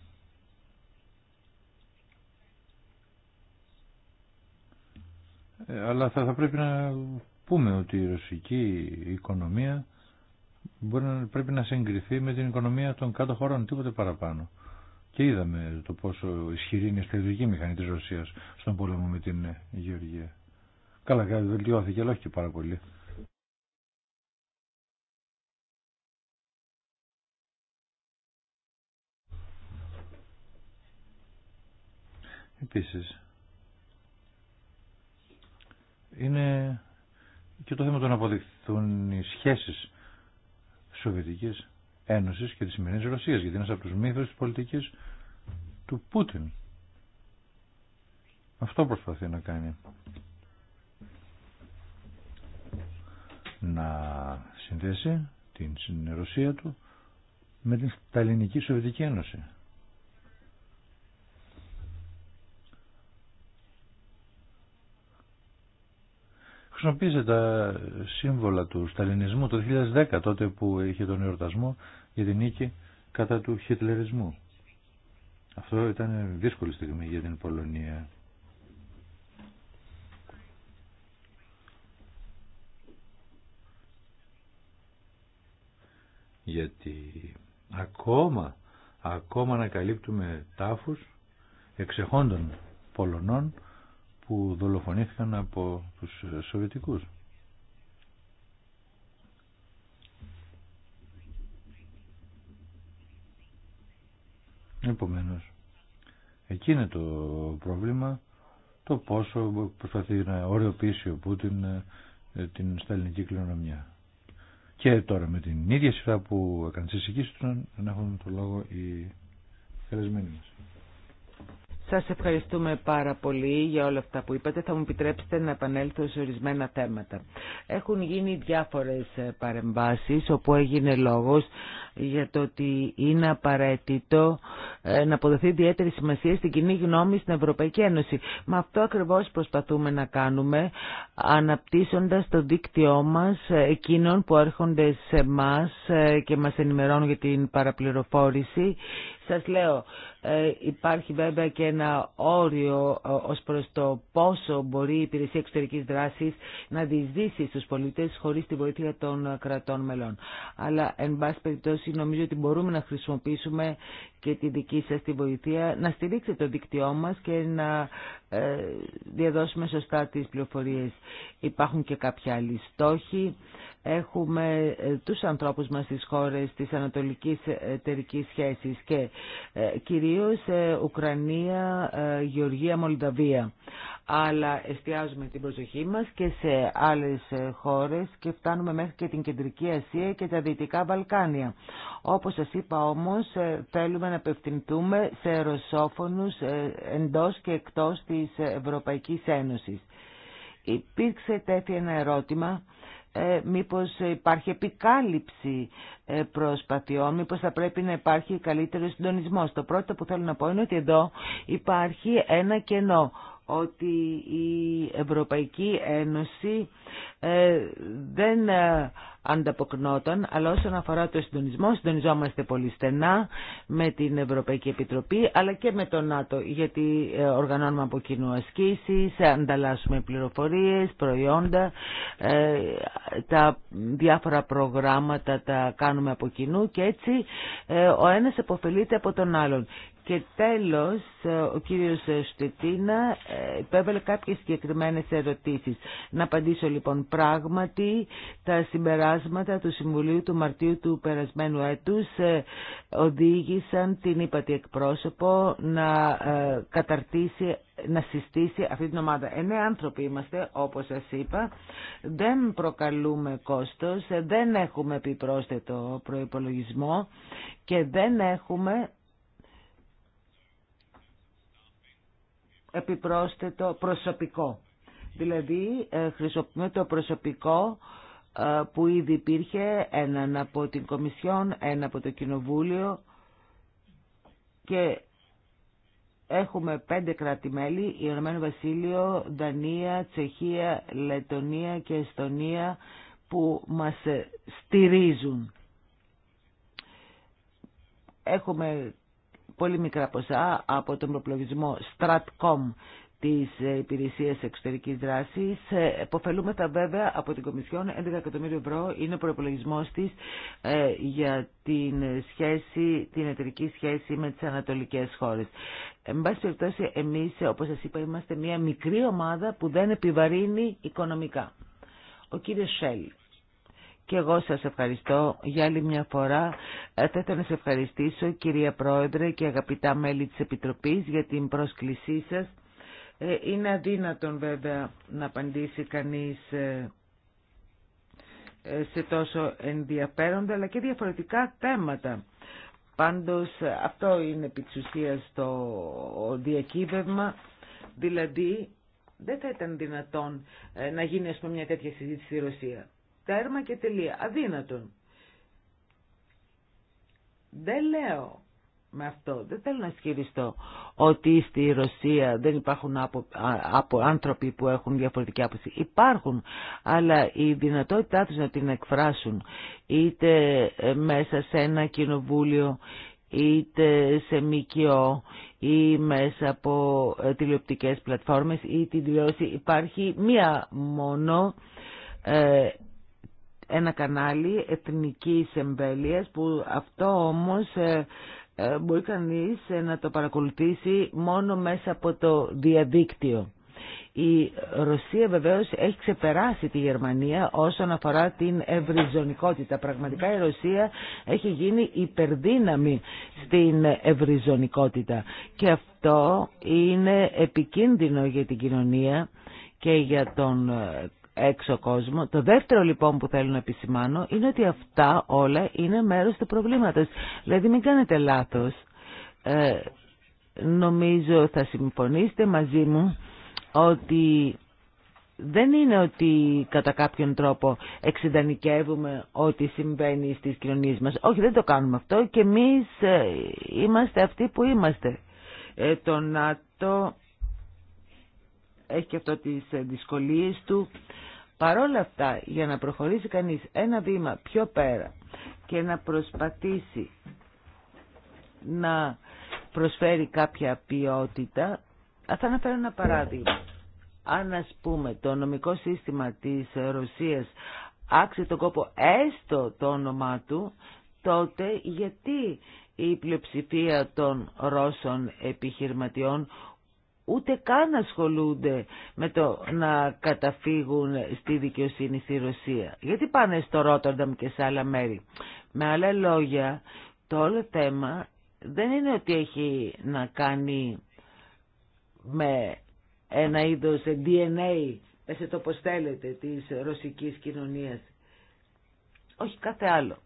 B: Ε, αλλά θα, θα πρέπει να πούμε ότι η ρωσική οικονομία μπορεί να, πρέπει να συγκριθεί με την οικονομία των κάτω χωρών, τίποτε παραπάνω. Και είδαμε το πόσο ισχυρή είναι η στρατηγική μηχανή της Ρωσίας στον πόλεμο με την Γεωργία. Καλά, καλά, βελτιώθηκε, αλλά όχι και πάρα πολύ. Επίσης, είναι και το θέμα των αποδειχθούν οι σχέσεις Σοβιετική Ένωσης και της σημερινής Ρωσία γιατί είναι από του μύθους τη πολιτικής του Πούτιν. Αυτό προσπαθεί να κάνει. Να συνδέσει την Ρωσία του με την Σταλινική Σοβιετική Ένωση. χρησιμοποίησε τα σύμβολα του σταλινισμού το 2010 τότε που είχε τον εορτασμό για την νίκη κατά του χιτλερισμού. Αυτό ήταν δύσκολη στιγμή για την Πολωνία. Γιατί ακόμα, ακόμα να ανακαλύπτουμε τάφους εξεχόντων Πολωνών που δολοφονήθηκαν από τους Σοβιετικούς. Επομένως, εκεί είναι το πρόβλημα το πόσο προσπαθεί να οριοποιήσει ο Πούτιν ε, την σταλινική κληρονομιά. Και τώρα με την ίδια σειρά που έκανε τις του να έχουν το λόγο οι καλεσμένοι μας.
A: Σας ευχαριστούμε πάρα πολύ για όλα αυτά που είπατε. Θα μου επιτρέψετε να επανέλθω σε ορισμένα θέματα. Έχουν γίνει διάφορες παρεμβάσεις όπου έγινε λόγος για το ότι είναι απαραίτητο ε, να αποδοθεί ιδιαίτερη σημασία στην κοινή γνώμη στην Ευρωπαϊκή Ένωση. Με αυτό ακριβώς προσπαθούμε να κάνουμε, αναπτύσσοντας το δίκτυό μας ε, εκείνων που έρχονται σε εμά και μας ενημερώνουν για την παραπληροφόρηση. Σας λέω, ε, υπάρχει βέβαια και ένα όριο ως προς το πόσο μπορεί η υπηρεσία εξωτερικής δράσης να διεισδύσει στους πολίτες χωρίς τη βοήθεια των κρατών μελών. Αλλά, εν πάση περιπτώσει, νομίζω ότι μπορούμε να χρησιμοποιήσουμε και τη δική σας τη βοηθεία να στηρίξετε το δίκτυό μας και να ε, διαδώσουμε σωστά τις πληροφορίες. Υπάρχουν και κάποια άλλοι στόχοι έχουμε ε, τους ανθρώπους μας στις χώρες της ανατολικής εταιρικής σχέσης και ε, κυρίως ε, Ουκρανία, Γεωργία, Μολδαβία. Αλλά εστιάζουμε την προσοχή μας και σε άλλες χώρες και φτάνουμε μέχρι και την Κεντρική Ασία και τα Δυτικά Βαλκάνια. Όπως σας είπα όμως θέλουμε να απευθυνθούμε σε ρωσόφωνους εντός και εκτός της Ευρωπαϊκής Ένωσης. Υπήρξε τέτοιο ένα ερώτημα ε, μήπως υπάρχει επικάλυψη ε, προσπαθειών, μήπως θα πρέπει να υπάρχει καλύτερο συντονισμό Το πρώτο που θέλω να πω είναι ότι εδώ υπάρχει ένα κενό ότι η Ευρωπαϊκή Ένωση ε, δεν ε, ανταποκνόταν, αλλά όσον αφορά το συντονισμό, συντονιζόμαστε πολύ στενά με την Ευρωπαϊκή Επιτροπή, αλλά και με το ΝΑΤΟ, γιατί ε, οργανώνουμε από κοινού ασκήσεις, ανταλλάσσουμε πληροφορίες, προϊόντα, τα διάφορα προγράμματα τα κάνουμε από κοινού και έτσι ο ένας επωφελείται από τον άλλον. Και τέλος, ε, ο κύριος Στετίνα ε, υπέβαλε κάποιες συγκεκριμένες ερωτήσεις. Να απαντήσω λοιπόν πράγματι τα συμπεράσματα του Συμβουλίου του Μαρτίου του περασμένου έτους ε, οδήγησαν την ύπατη εκπρόσωπο να καταρτήσει να συστήσει αυτή την ομάδα. Εννέα άνθρωποι είμαστε, όπως σας είπα. Δεν προκαλούμε κόστος, δεν έχουμε επιπρόσθετο προϋπολογισμό και δεν έχουμε επιπρόσθετο προσωπικό. Δηλαδή ε, χρησιμοποιούμε το προσωπικό ε, που ήδη υπήρχε, έναν από την Κομισιόν, ένα από το Κοινοβούλιο και έχουμε πέντε κράτη-μέλη, Βασίλειο, Δανία, Τσεχία, Λετωνία και Εστονία που μας στηρίζουν. Έχουμε πολύ μικρά ποσά από τον προπλογισμό Stratcom της ε, Υπηρεσίας Εξωτερικής Δράσης. Ε, εποφελούμεθα βέβαια από την Κομισιόν 11 εκατομμύριο ευρώ είναι ο προπολογισμός της ε, για την, σχέση, την εταιρική σχέση με τις ανατολικές χώρες. Εν πάση περιπτώσει εμείς όπως σας είπα είμαστε μια μικρή ομάδα που δεν επιβαρύνει οικονομικά. Ο κύριος Σέλ και εγώ σας ευχαριστώ για άλλη μια φορά. Ε, θα ήθελα να σε ευχαριστήσω κυρία Πρόεδρε και αγαπητά μέλη της Επιτροπής για την πρόσκλησή σας. Ε, είναι αδύνατον βέβαια να απαντήσει κανείς ε, σε τόσο ενδιαφέροντα αλλά και διαφορετικά θέματα. Πάντως αυτό είναι επί το διακύβευμα, δηλαδή δεν θα ήταν δυνατόν να γίνει ας πούμε μια τέτοια συζήτηση στη Ρωσία. Τέρμα και τελεία. Αδύνατον. Δεν λέω με αυτό, δεν θέλω να ισχυριστώ ότι στη Ρωσία δεν υπάρχουν από, από άνθρωποι που έχουν διαφορετική άποψη. Υπάρχουν, αλλά η δυνατότητά τους να την εκφράσουν είτε ε, μέσα σε ένα κοινοβούλιο, είτε σε ΜΚΟ ή μέσα από ε, τηλεοπτικές πλατφόρμες ή την τηλεόραση υπάρχει μία μόνο ε, ένα κανάλι εθνικής εμβέλειας που αυτό όμως ε, ε, μπορεί κανείς ε, να το παρακολουθήσει μόνο μέσα από το διαδίκτυο. Η Ρωσία βεβαίως έχει ξεπεράσει τη Γερμανία όσον αφορά την ευρυζωνικότητα. Πραγματικά η Ρωσία έχει γίνει υπερδύναμη στην ευρυζωνικότητα και αυτό είναι επικίνδυνο για την κοινωνία και για τον έξω κόσμο. Το δεύτερο λοιπόν που θέλω να επισημάνω είναι ότι αυτά όλα είναι μέρος του προβλήματος. Δηλαδή μην κάνετε λάθος. Ε, νομίζω θα συμφωνήσετε μαζί μου ότι δεν είναι ότι κατά κάποιον τρόπο εξεντανικεύουμε ό,τι συμβαίνει στις κοινωνίες μας. Όχι, δεν το κάνουμε αυτό και εμείς ε, είμαστε αυτοί που είμαστε. Ε, το ΝΑΤΟ έχει και αυτό τις ε, δυσκολίες του. Παρόλα αυτά, για να προχωρήσει κανείς ένα βήμα πιο πέρα και να προσπαθήσει να προσφέρει κάποια ποιότητα, θα αναφέρω ένα παράδειγμα. Αν ας πούμε το νομικό σύστημα της Ρωσίας άξιζε τον κόπο έστω το όνομά του, τότε γιατί η πλειοψηφία των Ρώσων επιχειρηματιών ούτε καν ασχολούνται με το να καταφύγουν στη δικαιοσύνη στη Ρωσία. Γιατί πάνε στο Ρότερνταμ και σε άλλα μέρη. Με άλλα λόγια, το όλο θέμα δεν είναι ότι έχει να κάνει με ένα είδος DNA, πέσε το πως θέλετε, της ρωσικής κοινωνίας. Όχι κάθε άλλο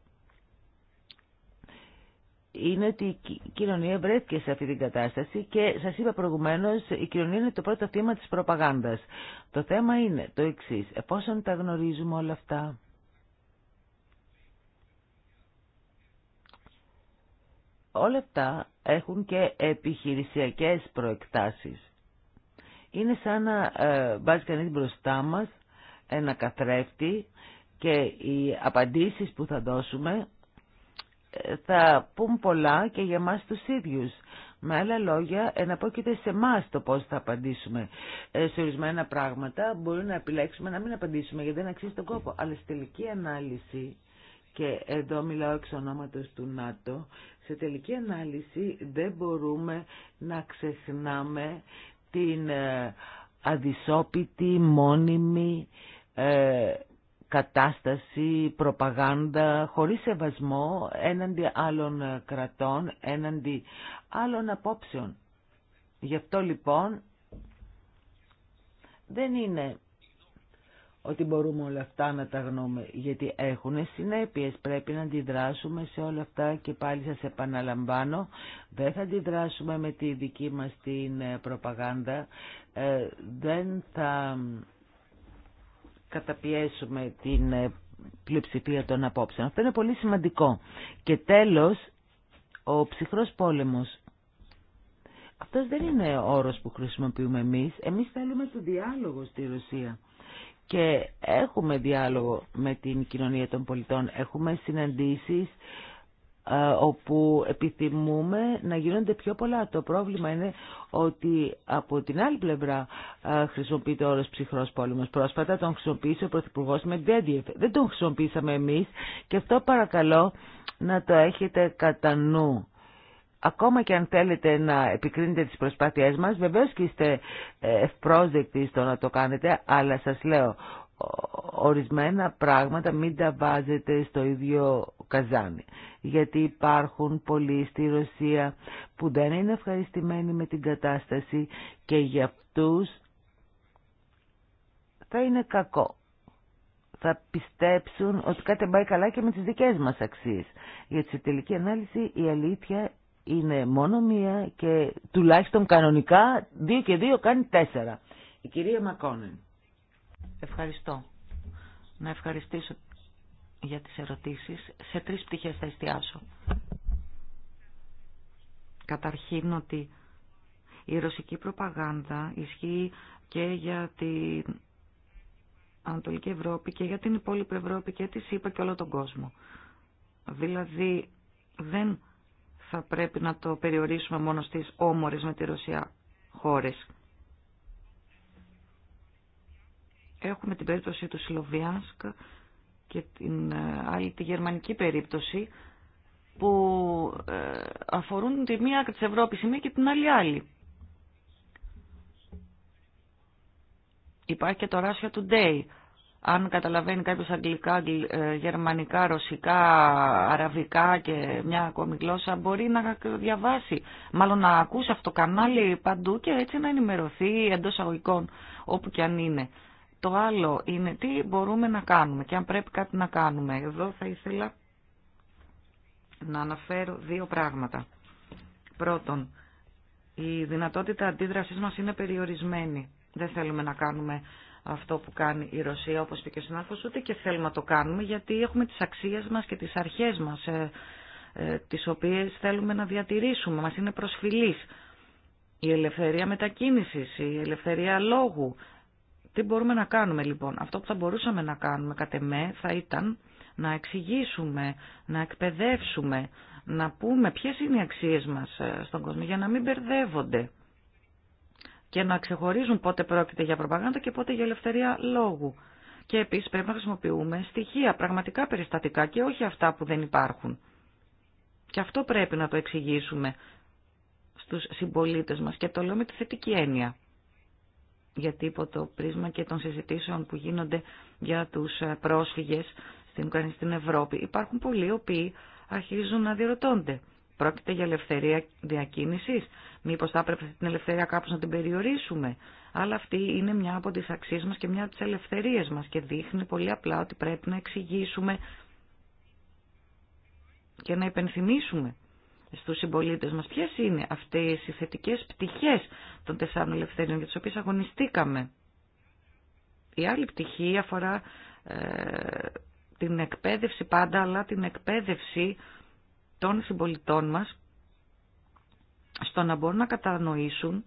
A: είναι ότι η κοινωνία βρέθηκε σε αυτή την κατάσταση και σας είπα προηγουμένως η κοινωνία είναι το πρώτο θύμα της προπαγάνδας. Το θέμα είναι το εξής, εφόσον τα γνωρίζουμε όλα αυτά, όλα αυτά έχουν και επιχειρησιακές προεκτάσεις. Είναι σαν να ε, βάζει κανείς μπροστά μας ένα καθρέφτη και οι απαντήσεις που θα δώσουμε θα πούν πολλά και για μας τους ίδιους. Με άλλα λόγια, εναπόκειται σε εμά το πώ θα απαντήσουμε. Ε, σε ορισμένα πράγματα μπορούμε να επιλέξουμε να μην απαντήσουμε γιατί δεν αξίζει τον κόπο. Αλλά στη τελική ανάλυση, και εδώ μιλάω εξ ονόματος του ΝΑΤΟ, σε τελική ανάλυση δεν μπορούμε να ξεχνάμε την ε, αδυσόπιτη, μόνιμη, ε, κατάσταση, προπαγάνδα, χωρίς σεβασμό έναντι άλλων ε, κρατών, έναντι άλλων απόψεων. Γι' αυτό λοιπόν δεν είναι ότι μπορούμε όλα αυτά να τα γνώμε, γιατί έχουν συνέπειες, πρέπει να αντιδράσουμε σε όλα αυτά και πάλι σας επαναλαμβάνω, δεν θα αντιδράσουμε με τη δική μας την ε, προπαγάνδα, ε, δεν θα καταπιέσουμε την ε, πλειοψηφία των απόψεων. Αυτό είναι πολύ σημαντικό. Και τέλος, ο ψυχρός πόλεμος. Αυτός δεν είναι όρος που χρησιμοποιούμε εμείς. Εμείς θέλουμε το διάλογο στη Ρωσία. Και έχουμε διάλογο με την κοινωνία των πολιτών. Έχουμε συναντήσεις ε, όπου επιθυμούμε να γίνονται πιο πολλά. Το πρόβλημα είναι ότι από την άλλη πλευρά ε, χρησιμοποιείται όρος ψυχρός πόλεμος. Πρόσφατα τον χρησιμοποίησε ο Πρωθυπουργός Μεντέντιεφ. Δεν τον χρησιμοποίησαμε εμείς και αυτό παρακαλώ να το έχετε κατά νου. Ακόμα και αν θέλετε να επικρίνετε τις προσπάθειές μας, βεβαίως και είστε ε, ευπρόσδεκτοι στο να το κάνετε, αλλά σας λέω ορισμένα πράγματα μην τα βάζετε στο ίδιο καζάνι. Γιατί υπάρχουν πολλοί στη Ρωσία που δεν είναι ευχαριστημένοι με την κατάσταση και για αυτούς θα είναι κακό. Θα πιστέψουν ότι κάτι πάει καλά και με τις δικές μας αξίες. Γιατί σε τελική ανάλυση η αλήθεια είναι μόνο μία και τουλάχιστον κανονικά δύο και δύο κάνει τέσσερα. Η κυρία Μακόνεν. Ευχαριστώ. Να ευχαριστήσω για τις ερωτήσεις. Σε τρεις πτυχές θα εστιάσω. Καταρχήν ότι η ρωσική προπαγάνδα ισχύει και για την Ανατολική Ευρώπη και για την υπόλοιπη Ευρώπη και τη ΣΥΠΑ και όλο τον κόσμο. Δηλαδή δεν θα πρέπει να το περιορίσουμε μόνο στις όμορες με τη Ρωσία χώρες. Έχουμε την περίπτωση του Σιλοβιάνσκ και την ε, άλλη τη γερμανική περίπτωση που ε, αφορούν τη μία άκρη της Ευρώπης η μία και την άλλη άλλη. Υπάρχει και το Russia Today. Αν καταλαβαίνει κάποιος αγγλικά, ε, γερμανικά, ρωσικά, αραβικά και μια ακόμη γλώσσα μπορεί να διαβάσει. Μάλλον να ακούσει αυτό το κανάλι παντού και έτσι να ενημερωθεί εντός αγωγικών όπου και αν είναι. Το άλλο είναι τι μπορούμε να κάνουμε και αν πρέπει κάτι να κάνουμε. Εδώ θα ήθελα να αναφέρω δύο πράγματα. Πρώτον, η δυνατότητα αντίδρασής μας είναι περιορισμένη. Δεν θέλουμε να κάνουμε αυτό που κάνει η Ρωσία, όπως είπε και ο συνάδελφος, ούτε και θέλουμε να το κάνουμε, γιατί έχουμε τις αξίες μας και τις αρχές μας, ε, ε, τις οποίες θέλουμε να διατηρήσουμε. Μας είναι προσφυλής η ελευθερία μετακίνησης, η ελευθερία λόγου, τι μπορούμε να κάνουμε λοιπόν. Αυτό που θα μπορούσαμε να κάνουμε κατ' εμέ θα ήταν να εξηγήσουμε, να εκπαιδεύσουμε, να πούμε ποιες είναι οι αξίες μας ε, στον κόσμο για να μην μπερδεύονται και να ξεχωρίζουν πότε πρόκειται για προπαγάνδα και πότε για ελευθερία λόγου. Και επίσης πρέπει να χρησιμοποιούμε στοιχεία, πραγματικά περιστατικά και όχι αυτά που δεν υπάρχουν. Και αυτό πρέπει να το εξηγήσουμε στους συμπολίτες μας και το λέω με τη θετική έννοια γιατί υπό το πρίσμα και των συζητήσεων που γίνονται για τους ε, πρόσφυγες στην Ουκρανία στην Ευρώπη. Υπάρχουν πολλοί οι οποίοι αρχίζουν να διερωτώνται. Πρόκειται για ελευθερία διακίνησης. Μήπως θα έπρεπε την ελευθερία κάπως να την περιορίσουμε. Αλλά αυτή είναι μια από τις αξίες μας και μια από τις ελευθερίες μας και δείχνει πολύ απλά ότι πρέπει να εξηγήσουμε και να υπενθυμίσουμε στους συμπολίτε μας. Ποιες είναι αυτές οι θετικές πτυχές των τεσσάρων ελευθεριών για τις οποίες αγωνιστήκαμε. Η άλλη πτυχή αφορά ε, την εκπαίδευση πάντα, αλλά την εκπαίδευση των συμπολιτών μας στο να μπορούν να κατανοήσουν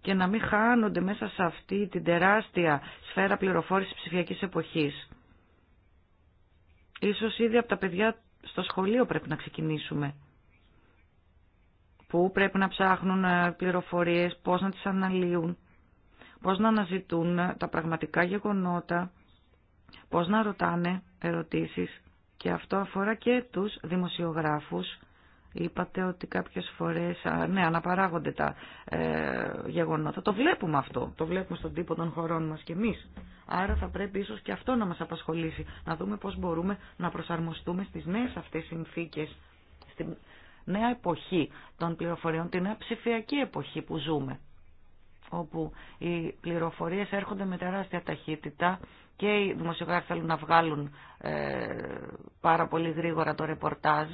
A: και να μην χάνονται μέσα σε αυτή την τεράστια σφαίρα πληροφόρησης ψηφιακής εποχής. Ίσως ήδη από τα παιδιά στο σχολείο πρέπει να ξεκινήσουμε. Πού πρέπει να ψάχνουν ε, πληροφορίες, πώς να τις αναλύουν, πώς να αναζητούν ε, τα πραγματικά γεγονότα, πώς να ρωτάνε ερωτήσεις. Και αυτό αφορά και τους δημοσιογράφους Είπατε ότι κάποιες φορές, ναι, αναπαράγονται τα ε, γεγονότα. Το βλέπουμε αυτό, το βλέπουμε στον τύπο των χωρών μας και εμείς. Άρα θα πρέπει ίσως και αυτό να μας απασχολήσει, να δούμε πώς μπορούμε να προσαρμοστούμε στις νέες αυτές συνθήκες, στη νέα εποχή των πληροφοριών, την νέα ψηφιακή εποχή που ζούμε όπου οι πληροφορίες έρχονται με τεράστια ταχύτητα και οι δημοσιογράφοι θέλουν να βγάλουν ε, πάρα πολύ γρήγορα το ρεπορτάζ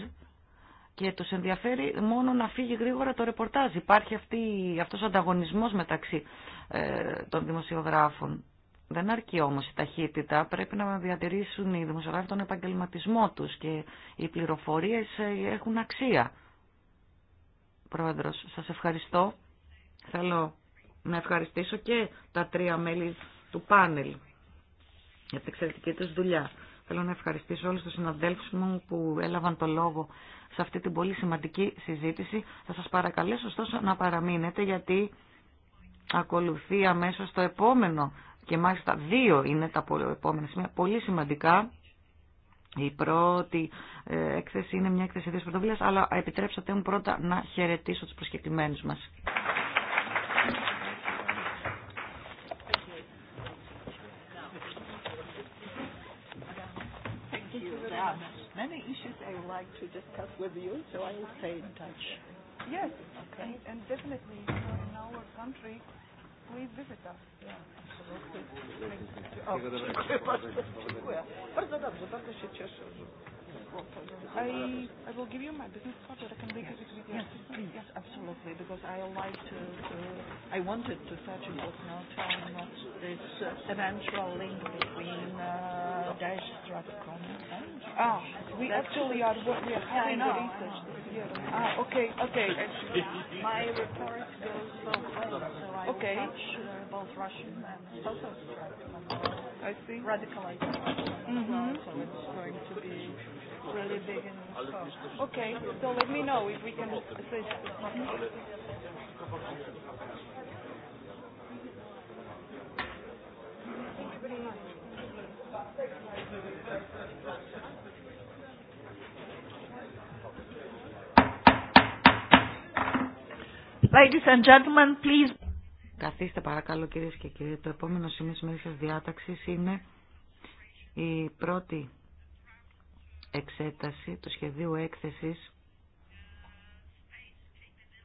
A: και τους ενδιαφέρει μόνο να φύγει γρήγορα το ρεπορτάζ. Υπάρχει αυτή, αυτός ο ανταγωνισμός μεταξύ ε, των δημοσιογράφων. Δεν αρκεί όμως η ταχύτητα, πρέπει να διατηρήσουν οι δημοσιογράφοι τον επαγγελματισμό τους και οι πληροφορίες ε, έχουν αξία. Πρόεδρος, σας ευχαριστώ. Θέλω να ευχαριστήσω και τα τρία μέλη του πάνελ για την εξαιρετική τους δουλειά. Θέλω να ευχαριστήσω όλους τους συναδέλφους μου που έλαβαν το λόγο σε αυτή την πολύ σημαντική συζήτηση. Θα σας παρακαλέσω ωστόσο να παραμείνετε γιατί ακολουθεί αμέσως το επόμενο και μάλιστα δύο είναι τα επόμενα σημεία πολύ σημαντικά. Η πρώτη ε, έκθεση είναι μια έκθεση δύο πρωτοβουλίας αλλά επιτρέψατε μου πρώτα να χαιρετήσω τους προσκεκλημένους μας.
C: many issues I would like to discuss with you, so I will stay in touch. Yes, okay. And, definitely, in our country. we visit us. Yeah, absolutely. Bardzo dobrze, bardzo się cieszę, I, I will give you my business card, that I can make it with Yes, assistant. Yes, absolutely, because I like to, to I wanted to search about now from this eventual link between uh, Daesh Stratcom and... Ah, we actually are, we are having research this Ah, okay, okay. my report goes both ways, so I okay. uh, both Russian and both I see. Radicalized. Mm-hmm. So it's going to be really big and so. Okay, so let me know if we can assist.
A: Ladies and gentlemen, please. Καθίστε παρακαλώ κυρίες και κύριοι. Το επόμενο σημείο της διάταξης είναι η πρώτη εξέταση του σχεδίου έκθεσης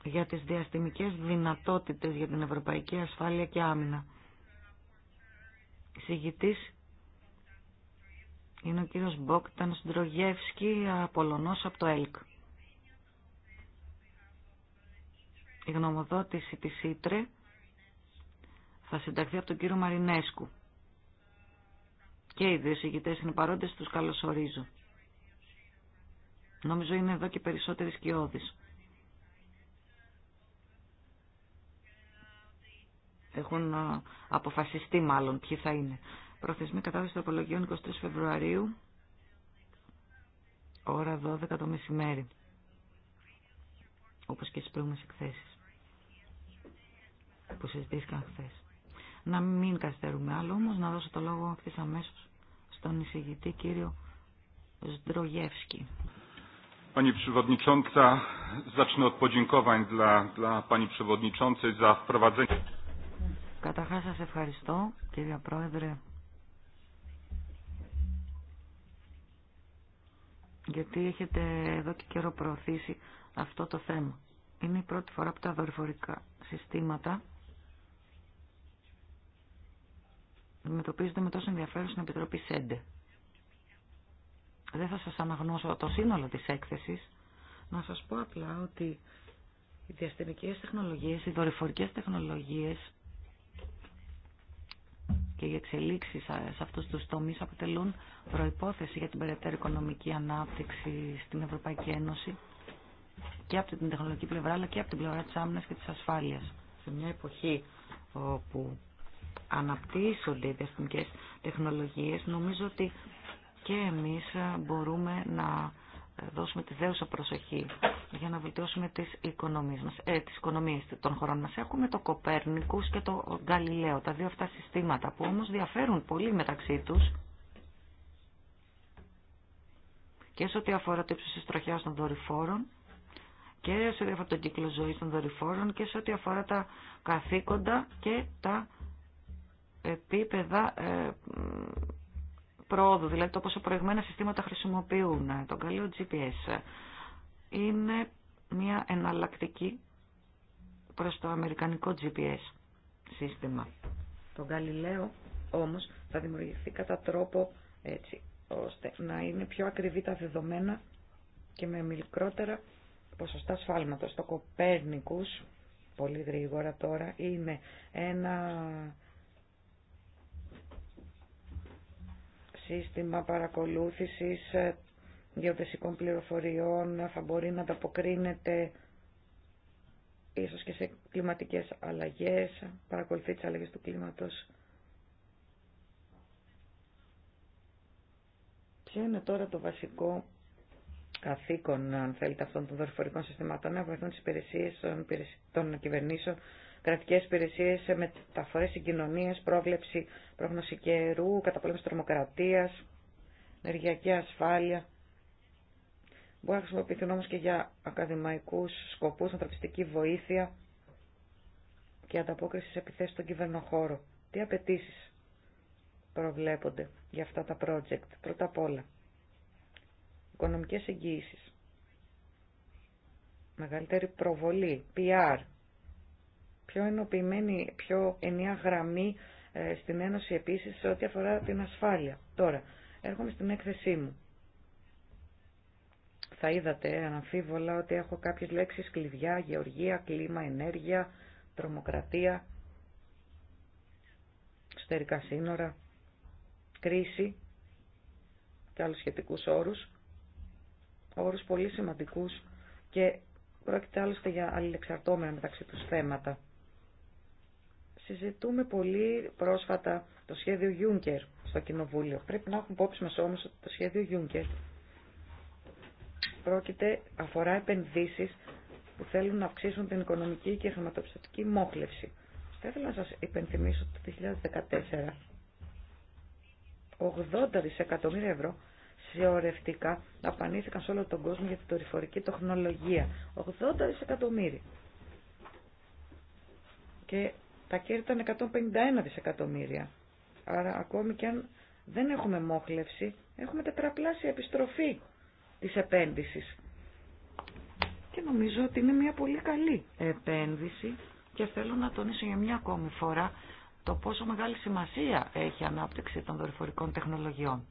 A: για τις διαστημικές δυνατότητες για την ευρωπαϊκή ασφάλεια και άμυνα. Συγητής είναι ο κύριος Μπόκταν Σντρογεύσκη, Απολωνός από το ΕΛΚ. Η γνωμοδότηση της ΙΤΡΕ θα συνταχθεί από τον κύριο Μαρινέσκου. Και οι δύο συγητές είναι παρόντες, τους καλωσορίζω. Νομίζω είναι εδώ και περισσότεροι σκιώδη. Έχουν αποφασιστεί μάλλον ποιοι θα είναι. Προθεσμή των τροπολογιών 23 Φεβρουαρίου, ώρα 12 το μεσημέρι, όπω και στι προηγούμενε εκθέσει. που συζητήθηκαν χθε. Να μην καθυστερούμε άλλο όμω να δώσω το λόγο αυτή αμέσω στον εισηγητή κύριο Σντρογεύσκη.
B: Pani Przewodnicząca, zacznę od podziękowań dla, dla Pani Przewodniczącej za wprowadzenie.
A: Καταρχάς ευχαριστώ κύριε Πρόεδρε γιατί έχετε εδώ και καιρό προωθήσει αυτό το θέμα. Είναι η πρώτη φορά που τα δορυφορικά συστήματα αντιμετωπίζονται με τόσο ενδιαφέρον στην Επιτροπή ΣΕΝΤΕ. Δεν θα σας αναγνώσω το σύνολο της έκθεσης. Να σας πω απλά ότι οι διαστημικές τεχνολογίες, οι δορυφορικές τεχνολογίες και οι εξελίξεις σε αυτούς τους τομείς αποτελούν προϋπόθεση για την περαιτέρω οικονομική ανάπτυξη στην Ευρωπαϊκή Ένωση και από την τεχνολογική πλευρά αλλά και από την πλευρά της άμυνας και της ασφάλειας. Σε μια εποχή όπου αναπτύσσονται οι διαστημικές τεχνολογίες νομίζω ότι και εμείς ε, μπορούμε να ε, δώσουμε τη δέουσα προσοχή για να βελτιώσουμε τις οικονομίες, μας, ε, τις οικονομίες των χωρών μας. Έχουμε το Κοπέρνικους και το Γκαλιλαίο, τα δύο αυτά συστήματα που όμως διαφέρουν πολύ μεταξύ τους και σε ό,τι αφορά την ύψος της των δορυφόρων και σε ό,τι αφορά τον κύκλο ζωής των δορυφόρων και σε ό,τι αφορά τα καθήκοντα και τα επίπεδα ε, πρόοδου, δηλαδή το πόσο προηγμένα συστήματα χρησιμοποιούν, τον καλό GPS, είναι μια εναλλακτική προς το αμερικανικό GPS σύστημα. Το καλλιλέο όμως θα δημιουργηθεί κατά τρόπο έτσι, ώστε να είναι πιο ακριβή τα δεδομένα και με μικρότερα ποσοστά σφάλματος. Το Κοπέρνικους, πολύ γρήγορα τώρα, είναι ένα σύστημα παρακολούθησης ε, γεωδεσικών πληροφοριών ε, θα μπορεί να ανταποκρίνεται ίσως και σε κλιματικές αλλαγές, παρακολουθεί τις αλλαγές του κλίματος. Ποιο είναι τώρα το βασικό καθήκον, αν θέλετε, αυτών των δορυφορικών συστημάτων, να βοηθούν τις υπηρεσίες των, των κυβερνήσεων κρατικές υπηρεσίες, μεταφορές συγκοινωνίες, πρόβλεψη πρόγνωση καιρού, καταπολέμηση τρομοκρατίας, ενεργειακή ασφάλεια. Μπορεί να χρησιμοποιηθούν όμως και για ακαδημαϊκούς σκοπούς, ανθρωπιστική βοήθεια και ανταπόκριση σε επιθέσεις στον κυβερνοχώρο. Τι απαιτήσει προβλέπονται για αυτά τα project. Πρώτα απ' όλα, οικονομικές εγγύησεις, μεγαλύτερη προβολή, PR, πιο ενοποιημένη, πιο ενιαία γραμμή ε, στην Ένωση επίσης σε ό,τι αφορά την ασφάλεια. Τώρα, έρχομαι στην έκθεσή μου. Θα είδατε αναμφίβολα ότι έχω κάποιες λέξεις κλειδιά, γεωργία, κλίμα, ενέργεια, τρομοκρατία, εξωτερικά σύνορα, κρίση και άλλους σχετικούς όρους, όρους πολύ σημαντικούς και πρόκειται άλλωστε για αλληλεξαρτώμενα μεταξύ τους θέματα. Συζητούμε πολύ πρόσφατα το σχέδιο Juncker στο Κοινοβούλιο. Πρέπει να έχουμε υπόψη μας όμως ότι το σχέδιο Juncker πρόκειται, αφορά επενδύσεις που θέλουν να αυξήσουν την οικονομική και χρηματοπιστωτική μόχλευση. Θα ήθελα να σας υπενθυμίσω ότι το 2014 80 δισεκατομμύρια ευρώ σιωρευτικά απανήθηκαν σε όλο τον κόσμο για την τορυφορική τεχνολογία. 80 δισεκατομμύρια. Και τα κέρδη ήταν 151 δισεκατομμύρια. Άρα ακόμη και αν δεν έχουμε μόχλευση, έχουμε τετραπλάσια επιστροφή της επένδυσης. Και νομίζω ότι είναι μια πολύ καλή επένδυση και θέλω να τονίσω για μια ακόμη φορά το πόσο μεγάλη σημασία έχει η ανάπτυξη των δορυφορικών τεχνολογιών.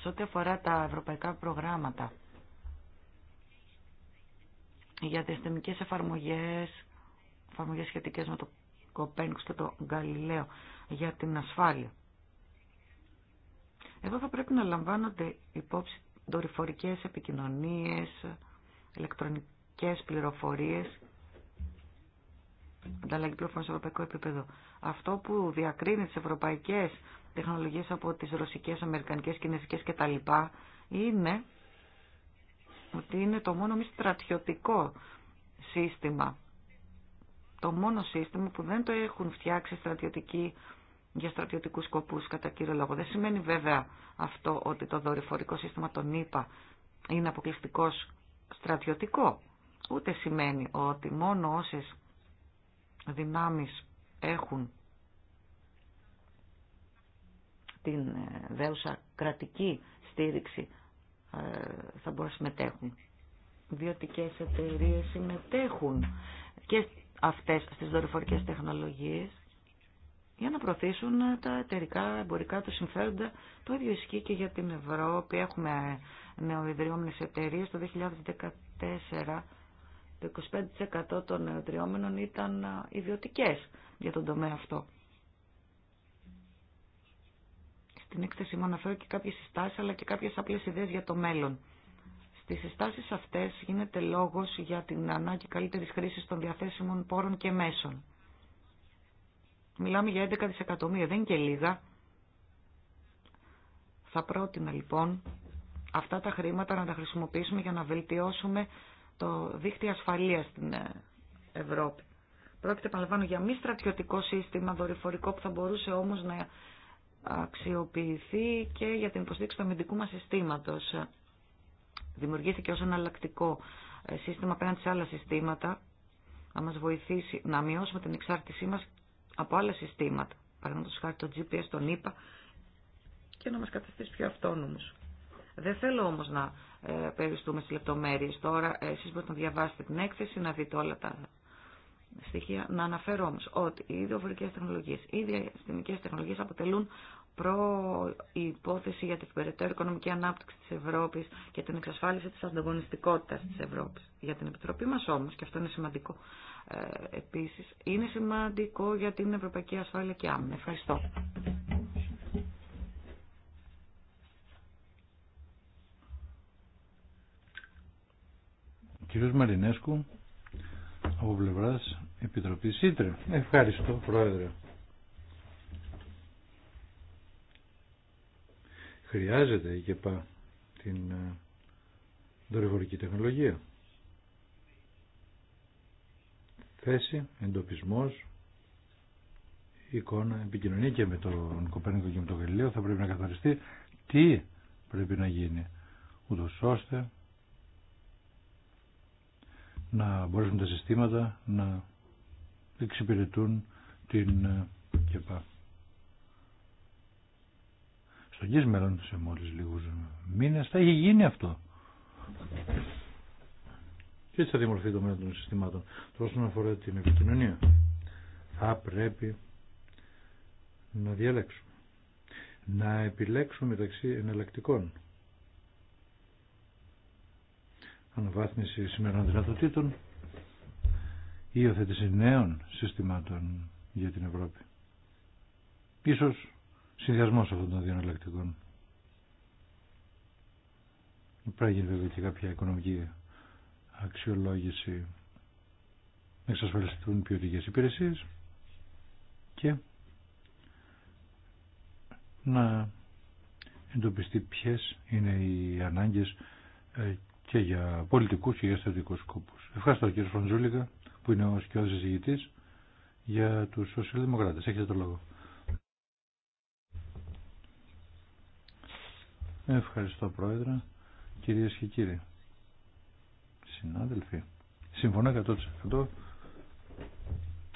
A: Σε ό,τι αφορά τα ευρωπαϊκά προγράμματα για διαστημικές εφαρμογές, εφαρμογές σχετικές με το Κοπένικος και το Γκαλιλαίο, για την ασφάλεια. Εδώ θα πρέπει να λαμβάνονται υπόψη δορυφορικές επικοινωνίες, ηλεκτρονικές πληροφορίες, ανταλλαγή πληροφοριών σε ευρωπαϊκό επίπεδο. Αυτό που διακρίνει τις ευρωπαϊκές τεχνολογίες από τις ρωσικές, αμερικανικές, κινέζικες κτλ. είναι ότι είναι το μόνο μη στρατιωτικό σύστημα, το μόνο σύστημα που δεν το έχουν φτιάξει στρατιωτικοί για στρατιωτικούς σκοπούς κατά κύριο λόγο. Δεν σημαίνει βέβαια αυτό ότι το δορυφορικό σύστημα των ΗΠΑ είναι αποκλειστικό στρατιωτικό. Ούτε σημαίνει ότι μόνο όσες δυνάμεις έχουν την ε, δέουσα κρατική στήριξη ε, θα μπορούν να συμμετέχουν. ιδιωτικές εταιρείε συμμετέχουν και αυτές στις δορυφορικές τεχνολογίες για να προωθήσουν τα εταιρικά εμπορικά του συμφέροντα. Το ίδιο ισχύει και για την Ευρώπη. Έχουμε νεοειδριόμενες εταιρείε το 2014 το 25% των νεοειδριόμενων ήταν ε, ιδιωτικές για τον τομέα αυτό. την έκθεση μου αναφέρω και κάποιες συστάσεις αλλά και κάποιες απλές ιδέες για το μέλλον. Στις συστάσεις αυτές γίνεται λόγος για την ανάγκη καλύτερης χρήσης των διαθέσιμων πόρων και μέσων. Μιλάμε για 11 δισεκατομμύρια, δεν και λίγα. Θα πρότεινα λοιπόν αυτά τα χρήματα να τα χρησιμοποιήσουμε για να βελτιώσουμε το δίκτυο ασφαλείας στην ε, Ευρώπη. Πρόκειται, επαναλαμβάνω, για μη στρατιωτικό σύστημα δορυφορικό που θα μπορούσε όμως να αξιοποιηθεί και για την υποστήριξη του αμυντικού μας συστήματος. Δημιουργήθηκε ως εναλλακτικό ε, σύστημα απέναντι σε άλλα συστήματα, να μας βοηθήσει να μειώσουμε την εξάρτησή μας από άλλα συστήματα. Παραδείγματος χάρη το GPS, τον είπα, και να μας καταστήσει πιο αυτόνομους. Δεν θέλω όμως να ε, περιστούμε στις λεπτομέρειες τώρα. Ε, εσείς μπορείτε να διαβάσετε την έκθεση, να δείτε όλα τα στοιχεία. Να αναφέρω όμως ότι οι ιδιοφορικές τεχνολογίες, οι διαστημικές τεχνολογίες αποτελούν προϋπόθεση για την περαιτέρω οικονομική ανάπτυξη της Ευρώπης και την εξασφάλιση της ανταγωνιστικότητας της Ευρώπης. Για την Επιτροπή μας όμως, και αυτό είναι σημαντικό ε, επίσης, είναι σημαντικό για την Ευρωπαϊκή Ασφάλεια και Άμυνα. Ευχαριστώ.
B: Κύριος Μαρινέσκου, από πλευράς Επιτροπή Σύντρε. Ευχαριστώ, Πρόεδρε. Χρειάζεται η ΚΕΠΑ την ε, δορυφορική τεχνολογία. Θέση, εντοπισμός, εικόνα, επικοινωνία και με τον Κοπέρνικο και με τον Γαλιλαίο θα πρέπει να καθαριστεί τι πρέπει να γίνει ούτως ώστε να μπορέσουν τα συστήματα να εξυπηρετούν την ε, ΚΕΠΑ. Στο γης μέλλον σε μόλις λίγους μήνες θα έχει γίνει αυτό. Και έτσι θα δημορφεί το μέλλον των συστημάτων. Τώρα όσον αφορά την επικοινωνία θα πρέπει να διαλέξουμε. Να επιλέξουμε μεταξύ εναλλακτικών. Αναβάθμιση σήμερα δυνατοτήτων η υιοθέτηση νέων συστημάτων για την Ευρώπη. Ίσως συνδυασμός αυτών των δύο εναλλακτικών. Πρέπει βέβαια και κάποια οικονομική αξιολόγηση να εξασφαλιστούν ποιοτικές υπηρεσίες και να εντοπιστεί ποιες είναι οι ανάγκες ε, και για πολιτικούς και για στρατικούς σκόπους. Ευχαριστώ κύριε Φροντζούλικα που είναι ο σκιώδης εισηγητής για τους σοσιαλδημοκράτες. Έχετε το λόγο. Ευχαριστώ Πρόεδρε, κυρίες και κύριοι, συνάδελφοι. Συμφωνώ 100%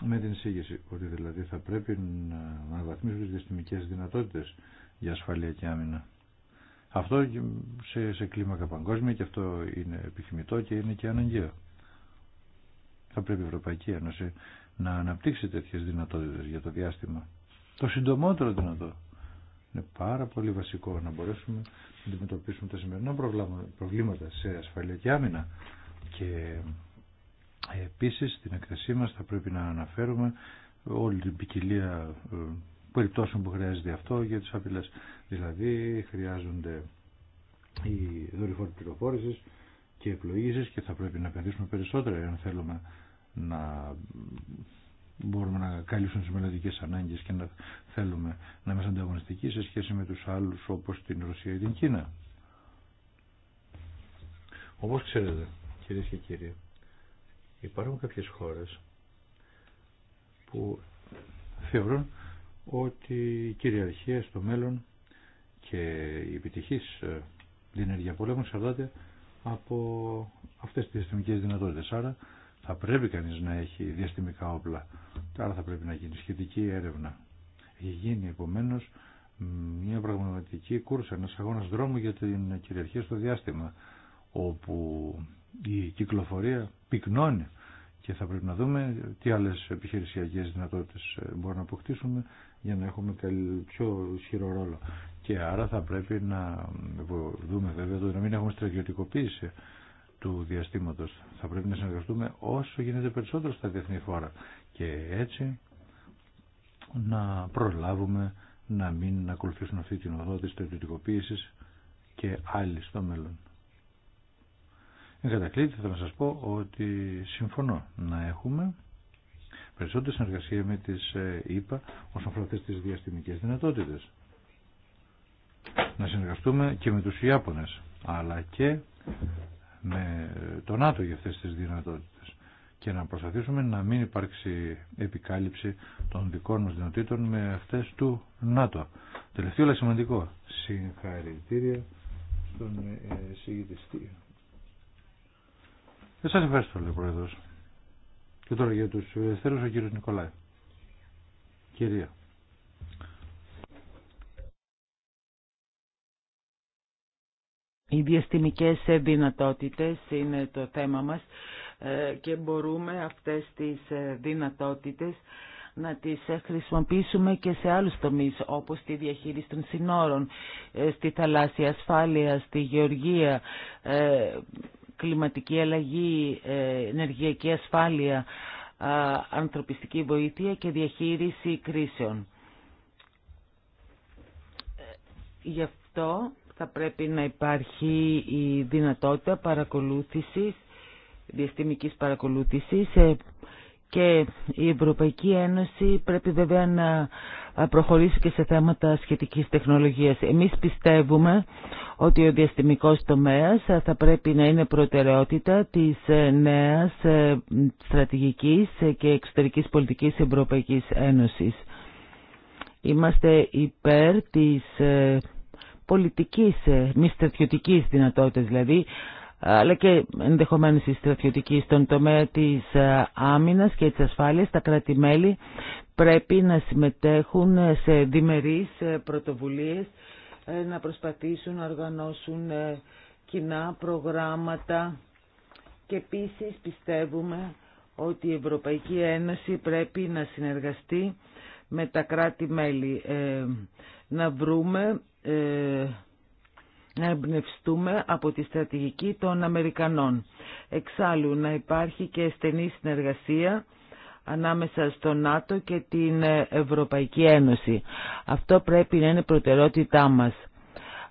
B: με την εισήγηση ότι δηλαδή θα πρέπει να αναβαθμίσουμε τις διαστημικές δυνατότητες για ασφαλεία και άμυνα. Αυτό σε, σε κλίμακα παγκόσμια και αυτό είναι επιθυμητό και είναι και αναγκαίο. Θα πρέπει η Ευρωπαϊκή Ένωση να αναπτύξει τέτοιε δυνατότητες για το διάστημα. Το συντομότερο δυνατό. Είναι πάρα πολύ βασικό να μπορέσουμε να αντιμετωπίσουμε τα σημερινά προβλήματα σε ασφαλεία και άμυνα. Και ε, επίσης στην εκθεσή μα θα πρέπει να αναφέρουμε όλη την ποικιλία ε, περιπτώσεων που χρειάζεται αυτό για τι απειλέ. Δηλαδή χρειάζονται οι δορυφόροι πληροφόρηση, και και θα πρέπει να επενδύσουμε περισσότερα αν θέλουμε να μπορούμε να καλύψουμε τις μελλοντικές ανάγκες και να θέλουμε να είμαστε ανταγωνιστικοί σε σχέση με τους άλλους όπως την Ρωσία ή την Κίνα. Όπως ξέρετε κυρίες και κύριοι υπάρχουν κάποιες χώρες που θεωρούν ότι η κυριαρχία στο μέλλον και η επιτυχής ε, διενέργεια πολέμου εξαρτάται από αυτές τις διαστημικές δυνατότητες. Άρα θα πρέπει κανείς να έχει διαστημικά όπλα. Άρα θα πρέπει να γίνει σχετική έρευνα. Έχει γίνει επομένως μια πραγματική κούρσα, ένας αγώνας δρόμου για την κυριαρχία στο διάστημα όπου η κυκλοφορία πυκνώνει και θα πρέπει να δούμε τι άλλες επιχειρησιακές δυνατότητες ε, μπορούμε να αποκτήσουμε για να έχουμε πιο ισχυρό ρόλο και άρα θα πρέπει να δούμε βέβαια το να μην έχουμε στρατιωτικοποίηση του διαστήματος. Θα πρέπει να συνεργαστούμε όσο γίνεται περισσότερο στα διεθνή φόρα και έτσι να προλάβουμε να μην ακολουθήσουν αυτή την οδό της στρατιωτικοποίησης και άλλοι στο μέλλον. Εν θα σας πω ότι συμφωνώ να έχουμε περισσότερη συνεργασία με τις ΕΠΑ όσον αφορά αυτές τις διαστημικές δυνατότητες να συνεργαστούμε και με τους Ιάπωνες αλλά και με τον ΝΑΤΟ για αυτές τις δυνατότητες και να προσπαθήσουμε να μην υπάρξει επικάλυψη των δικών μας δυνατότητων με αυτές του ΝΑΤΟ. Τελευταίο αλλά σημαντικό. Συγχαρητήρια στον ε, συγητιστή. Δεν σας ευχαριστώ, λέει ο Πρόεδρος. Και τώρα για τους ευθέρους ο κύριος Νικολάη. Κυρία.
A: Οι διαστημικές δυνατότητες είναι το θέμα μας ε, και μπορούμε αυτές τις ε, δυνατότητες να τις ε, χρησιμοποιήσουμε και σε άλλους τομείς όπως τη διαχείριση των συνόρων, στη θαλάσσια ασφάλεια, στη γεωργία, κλιματική αλλαγή, ενεργειακή ασφάλεια, ανθρωπιστική βοήθεια και διαχείριση κρίσεων. Γι' αυτό θα πρέπει να υπάρχει η δυνατότητα παρακολούθησης, διαστημικής παρακολούθησης ε, και η Ευρωπαϊκή Ένωση πρέπει βέβαια να προχωρήσει και σε θέματα σχετικής τεχνολογίας. Εμείς πιστεύουμε ότι ο διαστημικός τομέας θα πρέπει να είναι προτεραιότητα της ε, νέας ε, στρατηγικής και εξωτερικής πολιτικής Ευρωπαϊκής Ένωσης. Είμαστε υπέρ της πολιτικής, ε, μη στρατιωτικής δυνατότητας δηλαδή, αλλά και ενδεχομένω η στρατιωτική στον τομέα της ε, άμυνας και της ασφάλειας, τα κράτη-μέλη πρέπει να συμμετέχουν ε, σε διμερείς πρωτοβουλίες, να προσπαθήσουν να οργανώσουν κοινά προγράμματα και επίσης πιστεύουμε ότι η Ευρωπαϊκή Ένωση πρέπει να συνεργαστεί με τα κράτη-μέλη, να βρούμε ε, να εμπνευστούμε από τη στρατηγική των Αμερικανών. Εξάλλου να υπάρχει και στενή συνεργασία ανάμεσα στο ΝΑΤΟ και την Ευρωπαϊκή Ένωση. Αυτό πρέπει να είναι προτεραιότητά μας.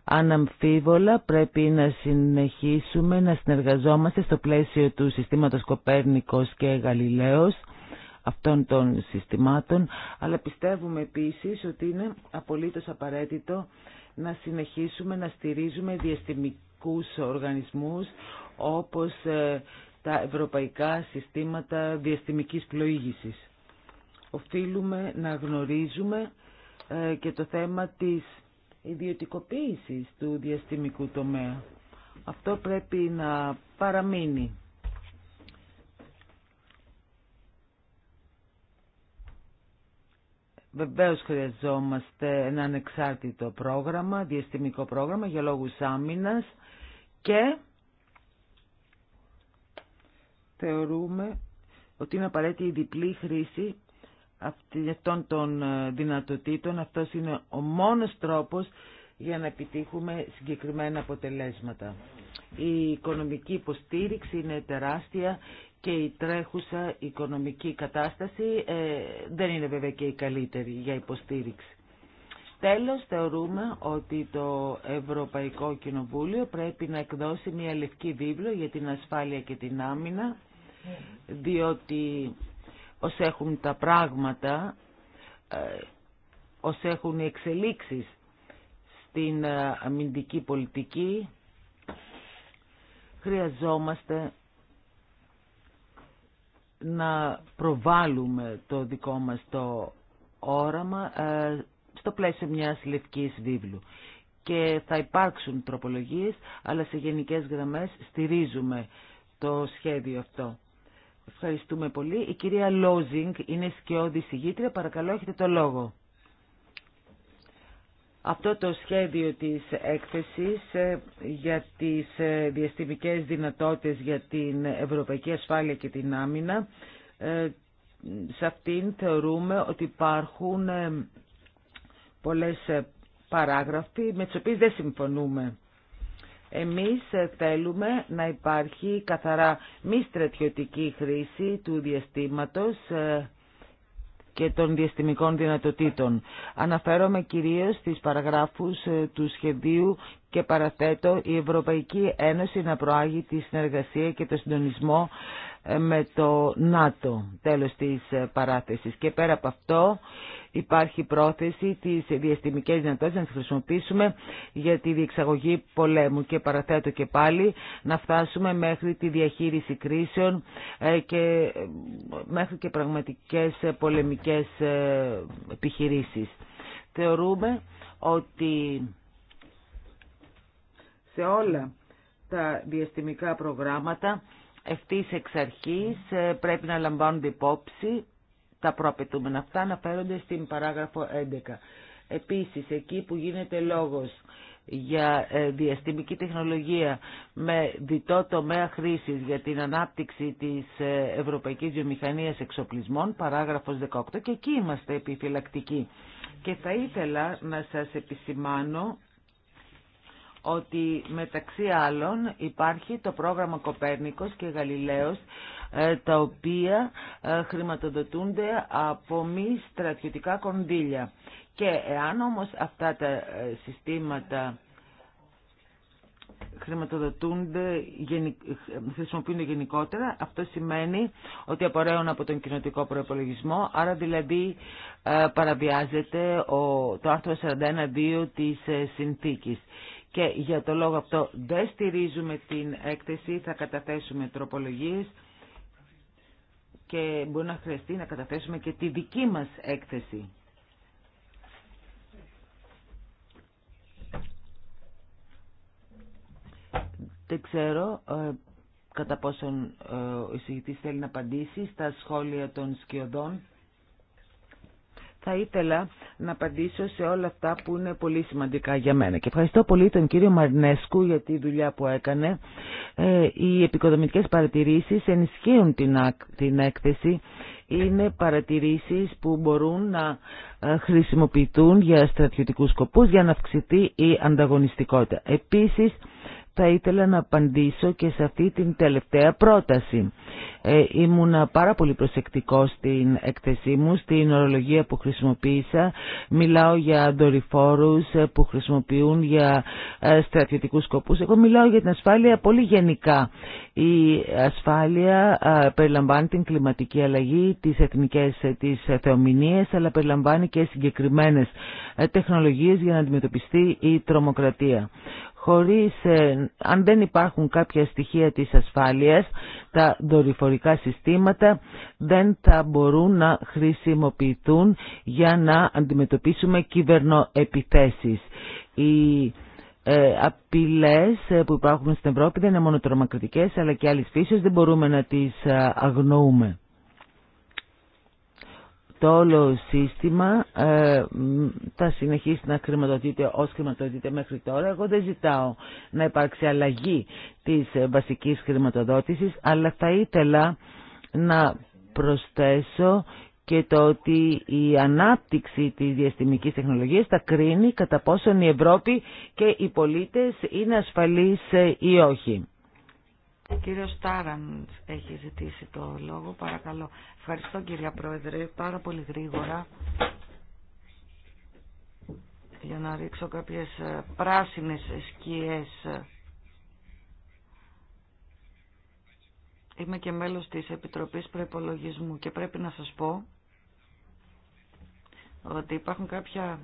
A: Αναμφίβολα πρέπει να συνεχίσουμε να συνεργαζόμαστε στο πλαίσιο του συστήματος Κοπέρνικος και Γαλιλαίος αυτών των συστημάτων, αλλά πιστεύουμε επίσης ότι είναι απολύτως απαραίτητο να συνεχίσουμε να στηρίζουμε διαστημικούς οργανισμούς όπως ε, τα ευρωπαϊκά συστήματα διαστημικής πλοήγησης. Οφείλουμε να γνωρίζουμε ε, και το θέμα της ιδιωτικοποίησης του διαστημικού τομέα. Αυτό πρέπει να παραμείνει. Βεβαίως χρειαζόμαστε ένα ανεξάρτητο πρόγραμμα, διαστημικό πρόγραμμα για λόγους άμυνας και θεωρούμε ότι είναι απαραίτητη η διπλή χρήση αυτών των ε, δυνατοτήτων. Αυτός είναι ο μόνος τρόπος για να επιτύχουμε συγκεκριμένα αποτελέσματα. Η οικονομική υποστήριξη είναι τεράστια, και η τρέχουσα οικονομική κατάσταση ε, δεν είναι βέβαια και η καλύτερη για υποστήριξη. Τέλος, θεωρούμε ότι το Ευρωπαϊκό Κοινοβούλιο πρέπει να εκδώσει μια λευκή βίβλο για την ασφάλεια και την άμυνα, διότι ως έχουν τα πράγματα, ε, ως έχουν οι εξελίξεις στην ε, αμυντική πολιτική, χρειαζόμαστε να προβάλλουμε το δικό μας το όραμα ε, στο πλαίσιο μιας λευκής βίβλου. Και θα υπάρξουν τροπολογίες, αλλά σε γενικές γραμμές στηρίζουμε το σχέδιο αυτό. Ευχαριστούμε πολύ. Η κυρία Λόζινγκ είναι σκιώδη συγγήτρια. Παρακαλώ, έχετε το λόγο αυτό το σχέδιο της έκθεσης ε, για τις ε, διαστημικές δυνατότητες για την ευρωπαϊκή ασφάλεια και την άμυνα. Ε, σε αυτήν θεωρούμε ότι υπάρχουν πολλές παράγραφοι με τις οποίες δεν συμφωνούμε. Εμείς θέλουμε να υπάρχει καθαρά μη στρατιωτική χρήση του διαστήματος και των διαστημικών δυνατοτήτων. Αναφέρομαι κυρίως στις παραγράφους ε, του σχεδίου και παραθέτω η Ευρωπαϊκή Ένωση να προάγει τη συνεργασία και το συντονισμό με το ΝΑΤΟ τέλος της ε, παράθεσης. Και πέρα από αυτό υπάρχει πρόθεση τις διαστημικές δυνατότητες να τις χρησιμοποιήσουμε για τη διεξαγωγή πολέμου και παραθέτω και πάλι να φτάσουμε μέχρι τη διαχείριση κρίσεων ε, και ε, μέχρι και πραγματικές πολεμικές επιχειρήσεις. Θεωρούμε ότι σε όλα τα διαστημικά προγράμματα ευθύς εξ αρχής ε, πρέπει να λαμβάνονται υπόψη τα προαπαιτούμενα αυτά αναφέρονται στην παράγραφο 11. Επίσης, εκεί που γίνεται λόγος για ε, διαστημική τεχνολογία με διτό τομέα χρήσης για την ανάπτυξη της ε, Ευρωπαϊκής Βιομηχανίας Εξοπλισμών, παράγραφος 18, και εκεί είμαστε επιφυλακτικοί. Και θα ήθελα να σας επισημάνω ότι μεταξύ άλλων υπάρχει το πρόγραμμα Κοπέρνικος και Γαλιλαίος ε, τα οποία ε, χρηματοδοτούνται από μη στρατιωτικά κονδύλια. Και εάν όμως αυτά τα ε, συστήματα χρηματοδοτούνται, χρησιμοποιούνται γενικότερα. Αυτό σημαίνει ότι απορρέουν από τον κοινοτικό προπολογισμό, άρα δηλαδή παραβιάζεται το άρθρο 41.2 της συνθήκης. Και για το λόγο αυτό δεν στηρίζουμε την έκθεση, θα καταθέσουμε τροπολογίες και μπορεί να χρειαστεί να καταθέσουμε και τη δική μας έκθεση. Δεν ξέρω ε, κατά πόσον ε, ο εισηγητής θέλει να απαντήσει στα σχόλια των σκιωδών θα ήθελα να απαντήσω σε όλα αυτά που είναι πολύ σημαντικά για μένα. Και ευχαριστώ πολύ τον κύριο Μαρνέσκου για τη δουλειά που έκανε. Ε, οι επικοδομητικές παρατηρήσεις ενισχύουν την, έκθεση. Είναι παρατηρήσεις που μπορούν να ε, χρησιμοποιηθούν για στρατιωτικούς σκοπούς για να αυξηθεί η ανταγωνιστικότητα. Επίσης, θα ήθελα να απαντήσω και σε αυτή την τελευταία πρόταση. Ε, πάρα πολύ προσεκτικός στην εκθεσή μου, στην ορολογία που χρησιμοποίησα. Μιλάω για δορυφόρους ε, που χρησιμοποιούν για ε, στρατιωτικούς σκοπούς. Εγώ μιλάω για την ασφάλεια πολύ γενικά. Η ασφάλεια ε, περιλαμβάνει την κλιματική αλλαγή, τις εθνικές τις θεομηνίες, αλλά περιλαμβάνει και συγκεκριμένες τεχνολογίες για να αντιμετωπιστεί η τρομοκρατία χωρίς, ε, αν δεν υπάρχουν κάποια στοιχεία της ασφάλειας, τα δορυφορικά συστήματα δεν θα μπορούν να χρησιμοποιηθούν για να αντιμετωπίσουμε κυβερνοεπιθέσεις. Οι ε, απειλές ε, που υπάρχουν στην Ευρώπη δεν είναι μόνο τρομακρατικές αλλά και άλλες φύσεις, δεν μπορούμε να τις ε, αγνοούμε το όλο σύστημα ε, θα συνεχίσει να χρηματοδοτείται ως χρηματοδοτείται μέχρι τώρα. Εγώ δεν ζητάω να υπάρξει αλλαγή της ε, βασικής χρηματοδότησης, αλλά θα ήθελα να προσθέσω και το ότι η ανάπτυξη της διαστημικής τεχνολογίας θα κρίνει κατά πόσον η Ευρώπη και οι πολίτες είναι ασφαλείς ε, ή όχι. Κύριο Στάραν έχει ζητήσει το λόγο, παρακαλώ. Ευχαριστώ κύριε Πρόεδρε, πάρα πολύ γρήγορα για να ρίξω κάποιες ε, πράσινες σκιές. Είμαι και μέλος της Επιτροπής Προϋπολογισμού και πρέπει να σας πω ότι υπάρχουν κάποια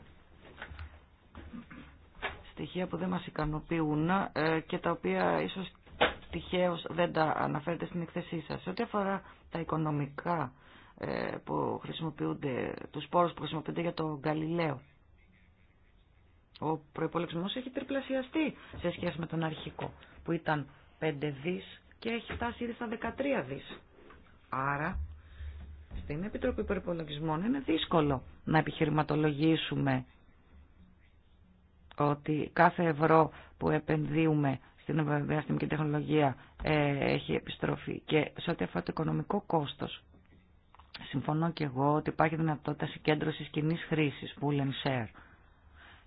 A: στοιχεία που δεν μας ικανοποιούν ε, και τα οποία ίσως τυχαίως δεν τα αναφέρετε στην εκθεσή σας. Ό,τι αφορά τα οικονομικά ε, που χρησιμοποιούνται, τους πόρους που χρησιμοποιούνται για το Γαλιλαίο, ο προϋπολογισμός έχει τριπλασιαστεί σε σχέση με τον αρχικό, που ήταν 5 δις και έχει φτάσει ήδη στα 13 δις. Άρα, στην Επιτροπή Προϋπολογισμών είναι δύσκολο να επιχειρηματολογήσουμε ότι κάθε ευρώ που επενδύουμε στην διαστημική τεχνολογία ε, έχει επιστροφή. Και σε ό,τι αφορά το οικονομικό κόστος, συμφωνώ και εγώ ότι υπάρχει δυνατότητα συγκέντρωση κοινή χρήση, που and share,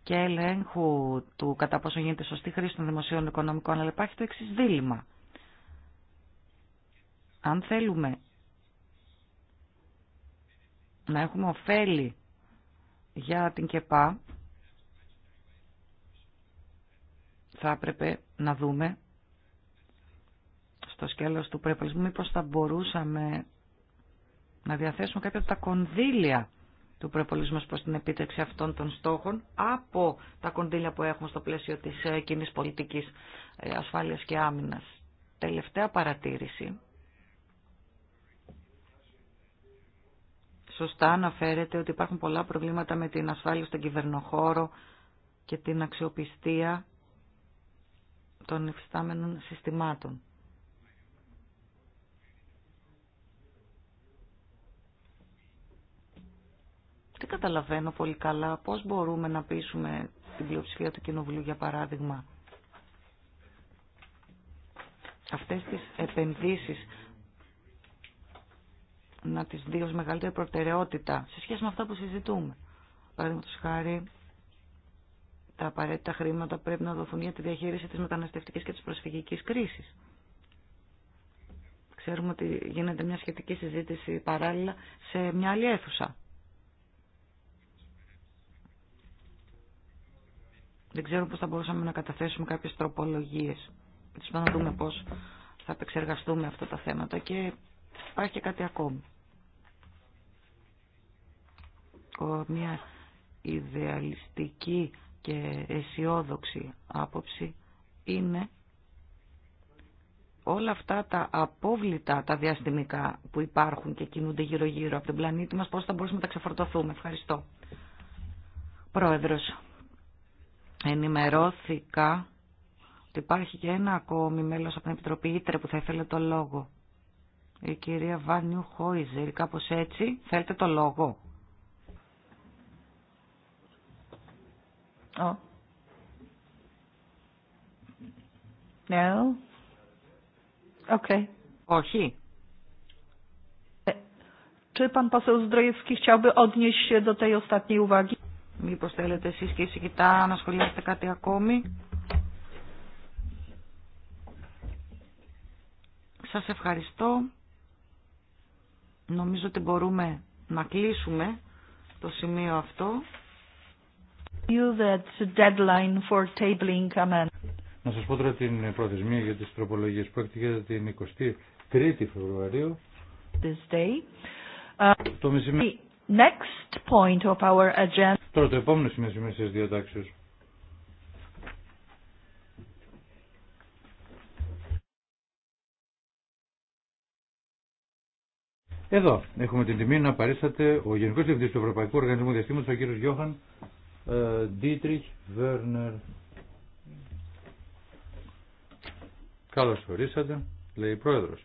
A: και ελέγχου του κατά πόσο γίνεται σωστή χρήση των δημοσίων οικονομικών, αλλά υπάρχει το εξή δίλημα. Αν θέλουμε να έχουμε ωφέλη για την ΚΕΠΑ, θα έπρεπε να δούμε στο σκέλος του προπολισμού μήπως θα μπορούσαμε να διαθέσουμε κάποια από τα κονδύλια του προπολισμού προ την επίτευξη αυτών των στόχων από τα κονδύλια που έχουμε στο πλαίσιο της ε, κοινή πολιτικής ε, ασφάλειας και άμυνας. Τελευταία παρατήρηση. Σωστά αναφέρεται ότι υπάρχουν πολλά προβλήματα με την ασφάλεια στον κυβερνοχώρο και την αξιοπιστία των υφιστάμενων συστημάτων. Δεν καταλαβαίνω πολύ καλά πώς μπορούμε να πείσουμε την πλειοψηφία του Κοινοβουλίου, για παράδειγμα, αυτές τις επενδύσεις να τις δει ως μεγαλύτερη προτεραιότητα σε σχέση με αυτά που συζητούμε. Παραδείγματος χάρη, τα απαραίτητα χρήματα πρέπει να δοθούν για τη διαχείριση της μεταναστευτικής και της προσφυγικής κρίσης. Ξέρουμε ότι γίνεται μια σχετική συζήτηση παράλληλα σε μια άλλη αίθουσα. Δεν ξέρω πώς θα μπορούσαμε να καταθέσουμε κάποιες τροπολογίες. Θα να δούμε πώς θα επεξεργαστούμε αυτά τα θέματα και υπάρχει και κάτι ακόμη. Ο, μια ιδεαλιστική και αισιόδοξη άποψη είναι όλα αυτά τα απόβλητα τα διαστημικά που υπάρχουν και κινούνται γύρω-γύρω από τον πλανήτη μας, πώς θα μπορούσαμε να τα ξεφορτωθούμε. Ευχαριστώ. Πρόεδρος, ενημερώθηκα ότι υπάρχει και ένα ακόμη μέλος από την Επιτροπή Ήτρε που θα ήθελε το λόγο. Η κυρία Βάνιου Χόιζερ, κάπως έτσι, θέλετε το λόγο.
C: Oh. No. Okay.
A: Όχι. Czy pan poseł Zdrojewski chciałby odnieść się do tej ostatniej uwagi? Mi postele te και sikita, na να te katy akomi. Σας ευχαριστώ. Νομίζω ότι μπορούμε να κλείσουμε το σημείο αυτό. Να
B: σας πω τώρα την προθεσμία για τις τροπολογίες που έκτηκε την 23η Φεβρουαρίου. This day. το μεσημέρι. Next point of our agenda. Τώρα το επόμενο σημείο σημείο στις τάξεις. Εδώ έχουμε την τιμή να παρίσταται ο Γενικός Διευθυντής του Ευρωπαϊκού Οργανισμού Διαστήματος, ο κύριος Γιώχαν Ντίτριχ ε, Βέρνερ. Καλώς ορίσατε, λέει η πρόεδρος.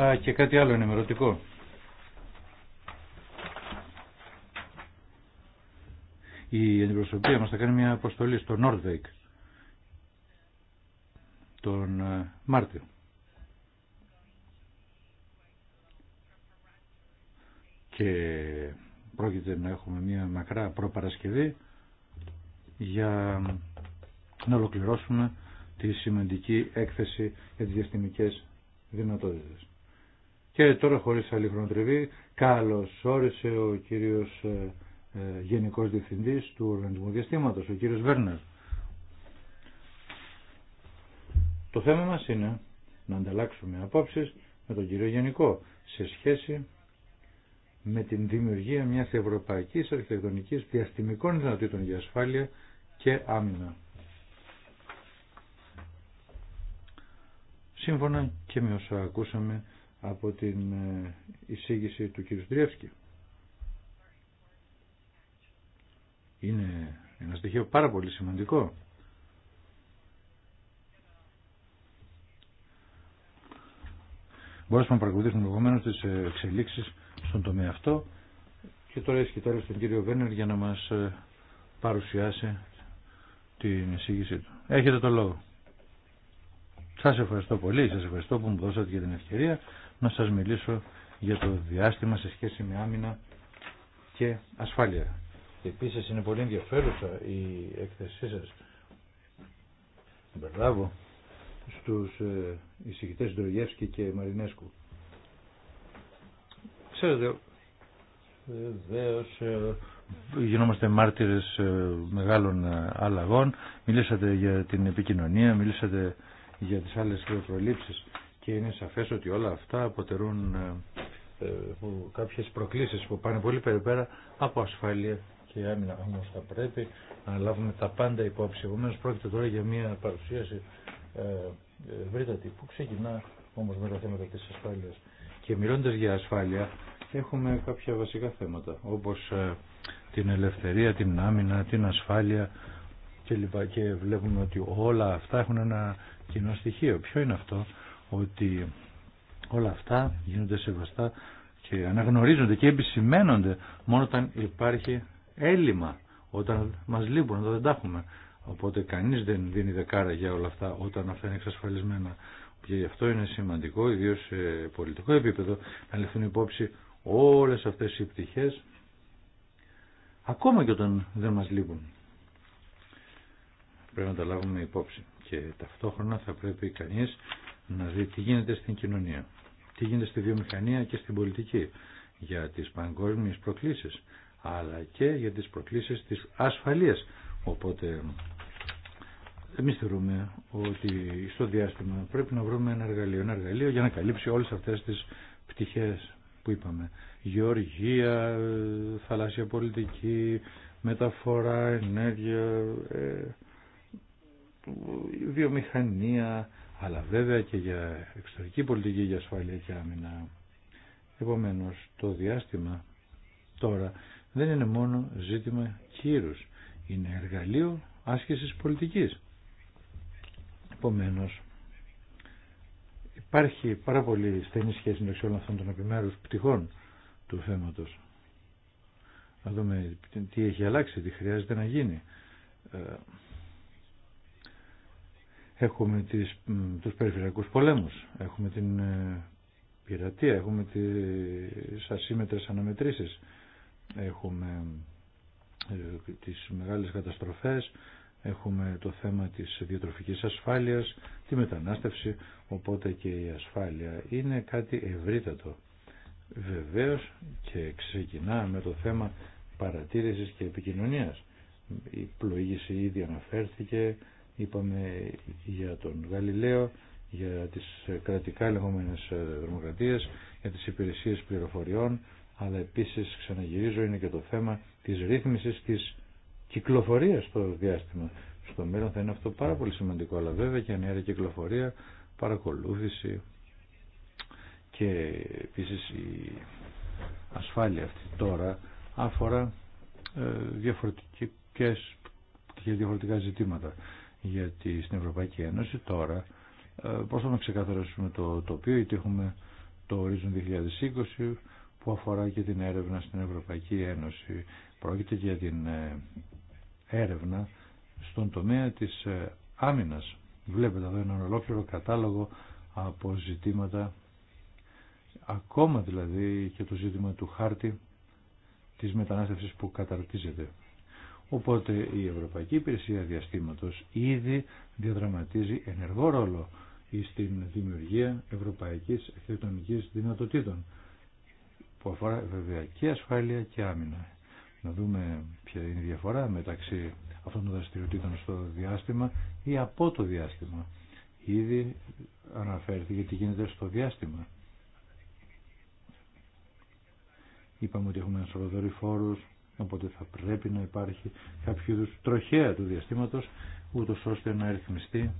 B: Α, και κάτι άλλο ενημερωτικό. Η αντιπροσωπεία μας θα κάνει μια αποστολή στο Νόρδεικ τον ε, Μάρτιο. Και πρόκειται να έχουμε μια μακρά προπαρασκευή για ε, να ολοκληρώσουμε τη σημαντική έκθεση για τις διαστημικές δυνατότητες. Και τώρα χωρίς άλλη χρονοτριβή, καλώς όρισε ο κύριος ε, Γενικός Διευθυντής του Οργανισμού Διαστήματος, ο κύριος Βέρνερ. Το θέμα μας είναι να ανταλλάξουμε απόψεις με τον κύριο Γενικό σε σχέση με την δημιουργία μιας ευρωπαϊκής αρχιτεκτονικής διαστημικών δυνατήτων για ασφάλεια και άμυνα. Σύμφωνα και με όσα ακούσαμε από την ε, εισήγηση του κ. Στριεύσκη. Είναι ένα στοιχείο πάρα πολύ σημαντικό μπορέσουμε να παρακολουθήσουμε επομένω τι ε, εξελίξει στον τομέα αυτό. Και τώρα έχει κοιτάξει τον κύριο Βένερ για να μα ε, παρουσιάσει την εισήγησή του. Έχετε το λόγο. Σα ευχαριστώ πολύ, σα ευχαριστώ που μου δώσατε για την ευκαιρία να σα μιλήσω για το διάστημα σε σχέση με άμυνα και ασφάλεια. επίση είναι πολύ ενδιαφέρουσα η έκθεσή σα Μπράβο στους ε, εισηγητές Ντρογεύσκη και Μαρινέσκου. Ξέρετε, Βεβαίω ε, γινόμαστε μάρτυρες ε, μεγάλων αλλαγών. Μιλήσατε για την επικοινωνία, μιλήσατε για τις άλλες προλήψεις και είναι σαφές ότι όλα αυτά αποτερούν κάποιες προκλήσεις που πάνε πολύ περιπέρα από ασφάλεια και άμυνα. Όμως θα πρέπει να λάβουμε τα πάντα υπόψη. Επομένως πρόκειται τώρα για μια παρουσίαση ευρύτατη ε, που ξεκινά όμως με τα θέματα της ασφάλειας. Και μιλώντας για ασφάλεια έχουμε κάποια βασικά θέματα όπως ε, την ελευθερία, την άμυνα, την ασφάλεια κλπ. Και βλέπουμε ότι όλα αυτά έχουν ένα κοινό στοιχείο. Ποιο είναι αυτό ότι όλα αυτά γίνονται σεβαστά και αναγνωρίζονται και επισημένονται μόνο όταν υπάρχει έλλειμμα, όταν μας λείπουν, όταν δεν τα έχουμε. Οπότε κανείς δεν δίνει δεκάρα για όλα αυτά όταν αυτά είναι εξασφαλισμένα. Και γι' αυτό είναι σημαντικό, ιδίως σε πολιτικό επίπεδο, να ληφθούν υπόψη όλες αυτές οι πτυχές, ακόμα και όταν δεν μας λείπουν. Πρέπει να τα λάβουμε υπόψη και ταυτόχρονα θα πρέπει κανείς να δει τι γίνεται στην κοινωνία, τι γίνεται στη βιομηχανία και στην πολιτική για τις παγκόσμιες προκλήσεις, αλλά και για τις προκλήσεις της ασφαλείας. Οπότε εμείς θεωρούμε ότι στο διάστημα πρέπει να βρούμε ένα εργαλείο, ένα εργαλείο για να καλύψει όλες αυτές τις πτυχές που είπαμε. Γεωργία, θαλάσσια πολιτική, μεταφορά, ενέργεια, ε, βιομηχανία, αλλά βέβαια και για εξωτερική πολιτική, για ασφάλεια και άμυνα. Επομένως, το διάστημα τώρα δεν είναι μόνο ζήτημα κύρου, Είναι εργαλείο άσκηση πολιτικής. Επομένως, υπάρχει πάρα πολύ στενή σχέση μεταξύ όλων αυτών των επιμέρους πτυχών του θέματος. Να δούμε τι έχει αλλάξει, τι χρειάζεται να γίνει. Ε, έχουμε τις, τους περιφερειακούς πολέμους, έχουμε την ε, πειρατεία, έχουμε τις ασύμετρες αναμετρήσεις, έχουμε ε, τις μεγάλες καταστροφές, Έχουμε το θέμα της διατροφικής ασφάλειας, τη μετανάστευση, οπότε και η ασφάλεια είναι κάτι ευρύτατο. Βεβαίως και ξεκινά με το θέμα παρατήρησης και επικοινωνίας. Η πλοήγηση ήδη αναφέρθηκε, είπαμε για τον Γαλιλαίο, για τις κρατικά λεγόμενες δημοκρατίες, για τις υπηρεσίες πληροφοριών, αλλά επίσης ξαναγυρίζω είναι και το θέμα της ρύθμισης της κυκλοφορία στο διάστημα. Στο μέλλον θα είναι αυτό πάρα πολύ σημαντικό, αλλά βέβαια και η κυκλοφορία, παρακολούθηση και επίση η ασφάλεια αυτή τώρα αφορά ε, διαφορετικές και διαφορετικά ζητήματα. Γιατί στην Ευρωπαϊκή Ένωση τώρα ε, πώς θα να ξεκαθαρίσουμε το τοπίο, γιατί έχουμε το Horizon 2020 που αφορά και την έρευνα στην Ευρωπαϊκή Ένωση. Πρόκειται για την ε, έρευνα στον τομέα της ε, άμυνας. Βλέπετε εδώ έναν ολόκληρο κατάλογο από ζητήματα, ακόμα δηλαδή και το ζήτημα του χάρτη της μετανάστευσης που καταρτίζεται. Οπότε η Ευρωπαϊκή Υπηρεσία Διαστήματος ήδη διαδραματίζει ενεργό ρόλο στην δημιουργία ευρωπαϊκής αρχιτεκτονικής δυνατοτήτων που αφορά βέβαια και ασφάλεια και άμυνα να δούμε ποια είναι η διαφορά μεταξύ αυτών των δραστηριοτήτων στο διάστημα ή από το διάστημα. Ήδη αναφέρθηκε τι γίνεται στο διάστημα. Είπαμε ότι έχουμε σωρό φόρους, οπότε θα πρέπει να υπάρχει κάποιο είδου τροχέα του διαστήματος, ούτως ώστε να ρυθμιστεί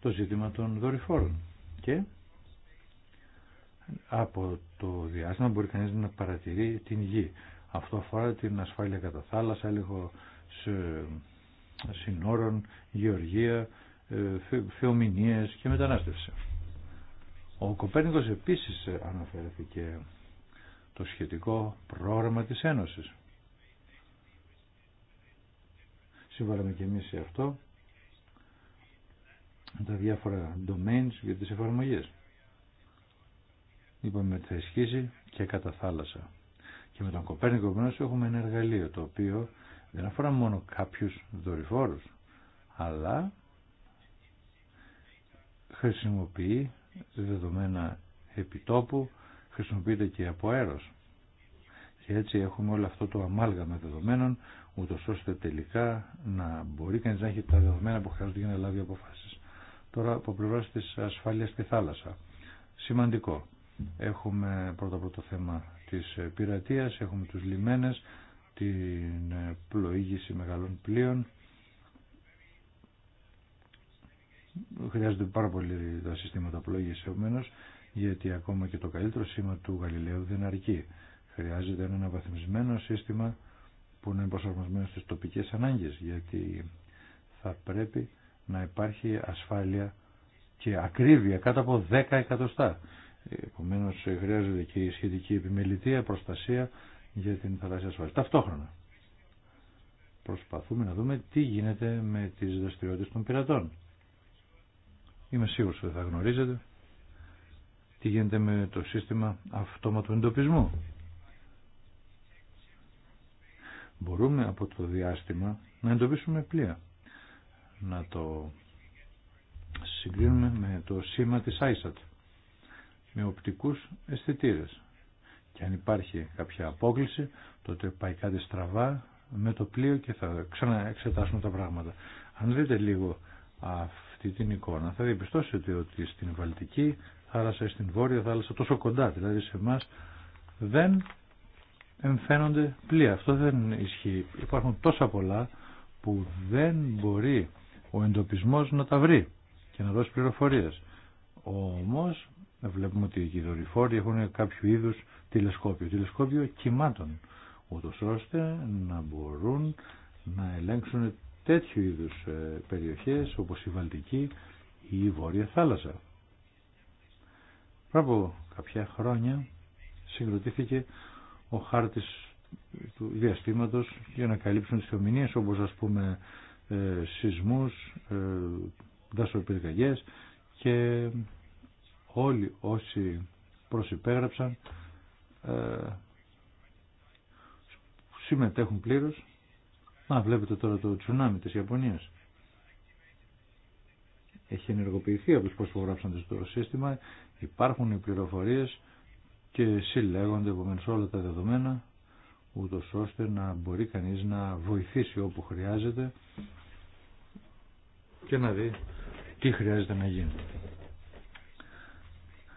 B: το ζήτημα των δορυφόρων. Και από το διάστημα μπορεί κανείς να παρατηρεί την γη. Αυτό αφορά την ασφάλεια κατά θάλασσα, έλεγχο συνόρων, γεωργία, ε, θεομηνίες και μετανάστευση. Ο Κοπέρνικος επίσης αναφέρθηκε το σχετικό πρόγραμμα της Ένωσης. Συμβάλαμε και εμείς σε αυτό τα διάφορα domains για τις εφαρμογές. Είπαμε ότι θα ισχύσει και κατά θάλασσα. Και με τον Κοπέρνικο γνώση έχουμε ένα εργαλείο το οποίο δεν αφορά μόνο κάποιους δορυφόρους αλλά χρησιμοποιεί δεδομένα επιτόπου χρησιμοποιείται και από αέρος. Και έτσι έχουμε όλο αυτό το αμάλγαμα δεδομένων, ούτως ώστε τελικά να μπορεί κανείς να έχει τα δεδομένα που χρειάζονται για να λάβει αποφάσεις. Τώρα από πλευρά τη ασφάλεια στη θάλασσα. Σημαντικό. Έχουμε πρώτα πρώτο θέμα της ε, πειρατείας, έχουμε τους λιμένες, την ε, πλοήγηση μεγαλών πλοίων. Χρειάζονται πάρα πολύ τα συστήματα πλοήγηση επομένω, γιατί ακόμα και το καλύτερο σήμα του Γαλιλαίου δεν αρκεί. Χρειάζεται ένα αναβαθμισμένο σύστημα που να είναι προσαρμοσμένο στις τοπικές ανάγκες, γιατί θα πρέπει να υπάρχει ασφάλεια και ακρίβεια κάτω από 10 εκατοστά. Επομένω χρειάζεται και η σχετική επιμελητία, προστασία για την θαλάσσια ασφάλεια. Ταυτόχρονα προσπαθούμε να δούμε τι γίνεται με τις δραστηριότητε των πειρατών. Είμαι σίγουρο ότι θα γνωρίζετε τι γίνεται με το σύστημα αυτόματου εντοπισμού. Μπορούμε από το διάστημα να εντοπίσουμε πλοία. Να το συγκρίνουμε με το σήμα της ISAT με οπτικούς αισθητήρε. Και αν υπάρχει κάποια απόκληση, τότε πάει κάτι στραβά με το πλοίο και θα ξαναεξετάσουμε τα πράγματα. Αν δείτε λίγο αυτή την εικόνα, θα διαπιστώσετε ότι στην Βαλτική θάλασσα, στην Βόρεια θάλασσα, τόσο κοντά δηλαδή σε εμά, δεν εμφαίνονται πλοία. Αυτό δεν ισχύει. Υπάρχουν τόσα πολλά που δεν μπορεί ο εντοπισμός να τα βρει και να δώσει πληροφορίες. Όμως να βλέπουμε ότι οι δορυφόροι έχουν κάποιο είδους τηλεσκόπιο, τηλεσκόπιο κυμάτων, ούτω ώστε να μπορούν να ελέγξουν τέτοιου είδους ε, περιοχές όπως η Βαλτική ή η Βόρεια Θάλασσα. Πριν από κάποια χρόνια συγκροτήθηκε ο χάρτης του διαστήματο για να καλύψουν τι θεομηνίες όπως ας πούμε ε, σεισμούς, ε, δασοπυρκαγιές και όλοι όσοι προσυπέγραψαν ε, συμμετέχουν πλήρως. Να βλέπετε τώρα το τσουνάμι της Ιαπωνίας. Έχει ενεργοποιηθεί από τους προσφογράψαντες το σύστημα, υπάρχουν οι πληροφορίες και συλλέγονται επομένω όλα τα δεδομένα ούτω ώστε να μπορεί κανείς να βοηθήσει όπου χρειάζεται και να δει τι χρειάζεται να γίνει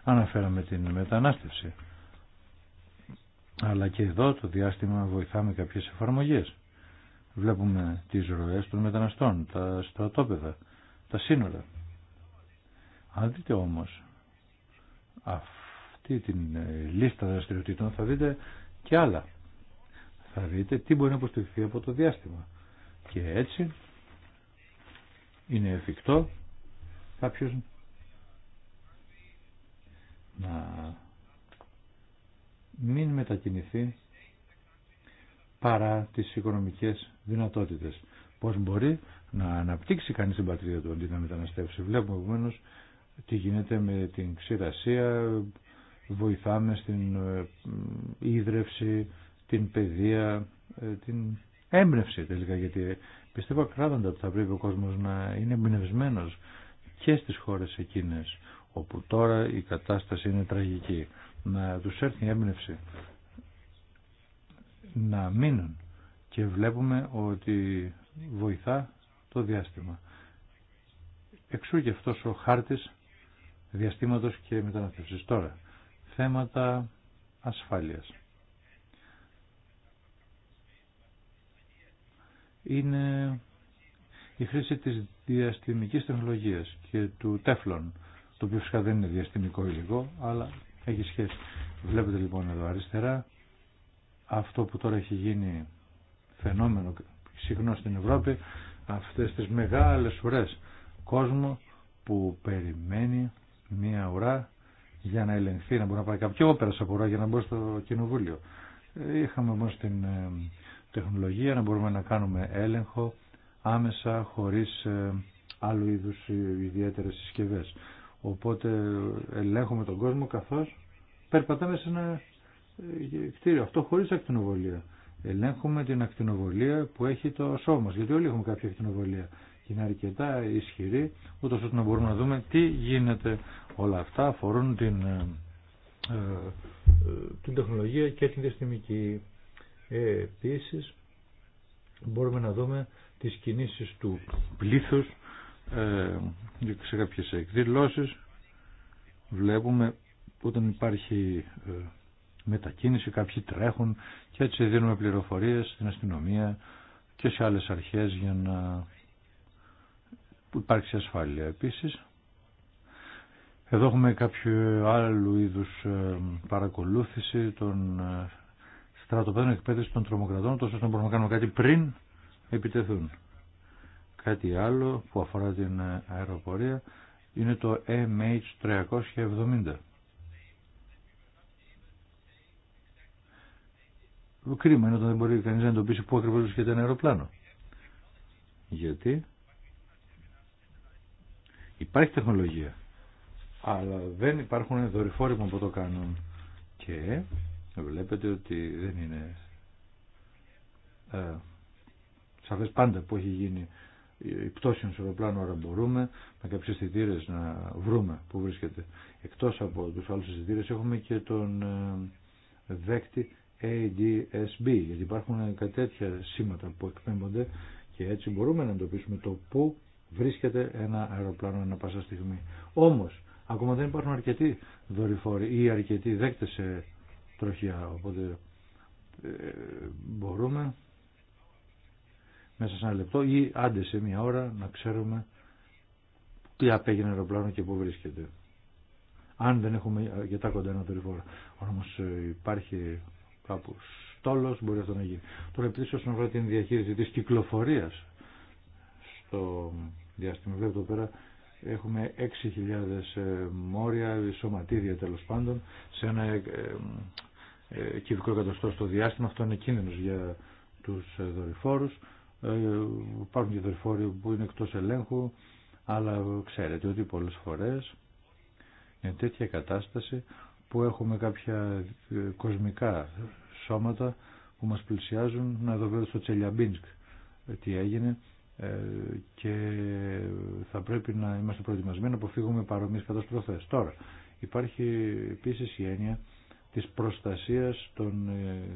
B: αναφέραμε την μετανάστευση. Αλλά και εδώ το διάστημα βοηθάμε κάποιες εφαρμογές. Βλέπουμε τις ροές των μεταναστών, τα στρατόπεδα, τα σύνορα. Αν δείτε όμως αυτή την ε, λίστα δραστηριοτήτων θα δείτε και άλλα. Θα δείτε τι μπορεί να υποστηριχθεί από το διάστημα. Και έτσι είναι εφικτό κάποιος να μην μετακινηθεί παρά τις οικονομικές δυνατότητες. Πώς μπορεί να αναπτύξει κανείς την πατρίδα του αντί να μεταναστεύσει. Βλέπουμε επομένως τι γίνεται με την ξηρασία, βοηθάμε στην ε, ίδρευση, την παιδεία, ε, την έμπνευση τελικά γιατί πιστεύω ακράδαντα ότι θα πρέπει ο κόσμος να είναι εμπνευσμένο και στις χώρες εκείνες όπου τώρα η κατάσταση είναι τραγική. Να τους έρθει η έμπνευση να μείνουν και βλέπουμε ότι βοηθά το διάστημα. Εξού και αυτός ο χάρτης διαστήματος και μεταναστευσής. Τώρα, θέματα ασφάλειας. Είναι η χρήση της διαστημικής τεχνολογίας και του τέφλων το οποίο φυσικά δεν είναι διαστημικό υλικό, αλλά έχει σχέση. Βλέπετε λοιπόν εδώ αριστερά αυτό που τώρα έχει γίνει φαινόμενο συχνό στην Ευρώπη, αυτές τις μεγάλες ουρές κόσμο που περιμένει μία ουρά για να ελεγχθεί, να μπορεί να πάει κάποιο όπερα από ουρά για να μπω στο κοινοβούλιο. Είχαμε όμως την ε, τεχνολογία να μπορούμε να κάνουμε έλεγχο άμεσα χωρίς ε, άλλου είδους ιδιαίτερες συσκευές. Οπότε ελέγχουμε τον κόσμο καθώς περπατάμε σε ένα ε, κτίριο. Αυτό χωρίς ακτινοβολία. Ελέγχουμε την ακτινοβολία που έχει το σώμα γιατί όλοι έχουμε κάποια ακτινοβολία και είναι αρκετά ισχυρή, ούτω ώστε να μπορούμε να δούμε τι γίνεται. Όλα αυτά αφορούν την, ε, ε, την τεχνολογία και την διαστημική. Ε, Επίση, μπορούμε να δούμε τις κινήσεις του πλήθους ε, σε κάποιες εκδηλώσεις βλέπουμε όταν υπάρχει ε, μετακίνηση, κάποιοι τρέχουν και έτσι δίνουμε πληροφορίες στην αστυνομία και σε άλλες αρχές για να υπάρξει ασφάλεια επίσης. Εδώ έχουμε κάποιο άλλου είδους ε, παρακολούθηση των στρατοπέδων εκπαίδευση των τρομοκρατών, τόσο να μπορούμε να κάνουμε κάτι πριν επιτεθούν. Κάτι άλλο που αφορά την αεροπορία είναι το MH370. Κρίμα είναι όταν δεν μπορεί κανείς να εντοπίσει πού ακριβώς βρίσκεται ένα αεροπλάνο. Γιατί υπάρχει τεχνολογία, αλλά δεν υπάρχουν δορυφόροι που το κάνουν. Και βλέπετε ότι δεν είναι ε, σαφές πάντα που έχει γίνει ε, η πτώση ενός αεροπλάνο, άρα μπορούμε με κάποιες αισθητήρε να βρούμε που βρίσκεται. Εκτός από τους άλλους αισθητήρε έχουμε και τον ε, δέκτη ADSB, γιατί υπάρχουν κάτι τέτοια σήματα που εκπέμπονται και έτσι μπορούμε να εντοπίσουμε το πού βρίσκεται ένα αεροπλάνο ένα πάσα στιγμή. Όμως, ακόμα δεν υπάρχουν αρκετοί δορυφόροι ή αρκετοί δέκτες σε τροχιά, οπότε ε, μπορούμε μέσα σε ένα λεπτό ή άντε σε μια ώρα να ξέρουμε τι απέγινε αεροπλάνο και πού βρίσκεται. Αν δεν έχουμε αρκετά κοντά ένα δορυφόρο. Όμω ε, υπάρχει κάπου στόλο, μπορεί αυτό να γίνει. Τώρα επειδή όσον αφορά την διαχείριση τη κυκλοφορία στο διάστημα, βλέπω εδώ πέρα έχουμε 6.000 ε, μόρια, σωματίδια τέλο πάντων, σε ένα ε, κυβικό εκατοστό στο διάστημα. Αυτό είναι κίνδυνο για του δορυφόρου. Ε, υπάρχουν και δορυφόροι που είναι εκτός ελέγχου, αλλά ξέρετε ότι πολλές φορές είναι τέτοια κατάσταση που έχουμε κάποια ε, κοσμικά σώματα που μας πλησιάζουν να εδώ βέβαια στο Τσελιαμπίνσκ ε, τι έγινε και θα πρέπει να είμαστε προετοιμασμένοι να αποφύγουμε παρομοίες καταστροφές. Τώρα υπάρχει επίσης η έννοια της προστασίας των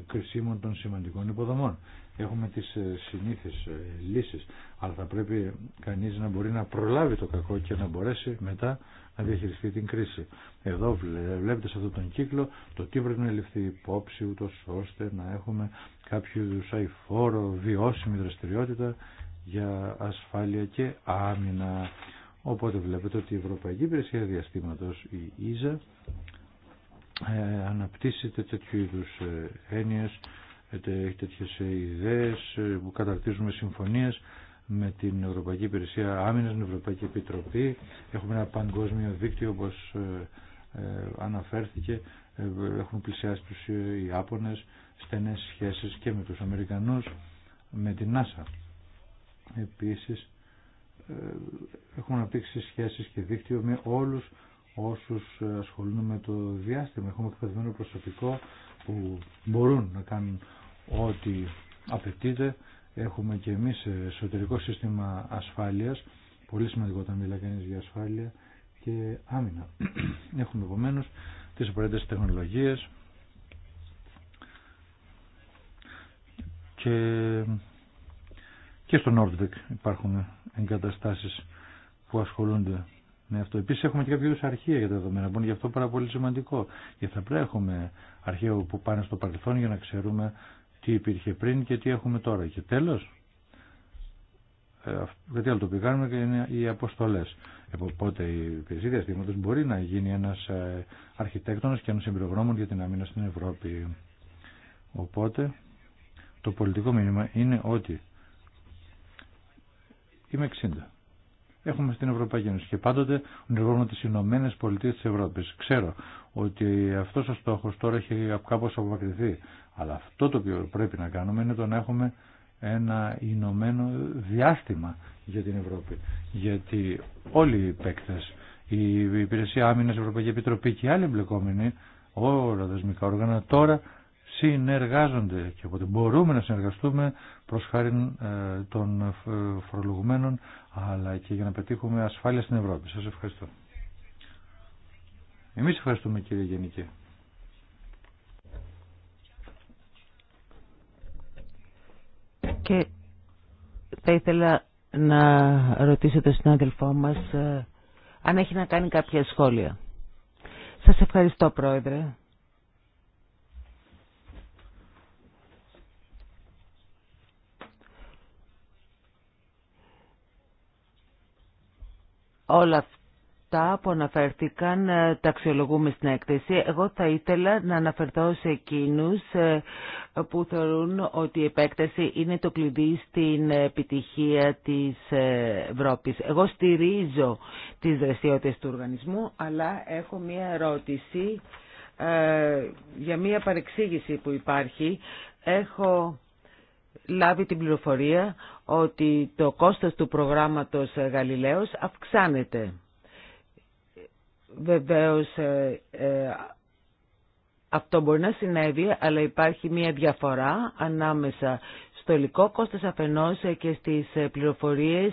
B: κρισίμων των σημαντικών υποδομών έχουμε τις ε, συνήθεις ε, λύσεις αλλά θα πρέπει κανείς να μπορεί να προλάβει το κακό και να μπορέσει μετά να διαχειριστεί την κρίση. Εδώ βλέπετε σε αυτόν τον κύκλο το τι πρέπει να ληφθεί υπόψη ούτως ώστε να έχουμε κάποιο είδου αηφόρο, βιώσιμη δραστηριότητα για ασφάλεια και άμυνα. Οπότε βλέπετε ότι η Ευρωπαϊκή Υπηρεσία Διαστήματος, η ΙΖΑ, ε, αναπτύσσεται τέτοιου είδους έννοιες έχει τέτοιε ιδέε που ε, καταρτίζουμε συμφωνίε με την Ευρωπαϊκή Υπηρεσία Άμυνα, την Ευρωπαϊκή Επιτροπή. Έχουμε ένα παγκόσμιο δίκτυο όπως ε, ε, αναφέρθηκε. Έχουν πλησιάσει τους Άπωνε στενέ σχέσεις και με τους Αμερικανού με την NASA. Επίσης, έχουν αναπτύξει σχέσεις και δίκτυο με όλους όσους ασχολούνται με το διάστημα. Έχουμε εκπαιδευμένο προσωπικό που μπορούν να κάνουν ότι απαιτείται. Έχουμε και εμείς εσωτερικό σύστημα ασφάλειας, πολύ σημαντικό όταν μιλά κανείς για ασφάλεια και άμυνα. Έχουμε επομένω τις απαραίτητες τεχνολογίες και, και στο Νόρδεκ υπάρχουν εγκαταστάσεις που ασχολούνται με αυτό. Επίσης έχουμε και κάποιους αρχεία για τα δεδομένα που είναι γι' αυτό πάρα πολύ σημαντικό. Γιατί θα πρέπει να έχουμε αρχεία που πάνε στο παρελθόν για να ξέρουμε τι υπήρχε πριν και τι έχουμε τώρα. Και τέλος, ε, γιατί άλλο το πήγαμε και είναι οι αποστολέ. Οπότε η υπηρεσία διαστήματο μπορεί να γίνει ένας ε, αρχιτέκτονας και ένα εμπειρογνώμων για την αμήνα στην Ευρώπη. Οπότε το πολιτικό μήνυμα είναι ότι είμαι 60 έχουμε στην Ευρωπαϊκή Ένωση και πάντοτε ονειρευόμαστε τι Ηνωμένε Πολιτείε τη Ευρώπη. Ξέρω ότι αυτός ο στόχο τώρα έχει κάπω απομακρυνθεί, αλλά αυτό το οποίο πρέπει να κάνουμε είναι το να έχουμε ένα Ηνωμένο διάστημα για την Ευρώπη. Γιατί όλοι οι παίκτε, η Υπηρεσία Άμυνα η Ευρωπαϊκή Επιτροπή και οι άλλοι εμπλεκόμενοι, όλα τα δεσμικά όργανα τώρα συνεργάζονται και οπότε μπορούμε να συνεργαστούμε προς χάρη ε, των ε, φορολογουμένων αλλά και για να πετύχουμε ασφάλεια στην Ευρώπη. Σας ευχαριστώ. Εμείς ευχαριστούμε κύριε Γενική.
A: Και θα ήθελα να ρωτήσω τον συνάδελφό μας ε, αν έχει να κάνει κάποια σχόλια. Σας ευχαριστώ πρόεδρε. όλα αυτά που αναφέρθηκαν ε, τα αξιολογούμε στην έκθεση. Εγώ θα ήθελα να αναφερθώ σε εκείνους ε, που θεωρούν ότι η επέκταση είναι το κλειδί στην επιτυχία της ε, Ευρώπης. Εγώ στηρίζω τις δραστηριότητες του οργανισμού, αλλά έχω μία ερώτηση για μία παρεξήγηση που υπάρχει. Έχω λάβει την πληροφορία ότι το κόστος του προγράμματος Γαλιλαίος αυξάνεται. Βεβαίως ε, ε, αυτό μπορεί να συνέβη, αλλά υπάρχει μια διαφορά ανάμεσα στο υλικό κόστος αφενός και στις ε, πληροφορίες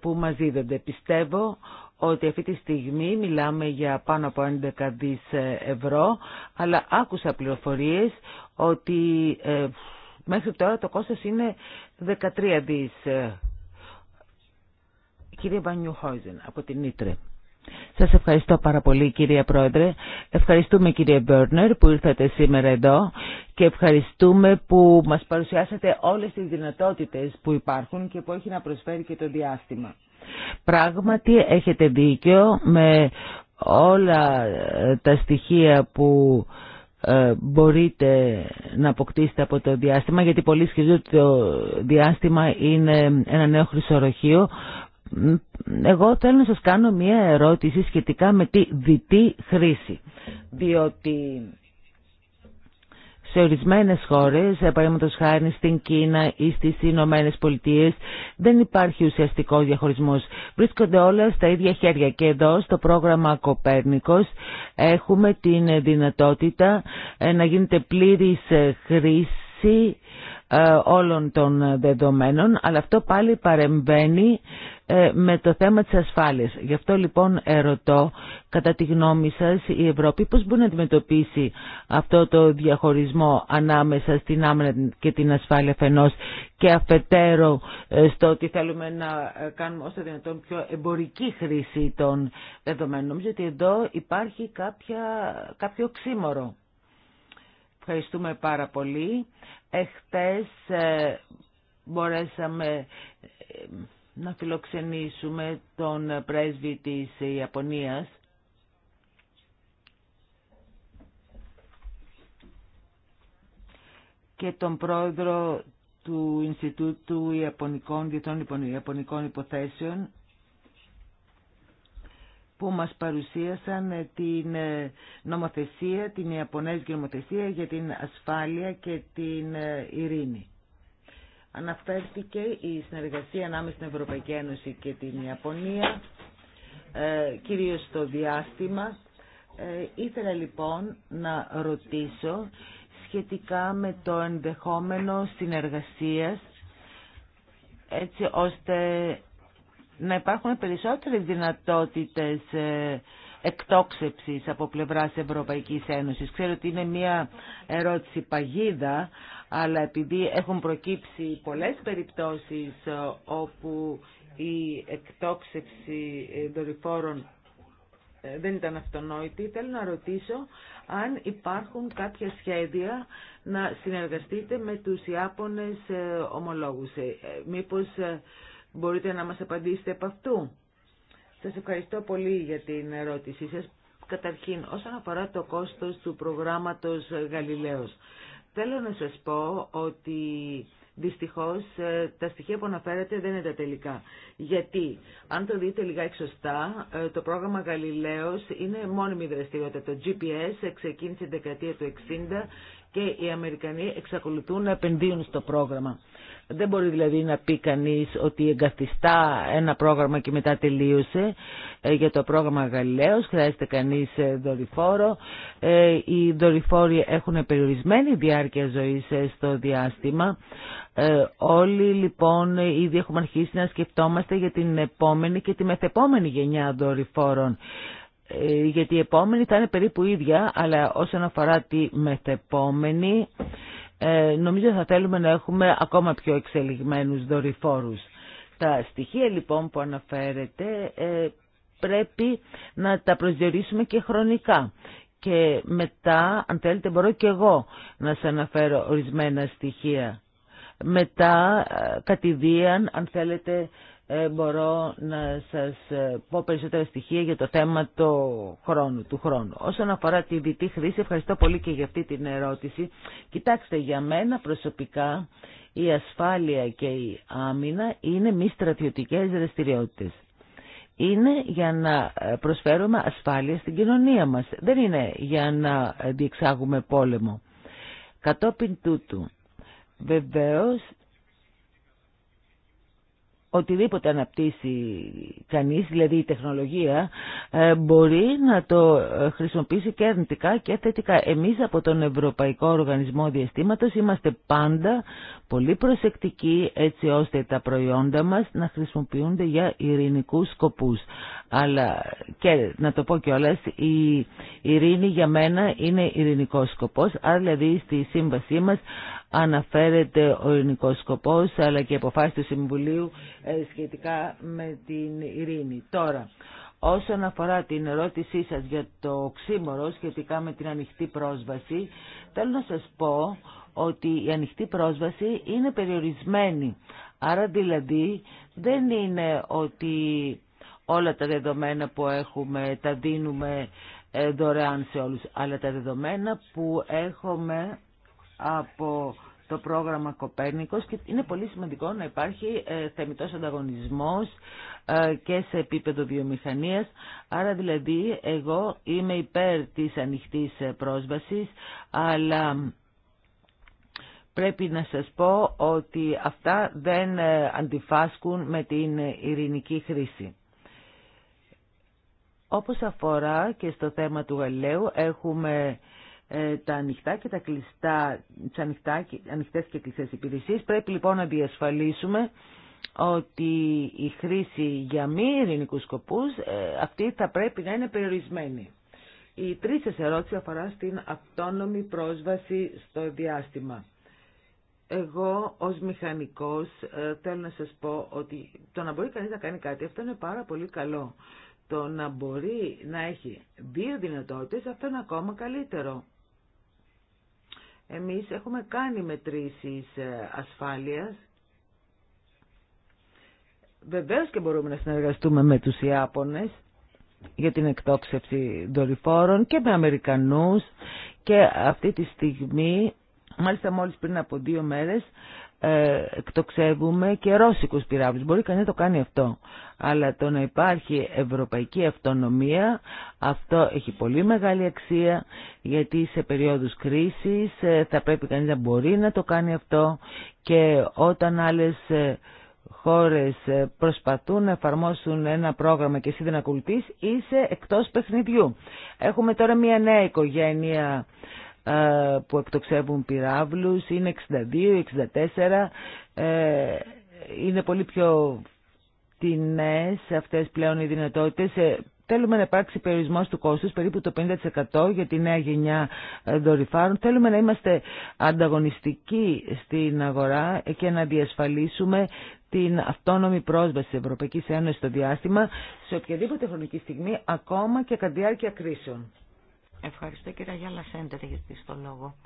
A: που μας δίδονται. Πιστεύω ότι αυτή τη στιγμή μιλάμε για πάνω από 11 δις ευρώ, αλλά άκουσα πληροφορίες ότι Μέχρι τώρα το κόστος είναι 13 δις. Ε, κύριε Χόιζεν από την Ήτρε. Σας ευχαριστώ πάρα πολύ κύριε Πρόεδρε. Ευχαριστούμε κύριε Μπέρνερ που ήρθατε σήμερα εδώ και ευχαριστούμε που μας παρουσιάσατε όλες τις δυνατότητες που υπάρχουν και που έχει να προσφέρει και το διάστημα. Πράγματι έχετε δίκιο με όλα τα στοιχεία που ε, μπορείτε να αποκτήσετε από το διάστημα γιατί πολλοί σκεφτούν το διάστημα είναι ένα νέο χρυσοροχείο εγώ θέλω να σας κάνω μία ερώτηση σχετικά με τη διτή χρήση διότι σε ορισμένες χώρες, ε, παραδείγματος χάρη στην Κίνα ή στις Ηνωμένε Πολιτείε, δεν υπάρχει ουσιαστικό διαχωρισμός. Βρίσκονται όλα στα ίδια χέρια και εδώ στο πρόγραμμα Κοπέρνικος έχουμε την δυνατότητα ε, να γίνεται πλήρης ε, χρήση βάση ε, όλων των δεδομένων, αλλά αυτό πάλι παρεμβαίνει ε, με το θέμα της ασφάλειας. Γι' αυτό λοιπόν ερωτώ, κατά τη γνώμη σας, η Ευρώπη πώς μπορεί να αντιμετωπίσει αυτό το διαχωρισμό ανάμεσα στην άμυνα και την ασφάλεια φενός και αφετέρου ε, στο ότι θέλουμε να κάνουμε όσο δυνατόν πιο εμπορική χρήση των δεδομένων. Νομίζω ότι εδώ υπάρχει κάποια, κάποιο ξύμορο. Ευχαριστούμε πάρα πολύ. Εχθές ε, μπορέσαμε ε, να φιλοξενήσουμε τον πρέσβη της Ιαπωνίας και τον πρόεδρο του Ινστιτούτου Ιαπωνικών Ιαπωνικών Υποθέσεων που μας παρουσίασαν ε, την ε, νομοθεσία, την Ιαπωνέζικη νομοθεσία για την ασφάλεια και την ε, ειρήνη. Αναφέρθηκε η συνεργασία ανάμεσα στην Ευρωπαϊκή Ένωση και την Ιαπωνία, κυρίως στο διάστημα. Ήθελα λοιπόν να ρωτήσω σχετικά με το ενδεχόμενο συνεργασίας έτσι ώστε να υπάρχουν περισσότερες δυνατότητες ε, εκτόξευσης από πλευράς Ευρωπαϊκής Ένωσης. Ξέρω ότι είναι μια ερώτηση παγίδα, αλλά επειδή έχουν προκύψει πολλές περιπτώσεις ε, όπου η εκτόξευση ε, δορυφόρων δεν ήταν αυτονόητη, θέλω να ρωτήσω αν υπάρχουν κάποια σχέδια να συνεργαστείτε με τους Ιάπωνες ομολόγους. Μήπως Μπορείτε να μας απαντήσετε από αυτού. Σας ευχαριστώ πολύ για την ερώτησή σας. Καταρχήν, όσον αφορά το κόστος του προγράμματος Γαλιλαίος, θέλω να σας πω ότι δυστυχώς ε, τα στοιχεία που αναφέρατε δεν είναι τα τελικά. Γιατί, αν το δείτε λίγα εξωστά, ε, το πρόγραμμα Γαλιλαίος είναι μόνιμη δραστηριότητα. Το GPS ξεκίνησε την δεκαετία του 60 και οι Αμερικανοί εξακολουθούν να επενδύουν στο πρόγραμμα. Δεν μπορεί δηλαδή να πει κανείς ότι εγκαθιστά ένα πρόγραμμα και μετά τελείωσε. Ε, για το πρόγραμμα Γαλιλαίος χρειάζεται κανείς ε, δορυφόρο. Ε, οι δορυφόροι έχουν περιορισμένη διάρκεια ζωής στο διάστημα. Όλοι λοιπόν ήδη έχουμε αρχίσει να σκεφτόμαστε για την επόμενη και τη μεθεπόμενη γενιά δορυφόρων. Ε, γιατί η επόμενη θα είναι περίπου ίδια, αλλά όσον αφορά τη μεθεπόμενη, ε, νομίζω θα θέλουμε να έχουμε ακόμα πιο εξελιγμένους δορυφόρους. Τα στοιχεία λοιπόν που αναφέρετε πρέπει να τα προσδιορίσουμε και χρονικά. Και μετά, αν θέλετε, μπορώ και εγώ να σας αναφέρω ορισμένα στοιχεία. Μετά, ε, κατηδίαν, αν θέλετε, ε, μπορώ να σας ε, πω περισσότερα στοιχεία για το θέμα το χρόνου, του χρόνου. Όσον αφορά τη διτή χρήση, ευχαριστώ πολύ και για αυτή την ερώτηση. Κοιτάξτε, για μένα προσωπικά η ασφάλεια και η άμυνα είναι μη στρατιωτικές δραστηριότητε. Είναι για να ε, προσφέρουμε ασφάλεια στην κοινωνία μας. Δεν είναι για να διεξάγουμε πόλεμο. Κατόπιν τούτου, βεβαίως οτιδήποτε αναπτύσσει κανείς, δηλαδή η τεχνολογία, ε, μπορεί να το ε, χρησιμοποιήσει και αρνητικά και θετικά. Εμείς από τον Ευρωπαϊκό Οργανισμό Διαστήματος είμαστε πάντα πολύ προσεκτικοί έτσι ώστε τα προϊόντα μας να χρησιμοποιούνται για ειρηνικούς σκοπούς. Αλλά και να το πω κιόλας, η ειρήνη για μένα είναι ειρηνικός σκοπός, άρα δηλαδή στη σύμβασή μας αναφέρεται ο ελληνικό σκοπό αλλά και η αποφάση του Συμβουλίου ε, σχετικά με την ειρήνη. Τώρα, όσον αφορά την ερώτησή σας για το ξύμορο σχετικά με την ανοιχτή πρόσβαση, θέλω να σας πω ότι η ανοιχτή πρόσβαση είναι περιορισμένη. Άρα δηλαδή δεν είναι ότι όλα τα δεδομένα που έχουμε τα δίνουμε ε, δωρεάν σε όλους, αλλά τα δεδομένα που έχουμε από το πρόγραμμα Κοπέρνικος και είναι πολύ σημαντικό να υπάρχει ε, θεμητός ανταγωνισμός ε, και σε επίπεδο βιομηχανίας. Άρα δηλαδή εγώ είμαι υπέρ της ανοιχτής ε, πρόσβασης, αλλά πρέπει να σας πω ότι αυτά δεν αντιφάσκουν με την ειρηνική χρήση. Όπως αφορά και στο θέμα του Γαλλαίου έχουμε ε, τα ανοιχτά και τα κλειστά, τις ανοιχτά, ανοιχτές και κλειστές υπηρεσίες. Πρέπει λοιπόν να διασφαλίσουμε ότι η χρήση για μη ειρηνικούς σκοπούς ε, αυτή θα πρέπει να είναι περιορισμένη. Η τρίτη ερώτηση αφορά στην αυτόνομη πρόσβαση στο διάστημα. Εγώ ως μηχανικός ε, θέλω να σας πω ότι το να μπορεί κανείς να κάνει κάτι αυτό είναι πάρα πολύ καλό. Το να μπορεί να έχει δύο δυνατότητες αυτό είναι ακόμα καλύτερο. Εμείς έχουμε κάνει μετρήσεις ε, ασφάλειας. Βεβαίως και μπορούμε να συνεργαστούμε με τους Ιάπωνες για την εκτόξευση δορυφόρων και με Αμερικανούς και αυτή τη στιγμή, μάλιστα μόλις πριν από δύο μέρες, ε, εκτοξεύουμε και ρώσικους πυράβλους. Μπορεί κανείς να το κάνει αυτό. Αλλά το να υπάρχει ευρωπαϊκή αυτονομία, αυτό έχει πολύ μεγάλη αξία, γιατί σε περίοδους κρίσης ε, θα πρέπει κανείς να μπορεί να το κάνει αυτό και όταν άλλες ε, χώρες προσπαθούν να εφαρμόσουν ένα πρόγραμμα και εσύ δεν είσαι εκτός παιχνιδιού. Έχουμε τώρα μια νέα οικογένεια ε, που εκτοξεύουν πυράβλους είναι 62-64 ε, είναι πολύ πιο σε αυτές πλέον οι δυνατότητες ε, Θέλουμε να υπάρξει περιορισμός του κόστους περίπου το 50% για τη νέα γενιά δορυφάρων. Θέλουμε να είμαστε ανταγωνιστικοί στην αγορά και να διασφαλίσουμε την αυτόνομη πρόσβαση της Ευρωπαϊκής Ένωσης στο διάστημα σε οποιαδήποτε χρονική στιγμή, ακόμα και κατά διάρκεια κρίσεων. Ευχαριστώ κυρία Γιάλα Σέντερ για το λόγο.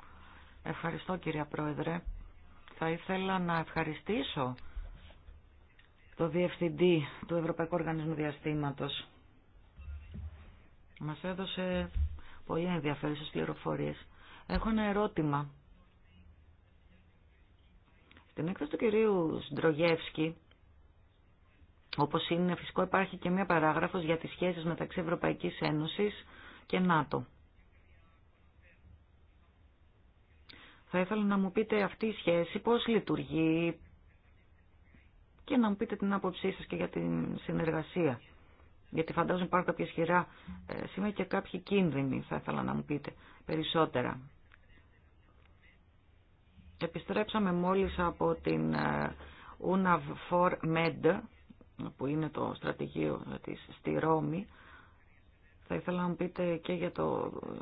A: Ευχαριστώ κυρία Πρόεδρε. Θα ήθελα να ευχαριστήσω το Διευθυντή του Ευρωπαϊκού Οργανισμού Διαστήματος. Μας έδωσε πολύ ενδιαφέρουσες πληροφορίες. Έχω ένα ερώτημα. Στην έκθεση του κυρίου Σντρογεύσκη, όπως είναι φυσικό, υπάρχει και μία παράγραφος για τις σχέσεις μεταξύ Ευρωπαϊκής Ένωσης και ΝΑΤΟ. Θα ήθελα να μου πείτε αυτή η σχέση πώς λειτουργεί και να μου πείτε την άποψή σας και για την συνεργασία. Γιατί φαντάζομαι υπάρχουν κάποια ισχυρά ε, σήμερα και κάποιοι κίνδυνοι, θα ήθελα να μου πείτε περισσότερα. Επιστρέψαμε μόλις από την ε, UNAV4MED, που είναι το στρατηγείο της στη Ρώμη. Θα ήθελα να μου πείτε και για το ε,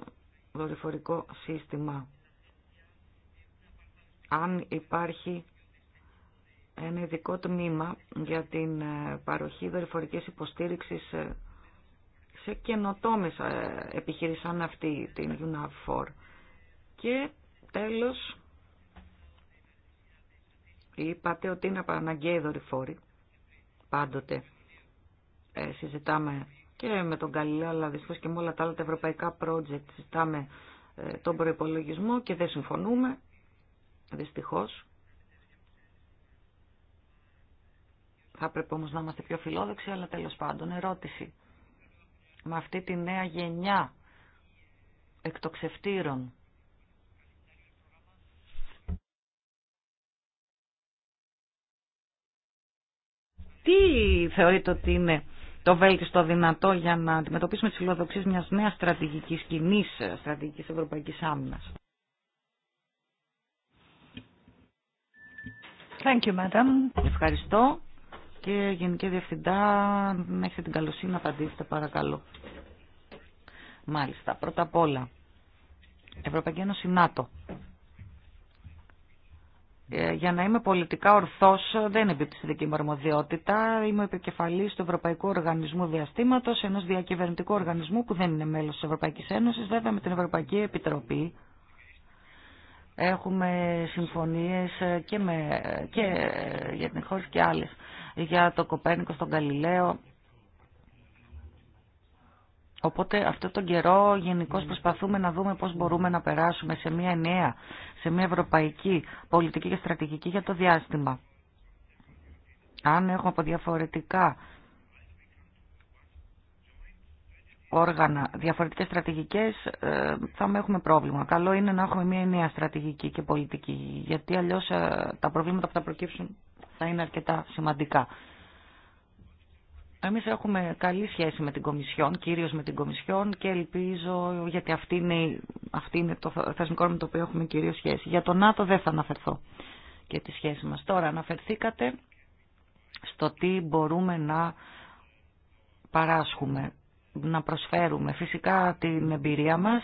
A: δορυφορικό σύστημα αν υπάρχει ένα ειδικό τμήμα για την ε, παροχή δορυφορικής υποστήριξης ε, σε καινοτόμες ε, επιχειρήσεις σαν αυτή την UNAV4. Και τέλος, είπατε ότι είναι η δορυφόροι. Πάντοτε συζητάμε και με τον Καλλιλά, αλλά δυστυχώς και με όλα τα άλλα τα ευρωπαϊκά project συζητάμε τον προϋπολογισμό και δεν συμφωνούμε. Δυστυχώς. Θα πρέπει όμως να είμαστε πιο φιλόδοξοι, αλλά τέλος πάντων, ερώτηση. Με αυτή τη νέα γενιά εκτοξευτήρων, τι θεωρείτε ότι είναι το βέλτιστο δυνατό για να αντιμετωπίσουμε τις φιλοδοξίες μιας νέας στρατηγικής κοινής στρατηγικής ευρωπαϊκής άμυνας. Thank you, madam. Ευχαριστώ. Και Γενική Διευθυντά, να έχετε την καλοσύνη να απαντήσετε παρακαλώ. Μάλιστα, πρώτα απ' όλα, Ευρωπαϊκή Ένωση ΝΑΤΟ. Ε, για να είμαι πολιτικά ορθός, δεν επί στη δική μου αρμοδιότητα. Είμαι επικεφαλής του Ευρωπαϊκού Οργανισμού Διαστήματος, ενός διακυβερνητικού οργανισμού που δεν είναι μέλος της Ευρωπαϊκής Ένωσης, βέβαια με την Ευρωπαϊκή Επιτροπή Έχουμε συμφωνίες και, με, και για την χώρα και άλλες. Για το Κοπέρνικο, στον Καλιλαίο. Οπότε αυτό τον καιρό γενικώ ναι. προσπαθούμε να δούμε πώς μπορούμε να περάσουμε σε μια νέα, σε μια ευρωπαϊκή πολιτική και στρατηγική για το διάστημα. Αν έχουμε από διαφορετικά όργανα διαφορετικές στρατηγικές ε, θα έχουμε πρόβλημα. Καλό είναι να έχουμε μια νέα στρατηγική και πολιτική γιατί αλλιώς ε, τα προβλήματα που θα προκύψουν θα είναι αρκετά σημαντικά. Εμείς έχουμε καλή σχέση με την Κομισιόν, κυρίως με την Κομισιόν και ελπίζω, γιατί αυτή είναι, αυτή είναι το θεσμικό με το οποίο έχουμε κυρίως σχέση. Για τον ΝΑΤΟ δεν θα αναφερθώ και τη σχέση μας. Τώρα αναφερθήκατε στο τι μπορούμε να παράσχουμε να προσφέρουμε φυσικά την εμπειρία μας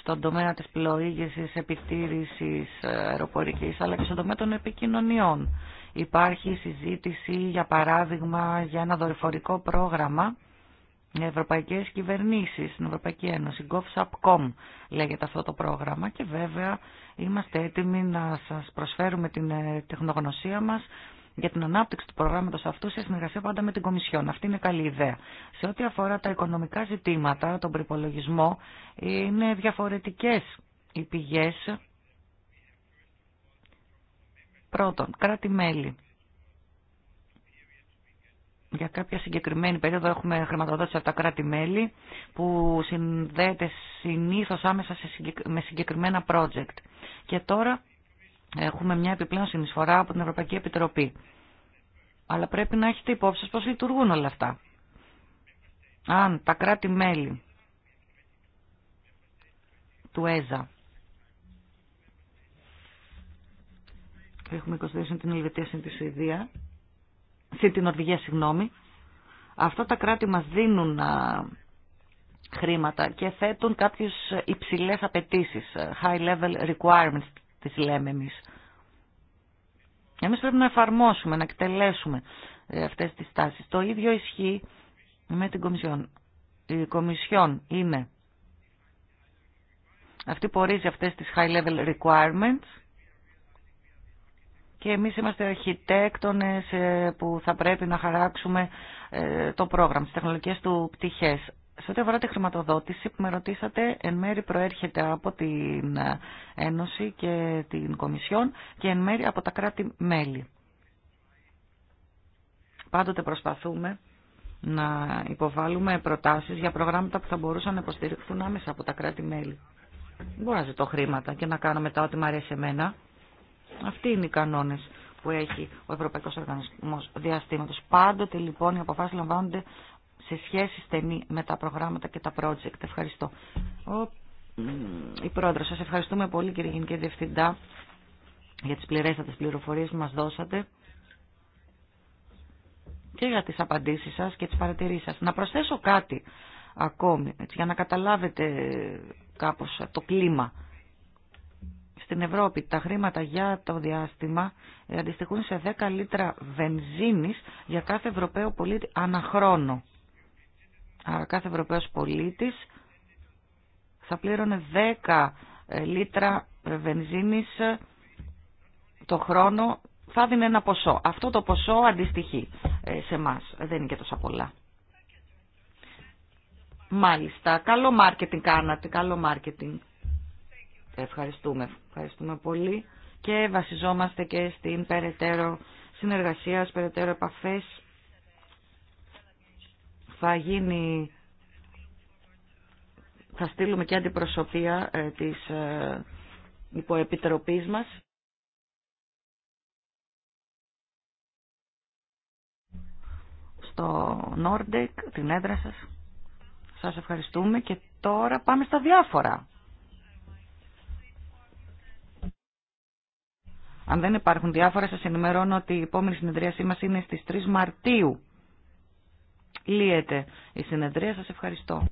A: στον τομέα της πλοήγησης, επιτήρησης αεροπορικής, αλλά και στον τομέα των επικοινωνιών. Υπάρχει συζήτηση, για παράδειγμα, για ένα δορυφορικό πρόγραμμα για ευρωπαϊκές κυβερνήσεις στην Ευρωπαϊκή Ένωση, GovSapcom λέγεται αυτό το πρόγραμμα και βέβαια είμαστε έτοιμοι να σας προσφέρουμε την τεχνογνωσία μας για την ανάπτυξη του προγράμματο αυτού σε συνεργασία πάντα με την Κομισιόν. Αυτή είναι καλή ιδέα. Σε ό,τι αφορά τα οικονομικά ζητήματα, τον προπολογισμό, είναι διαφορετικέ οι πηγέ. Πρώτον, κράτη-μέλη. Για κάποια συγκεκριμένη περίοδο έχουμε χρηματοδότηση από τα κράτη-μέλη που συνδέεται συνήθως άμεσα με συγκεκριμένα project. Και τώρα έχουμε μια επιπλέον συνεισφορά από την Ευρωπαϊκή Επιτροπή. Αλλά πρέπει να έχετε υπόψη σας πώς λειτουργούν όλα αυτά. Αν τα κράτη-μέλη του ΕΖΑ έχουμε 22 στην την Ελβετία στην τη Σουηδία, στην την Ορβηγία, συγγνώμη, αυτά τα κράτη μας δίνουν χρήματα και θέτουν κάποιες υψηλές απαιτήσεις, ε, high level requirements τις λέμε εμείς. πρέπει να εφαρμόσουμε, να εκτελέσουμε ε, αυτές τις τάσεις. Το ίδιο ισχύει με την Κομισιόν. Η Κομισιόν είναι αυτή που ορίζει αυτές τις high level requirements και εμείς είμαστε αρχιτέκτονες ε, που θα πρέπει να χαράξουμε ε, το πρόγραμμα, τις τεχνολογίες του πτυχές σε ό,τι αφορά τη χρηματοδότηση που με ρωτήσατε, εν μέρη προέρχεται από την ε, Ένωση και την Κομισιόν και εν μέρη από τα κράτη-μέλη. Πάντοτε προσπαθούμε να υποβάλουμε προτάσεις για προγράμματα που θα μπορούσαν να υποστηριχθούν άμεσα από τα κράτη-μέλη. Δεν μπορώ να ζητώ χρήματα και να κάνω μετά ό,τι μου αρέσει εμένα. Αυτοί είναι οι κανόνες που έχει ο Ευρωπαϊκός Οργανισμός Διαστήματος. Πάντοτε λοιπόν οι αποφάσεις λαμβάνονται σε σχέση στενή με τα προγράμματα και τα project. Ευχαριστώ. Ο, η Πρόεδρο, σας ευχαριστούμε πολύ κύριε Γενική Διευθυντά για τις πληρέστατες πληροφορίες που μας δώσατε και για τις απαντήσεις σας και τις παρατηρήσεις σας. Να προσθέσω κάτι ακόμη, έτσι, για να καταλάβετε κάπως το κλίμα. Στην Ευρώπη τα χρήματα για το διάστημα ε, αντιστοιχούν σε 10 λίτρα βενζίνης για κάθε Ευρωπαίο πολίτη αναχρόνο. Άρα κάθε Ευρωπαίος πολίτης θα πλήρωνε 10 ε, λίτρα βενζίνης ε, το χρόνο, θα δίνει ένα ποσό. Αυτό το ποσό αντιστοιχεί ε, σε εμά. δεν είναι και τόσα πολλά. Μάλιστα, καλό μάρκετινγκ κάνατε, καλό μάρκετινγκ. Ευχαριστούμε, ευχαριστούμε πολύ και βασιζόμαστε και στην περαιτέρω συνεργασία, περαιτέρω επαφές θα γίνει θα στείλουμε και αντιπροσωπεία ε, της ε, υποεπιτροπής μας. Στο Nordic, την έδρα σας. Σας ευχαριστούμε και τώρα πάμε στα διάφορα. Αν δεν υπάρχουν διάφορα, σας ενημερώνω ότι η επόμενη συνεδρίασή μας είναι στις 3 Μαρτίου λύεται η συνεδρία. Σας ευχαριστώ.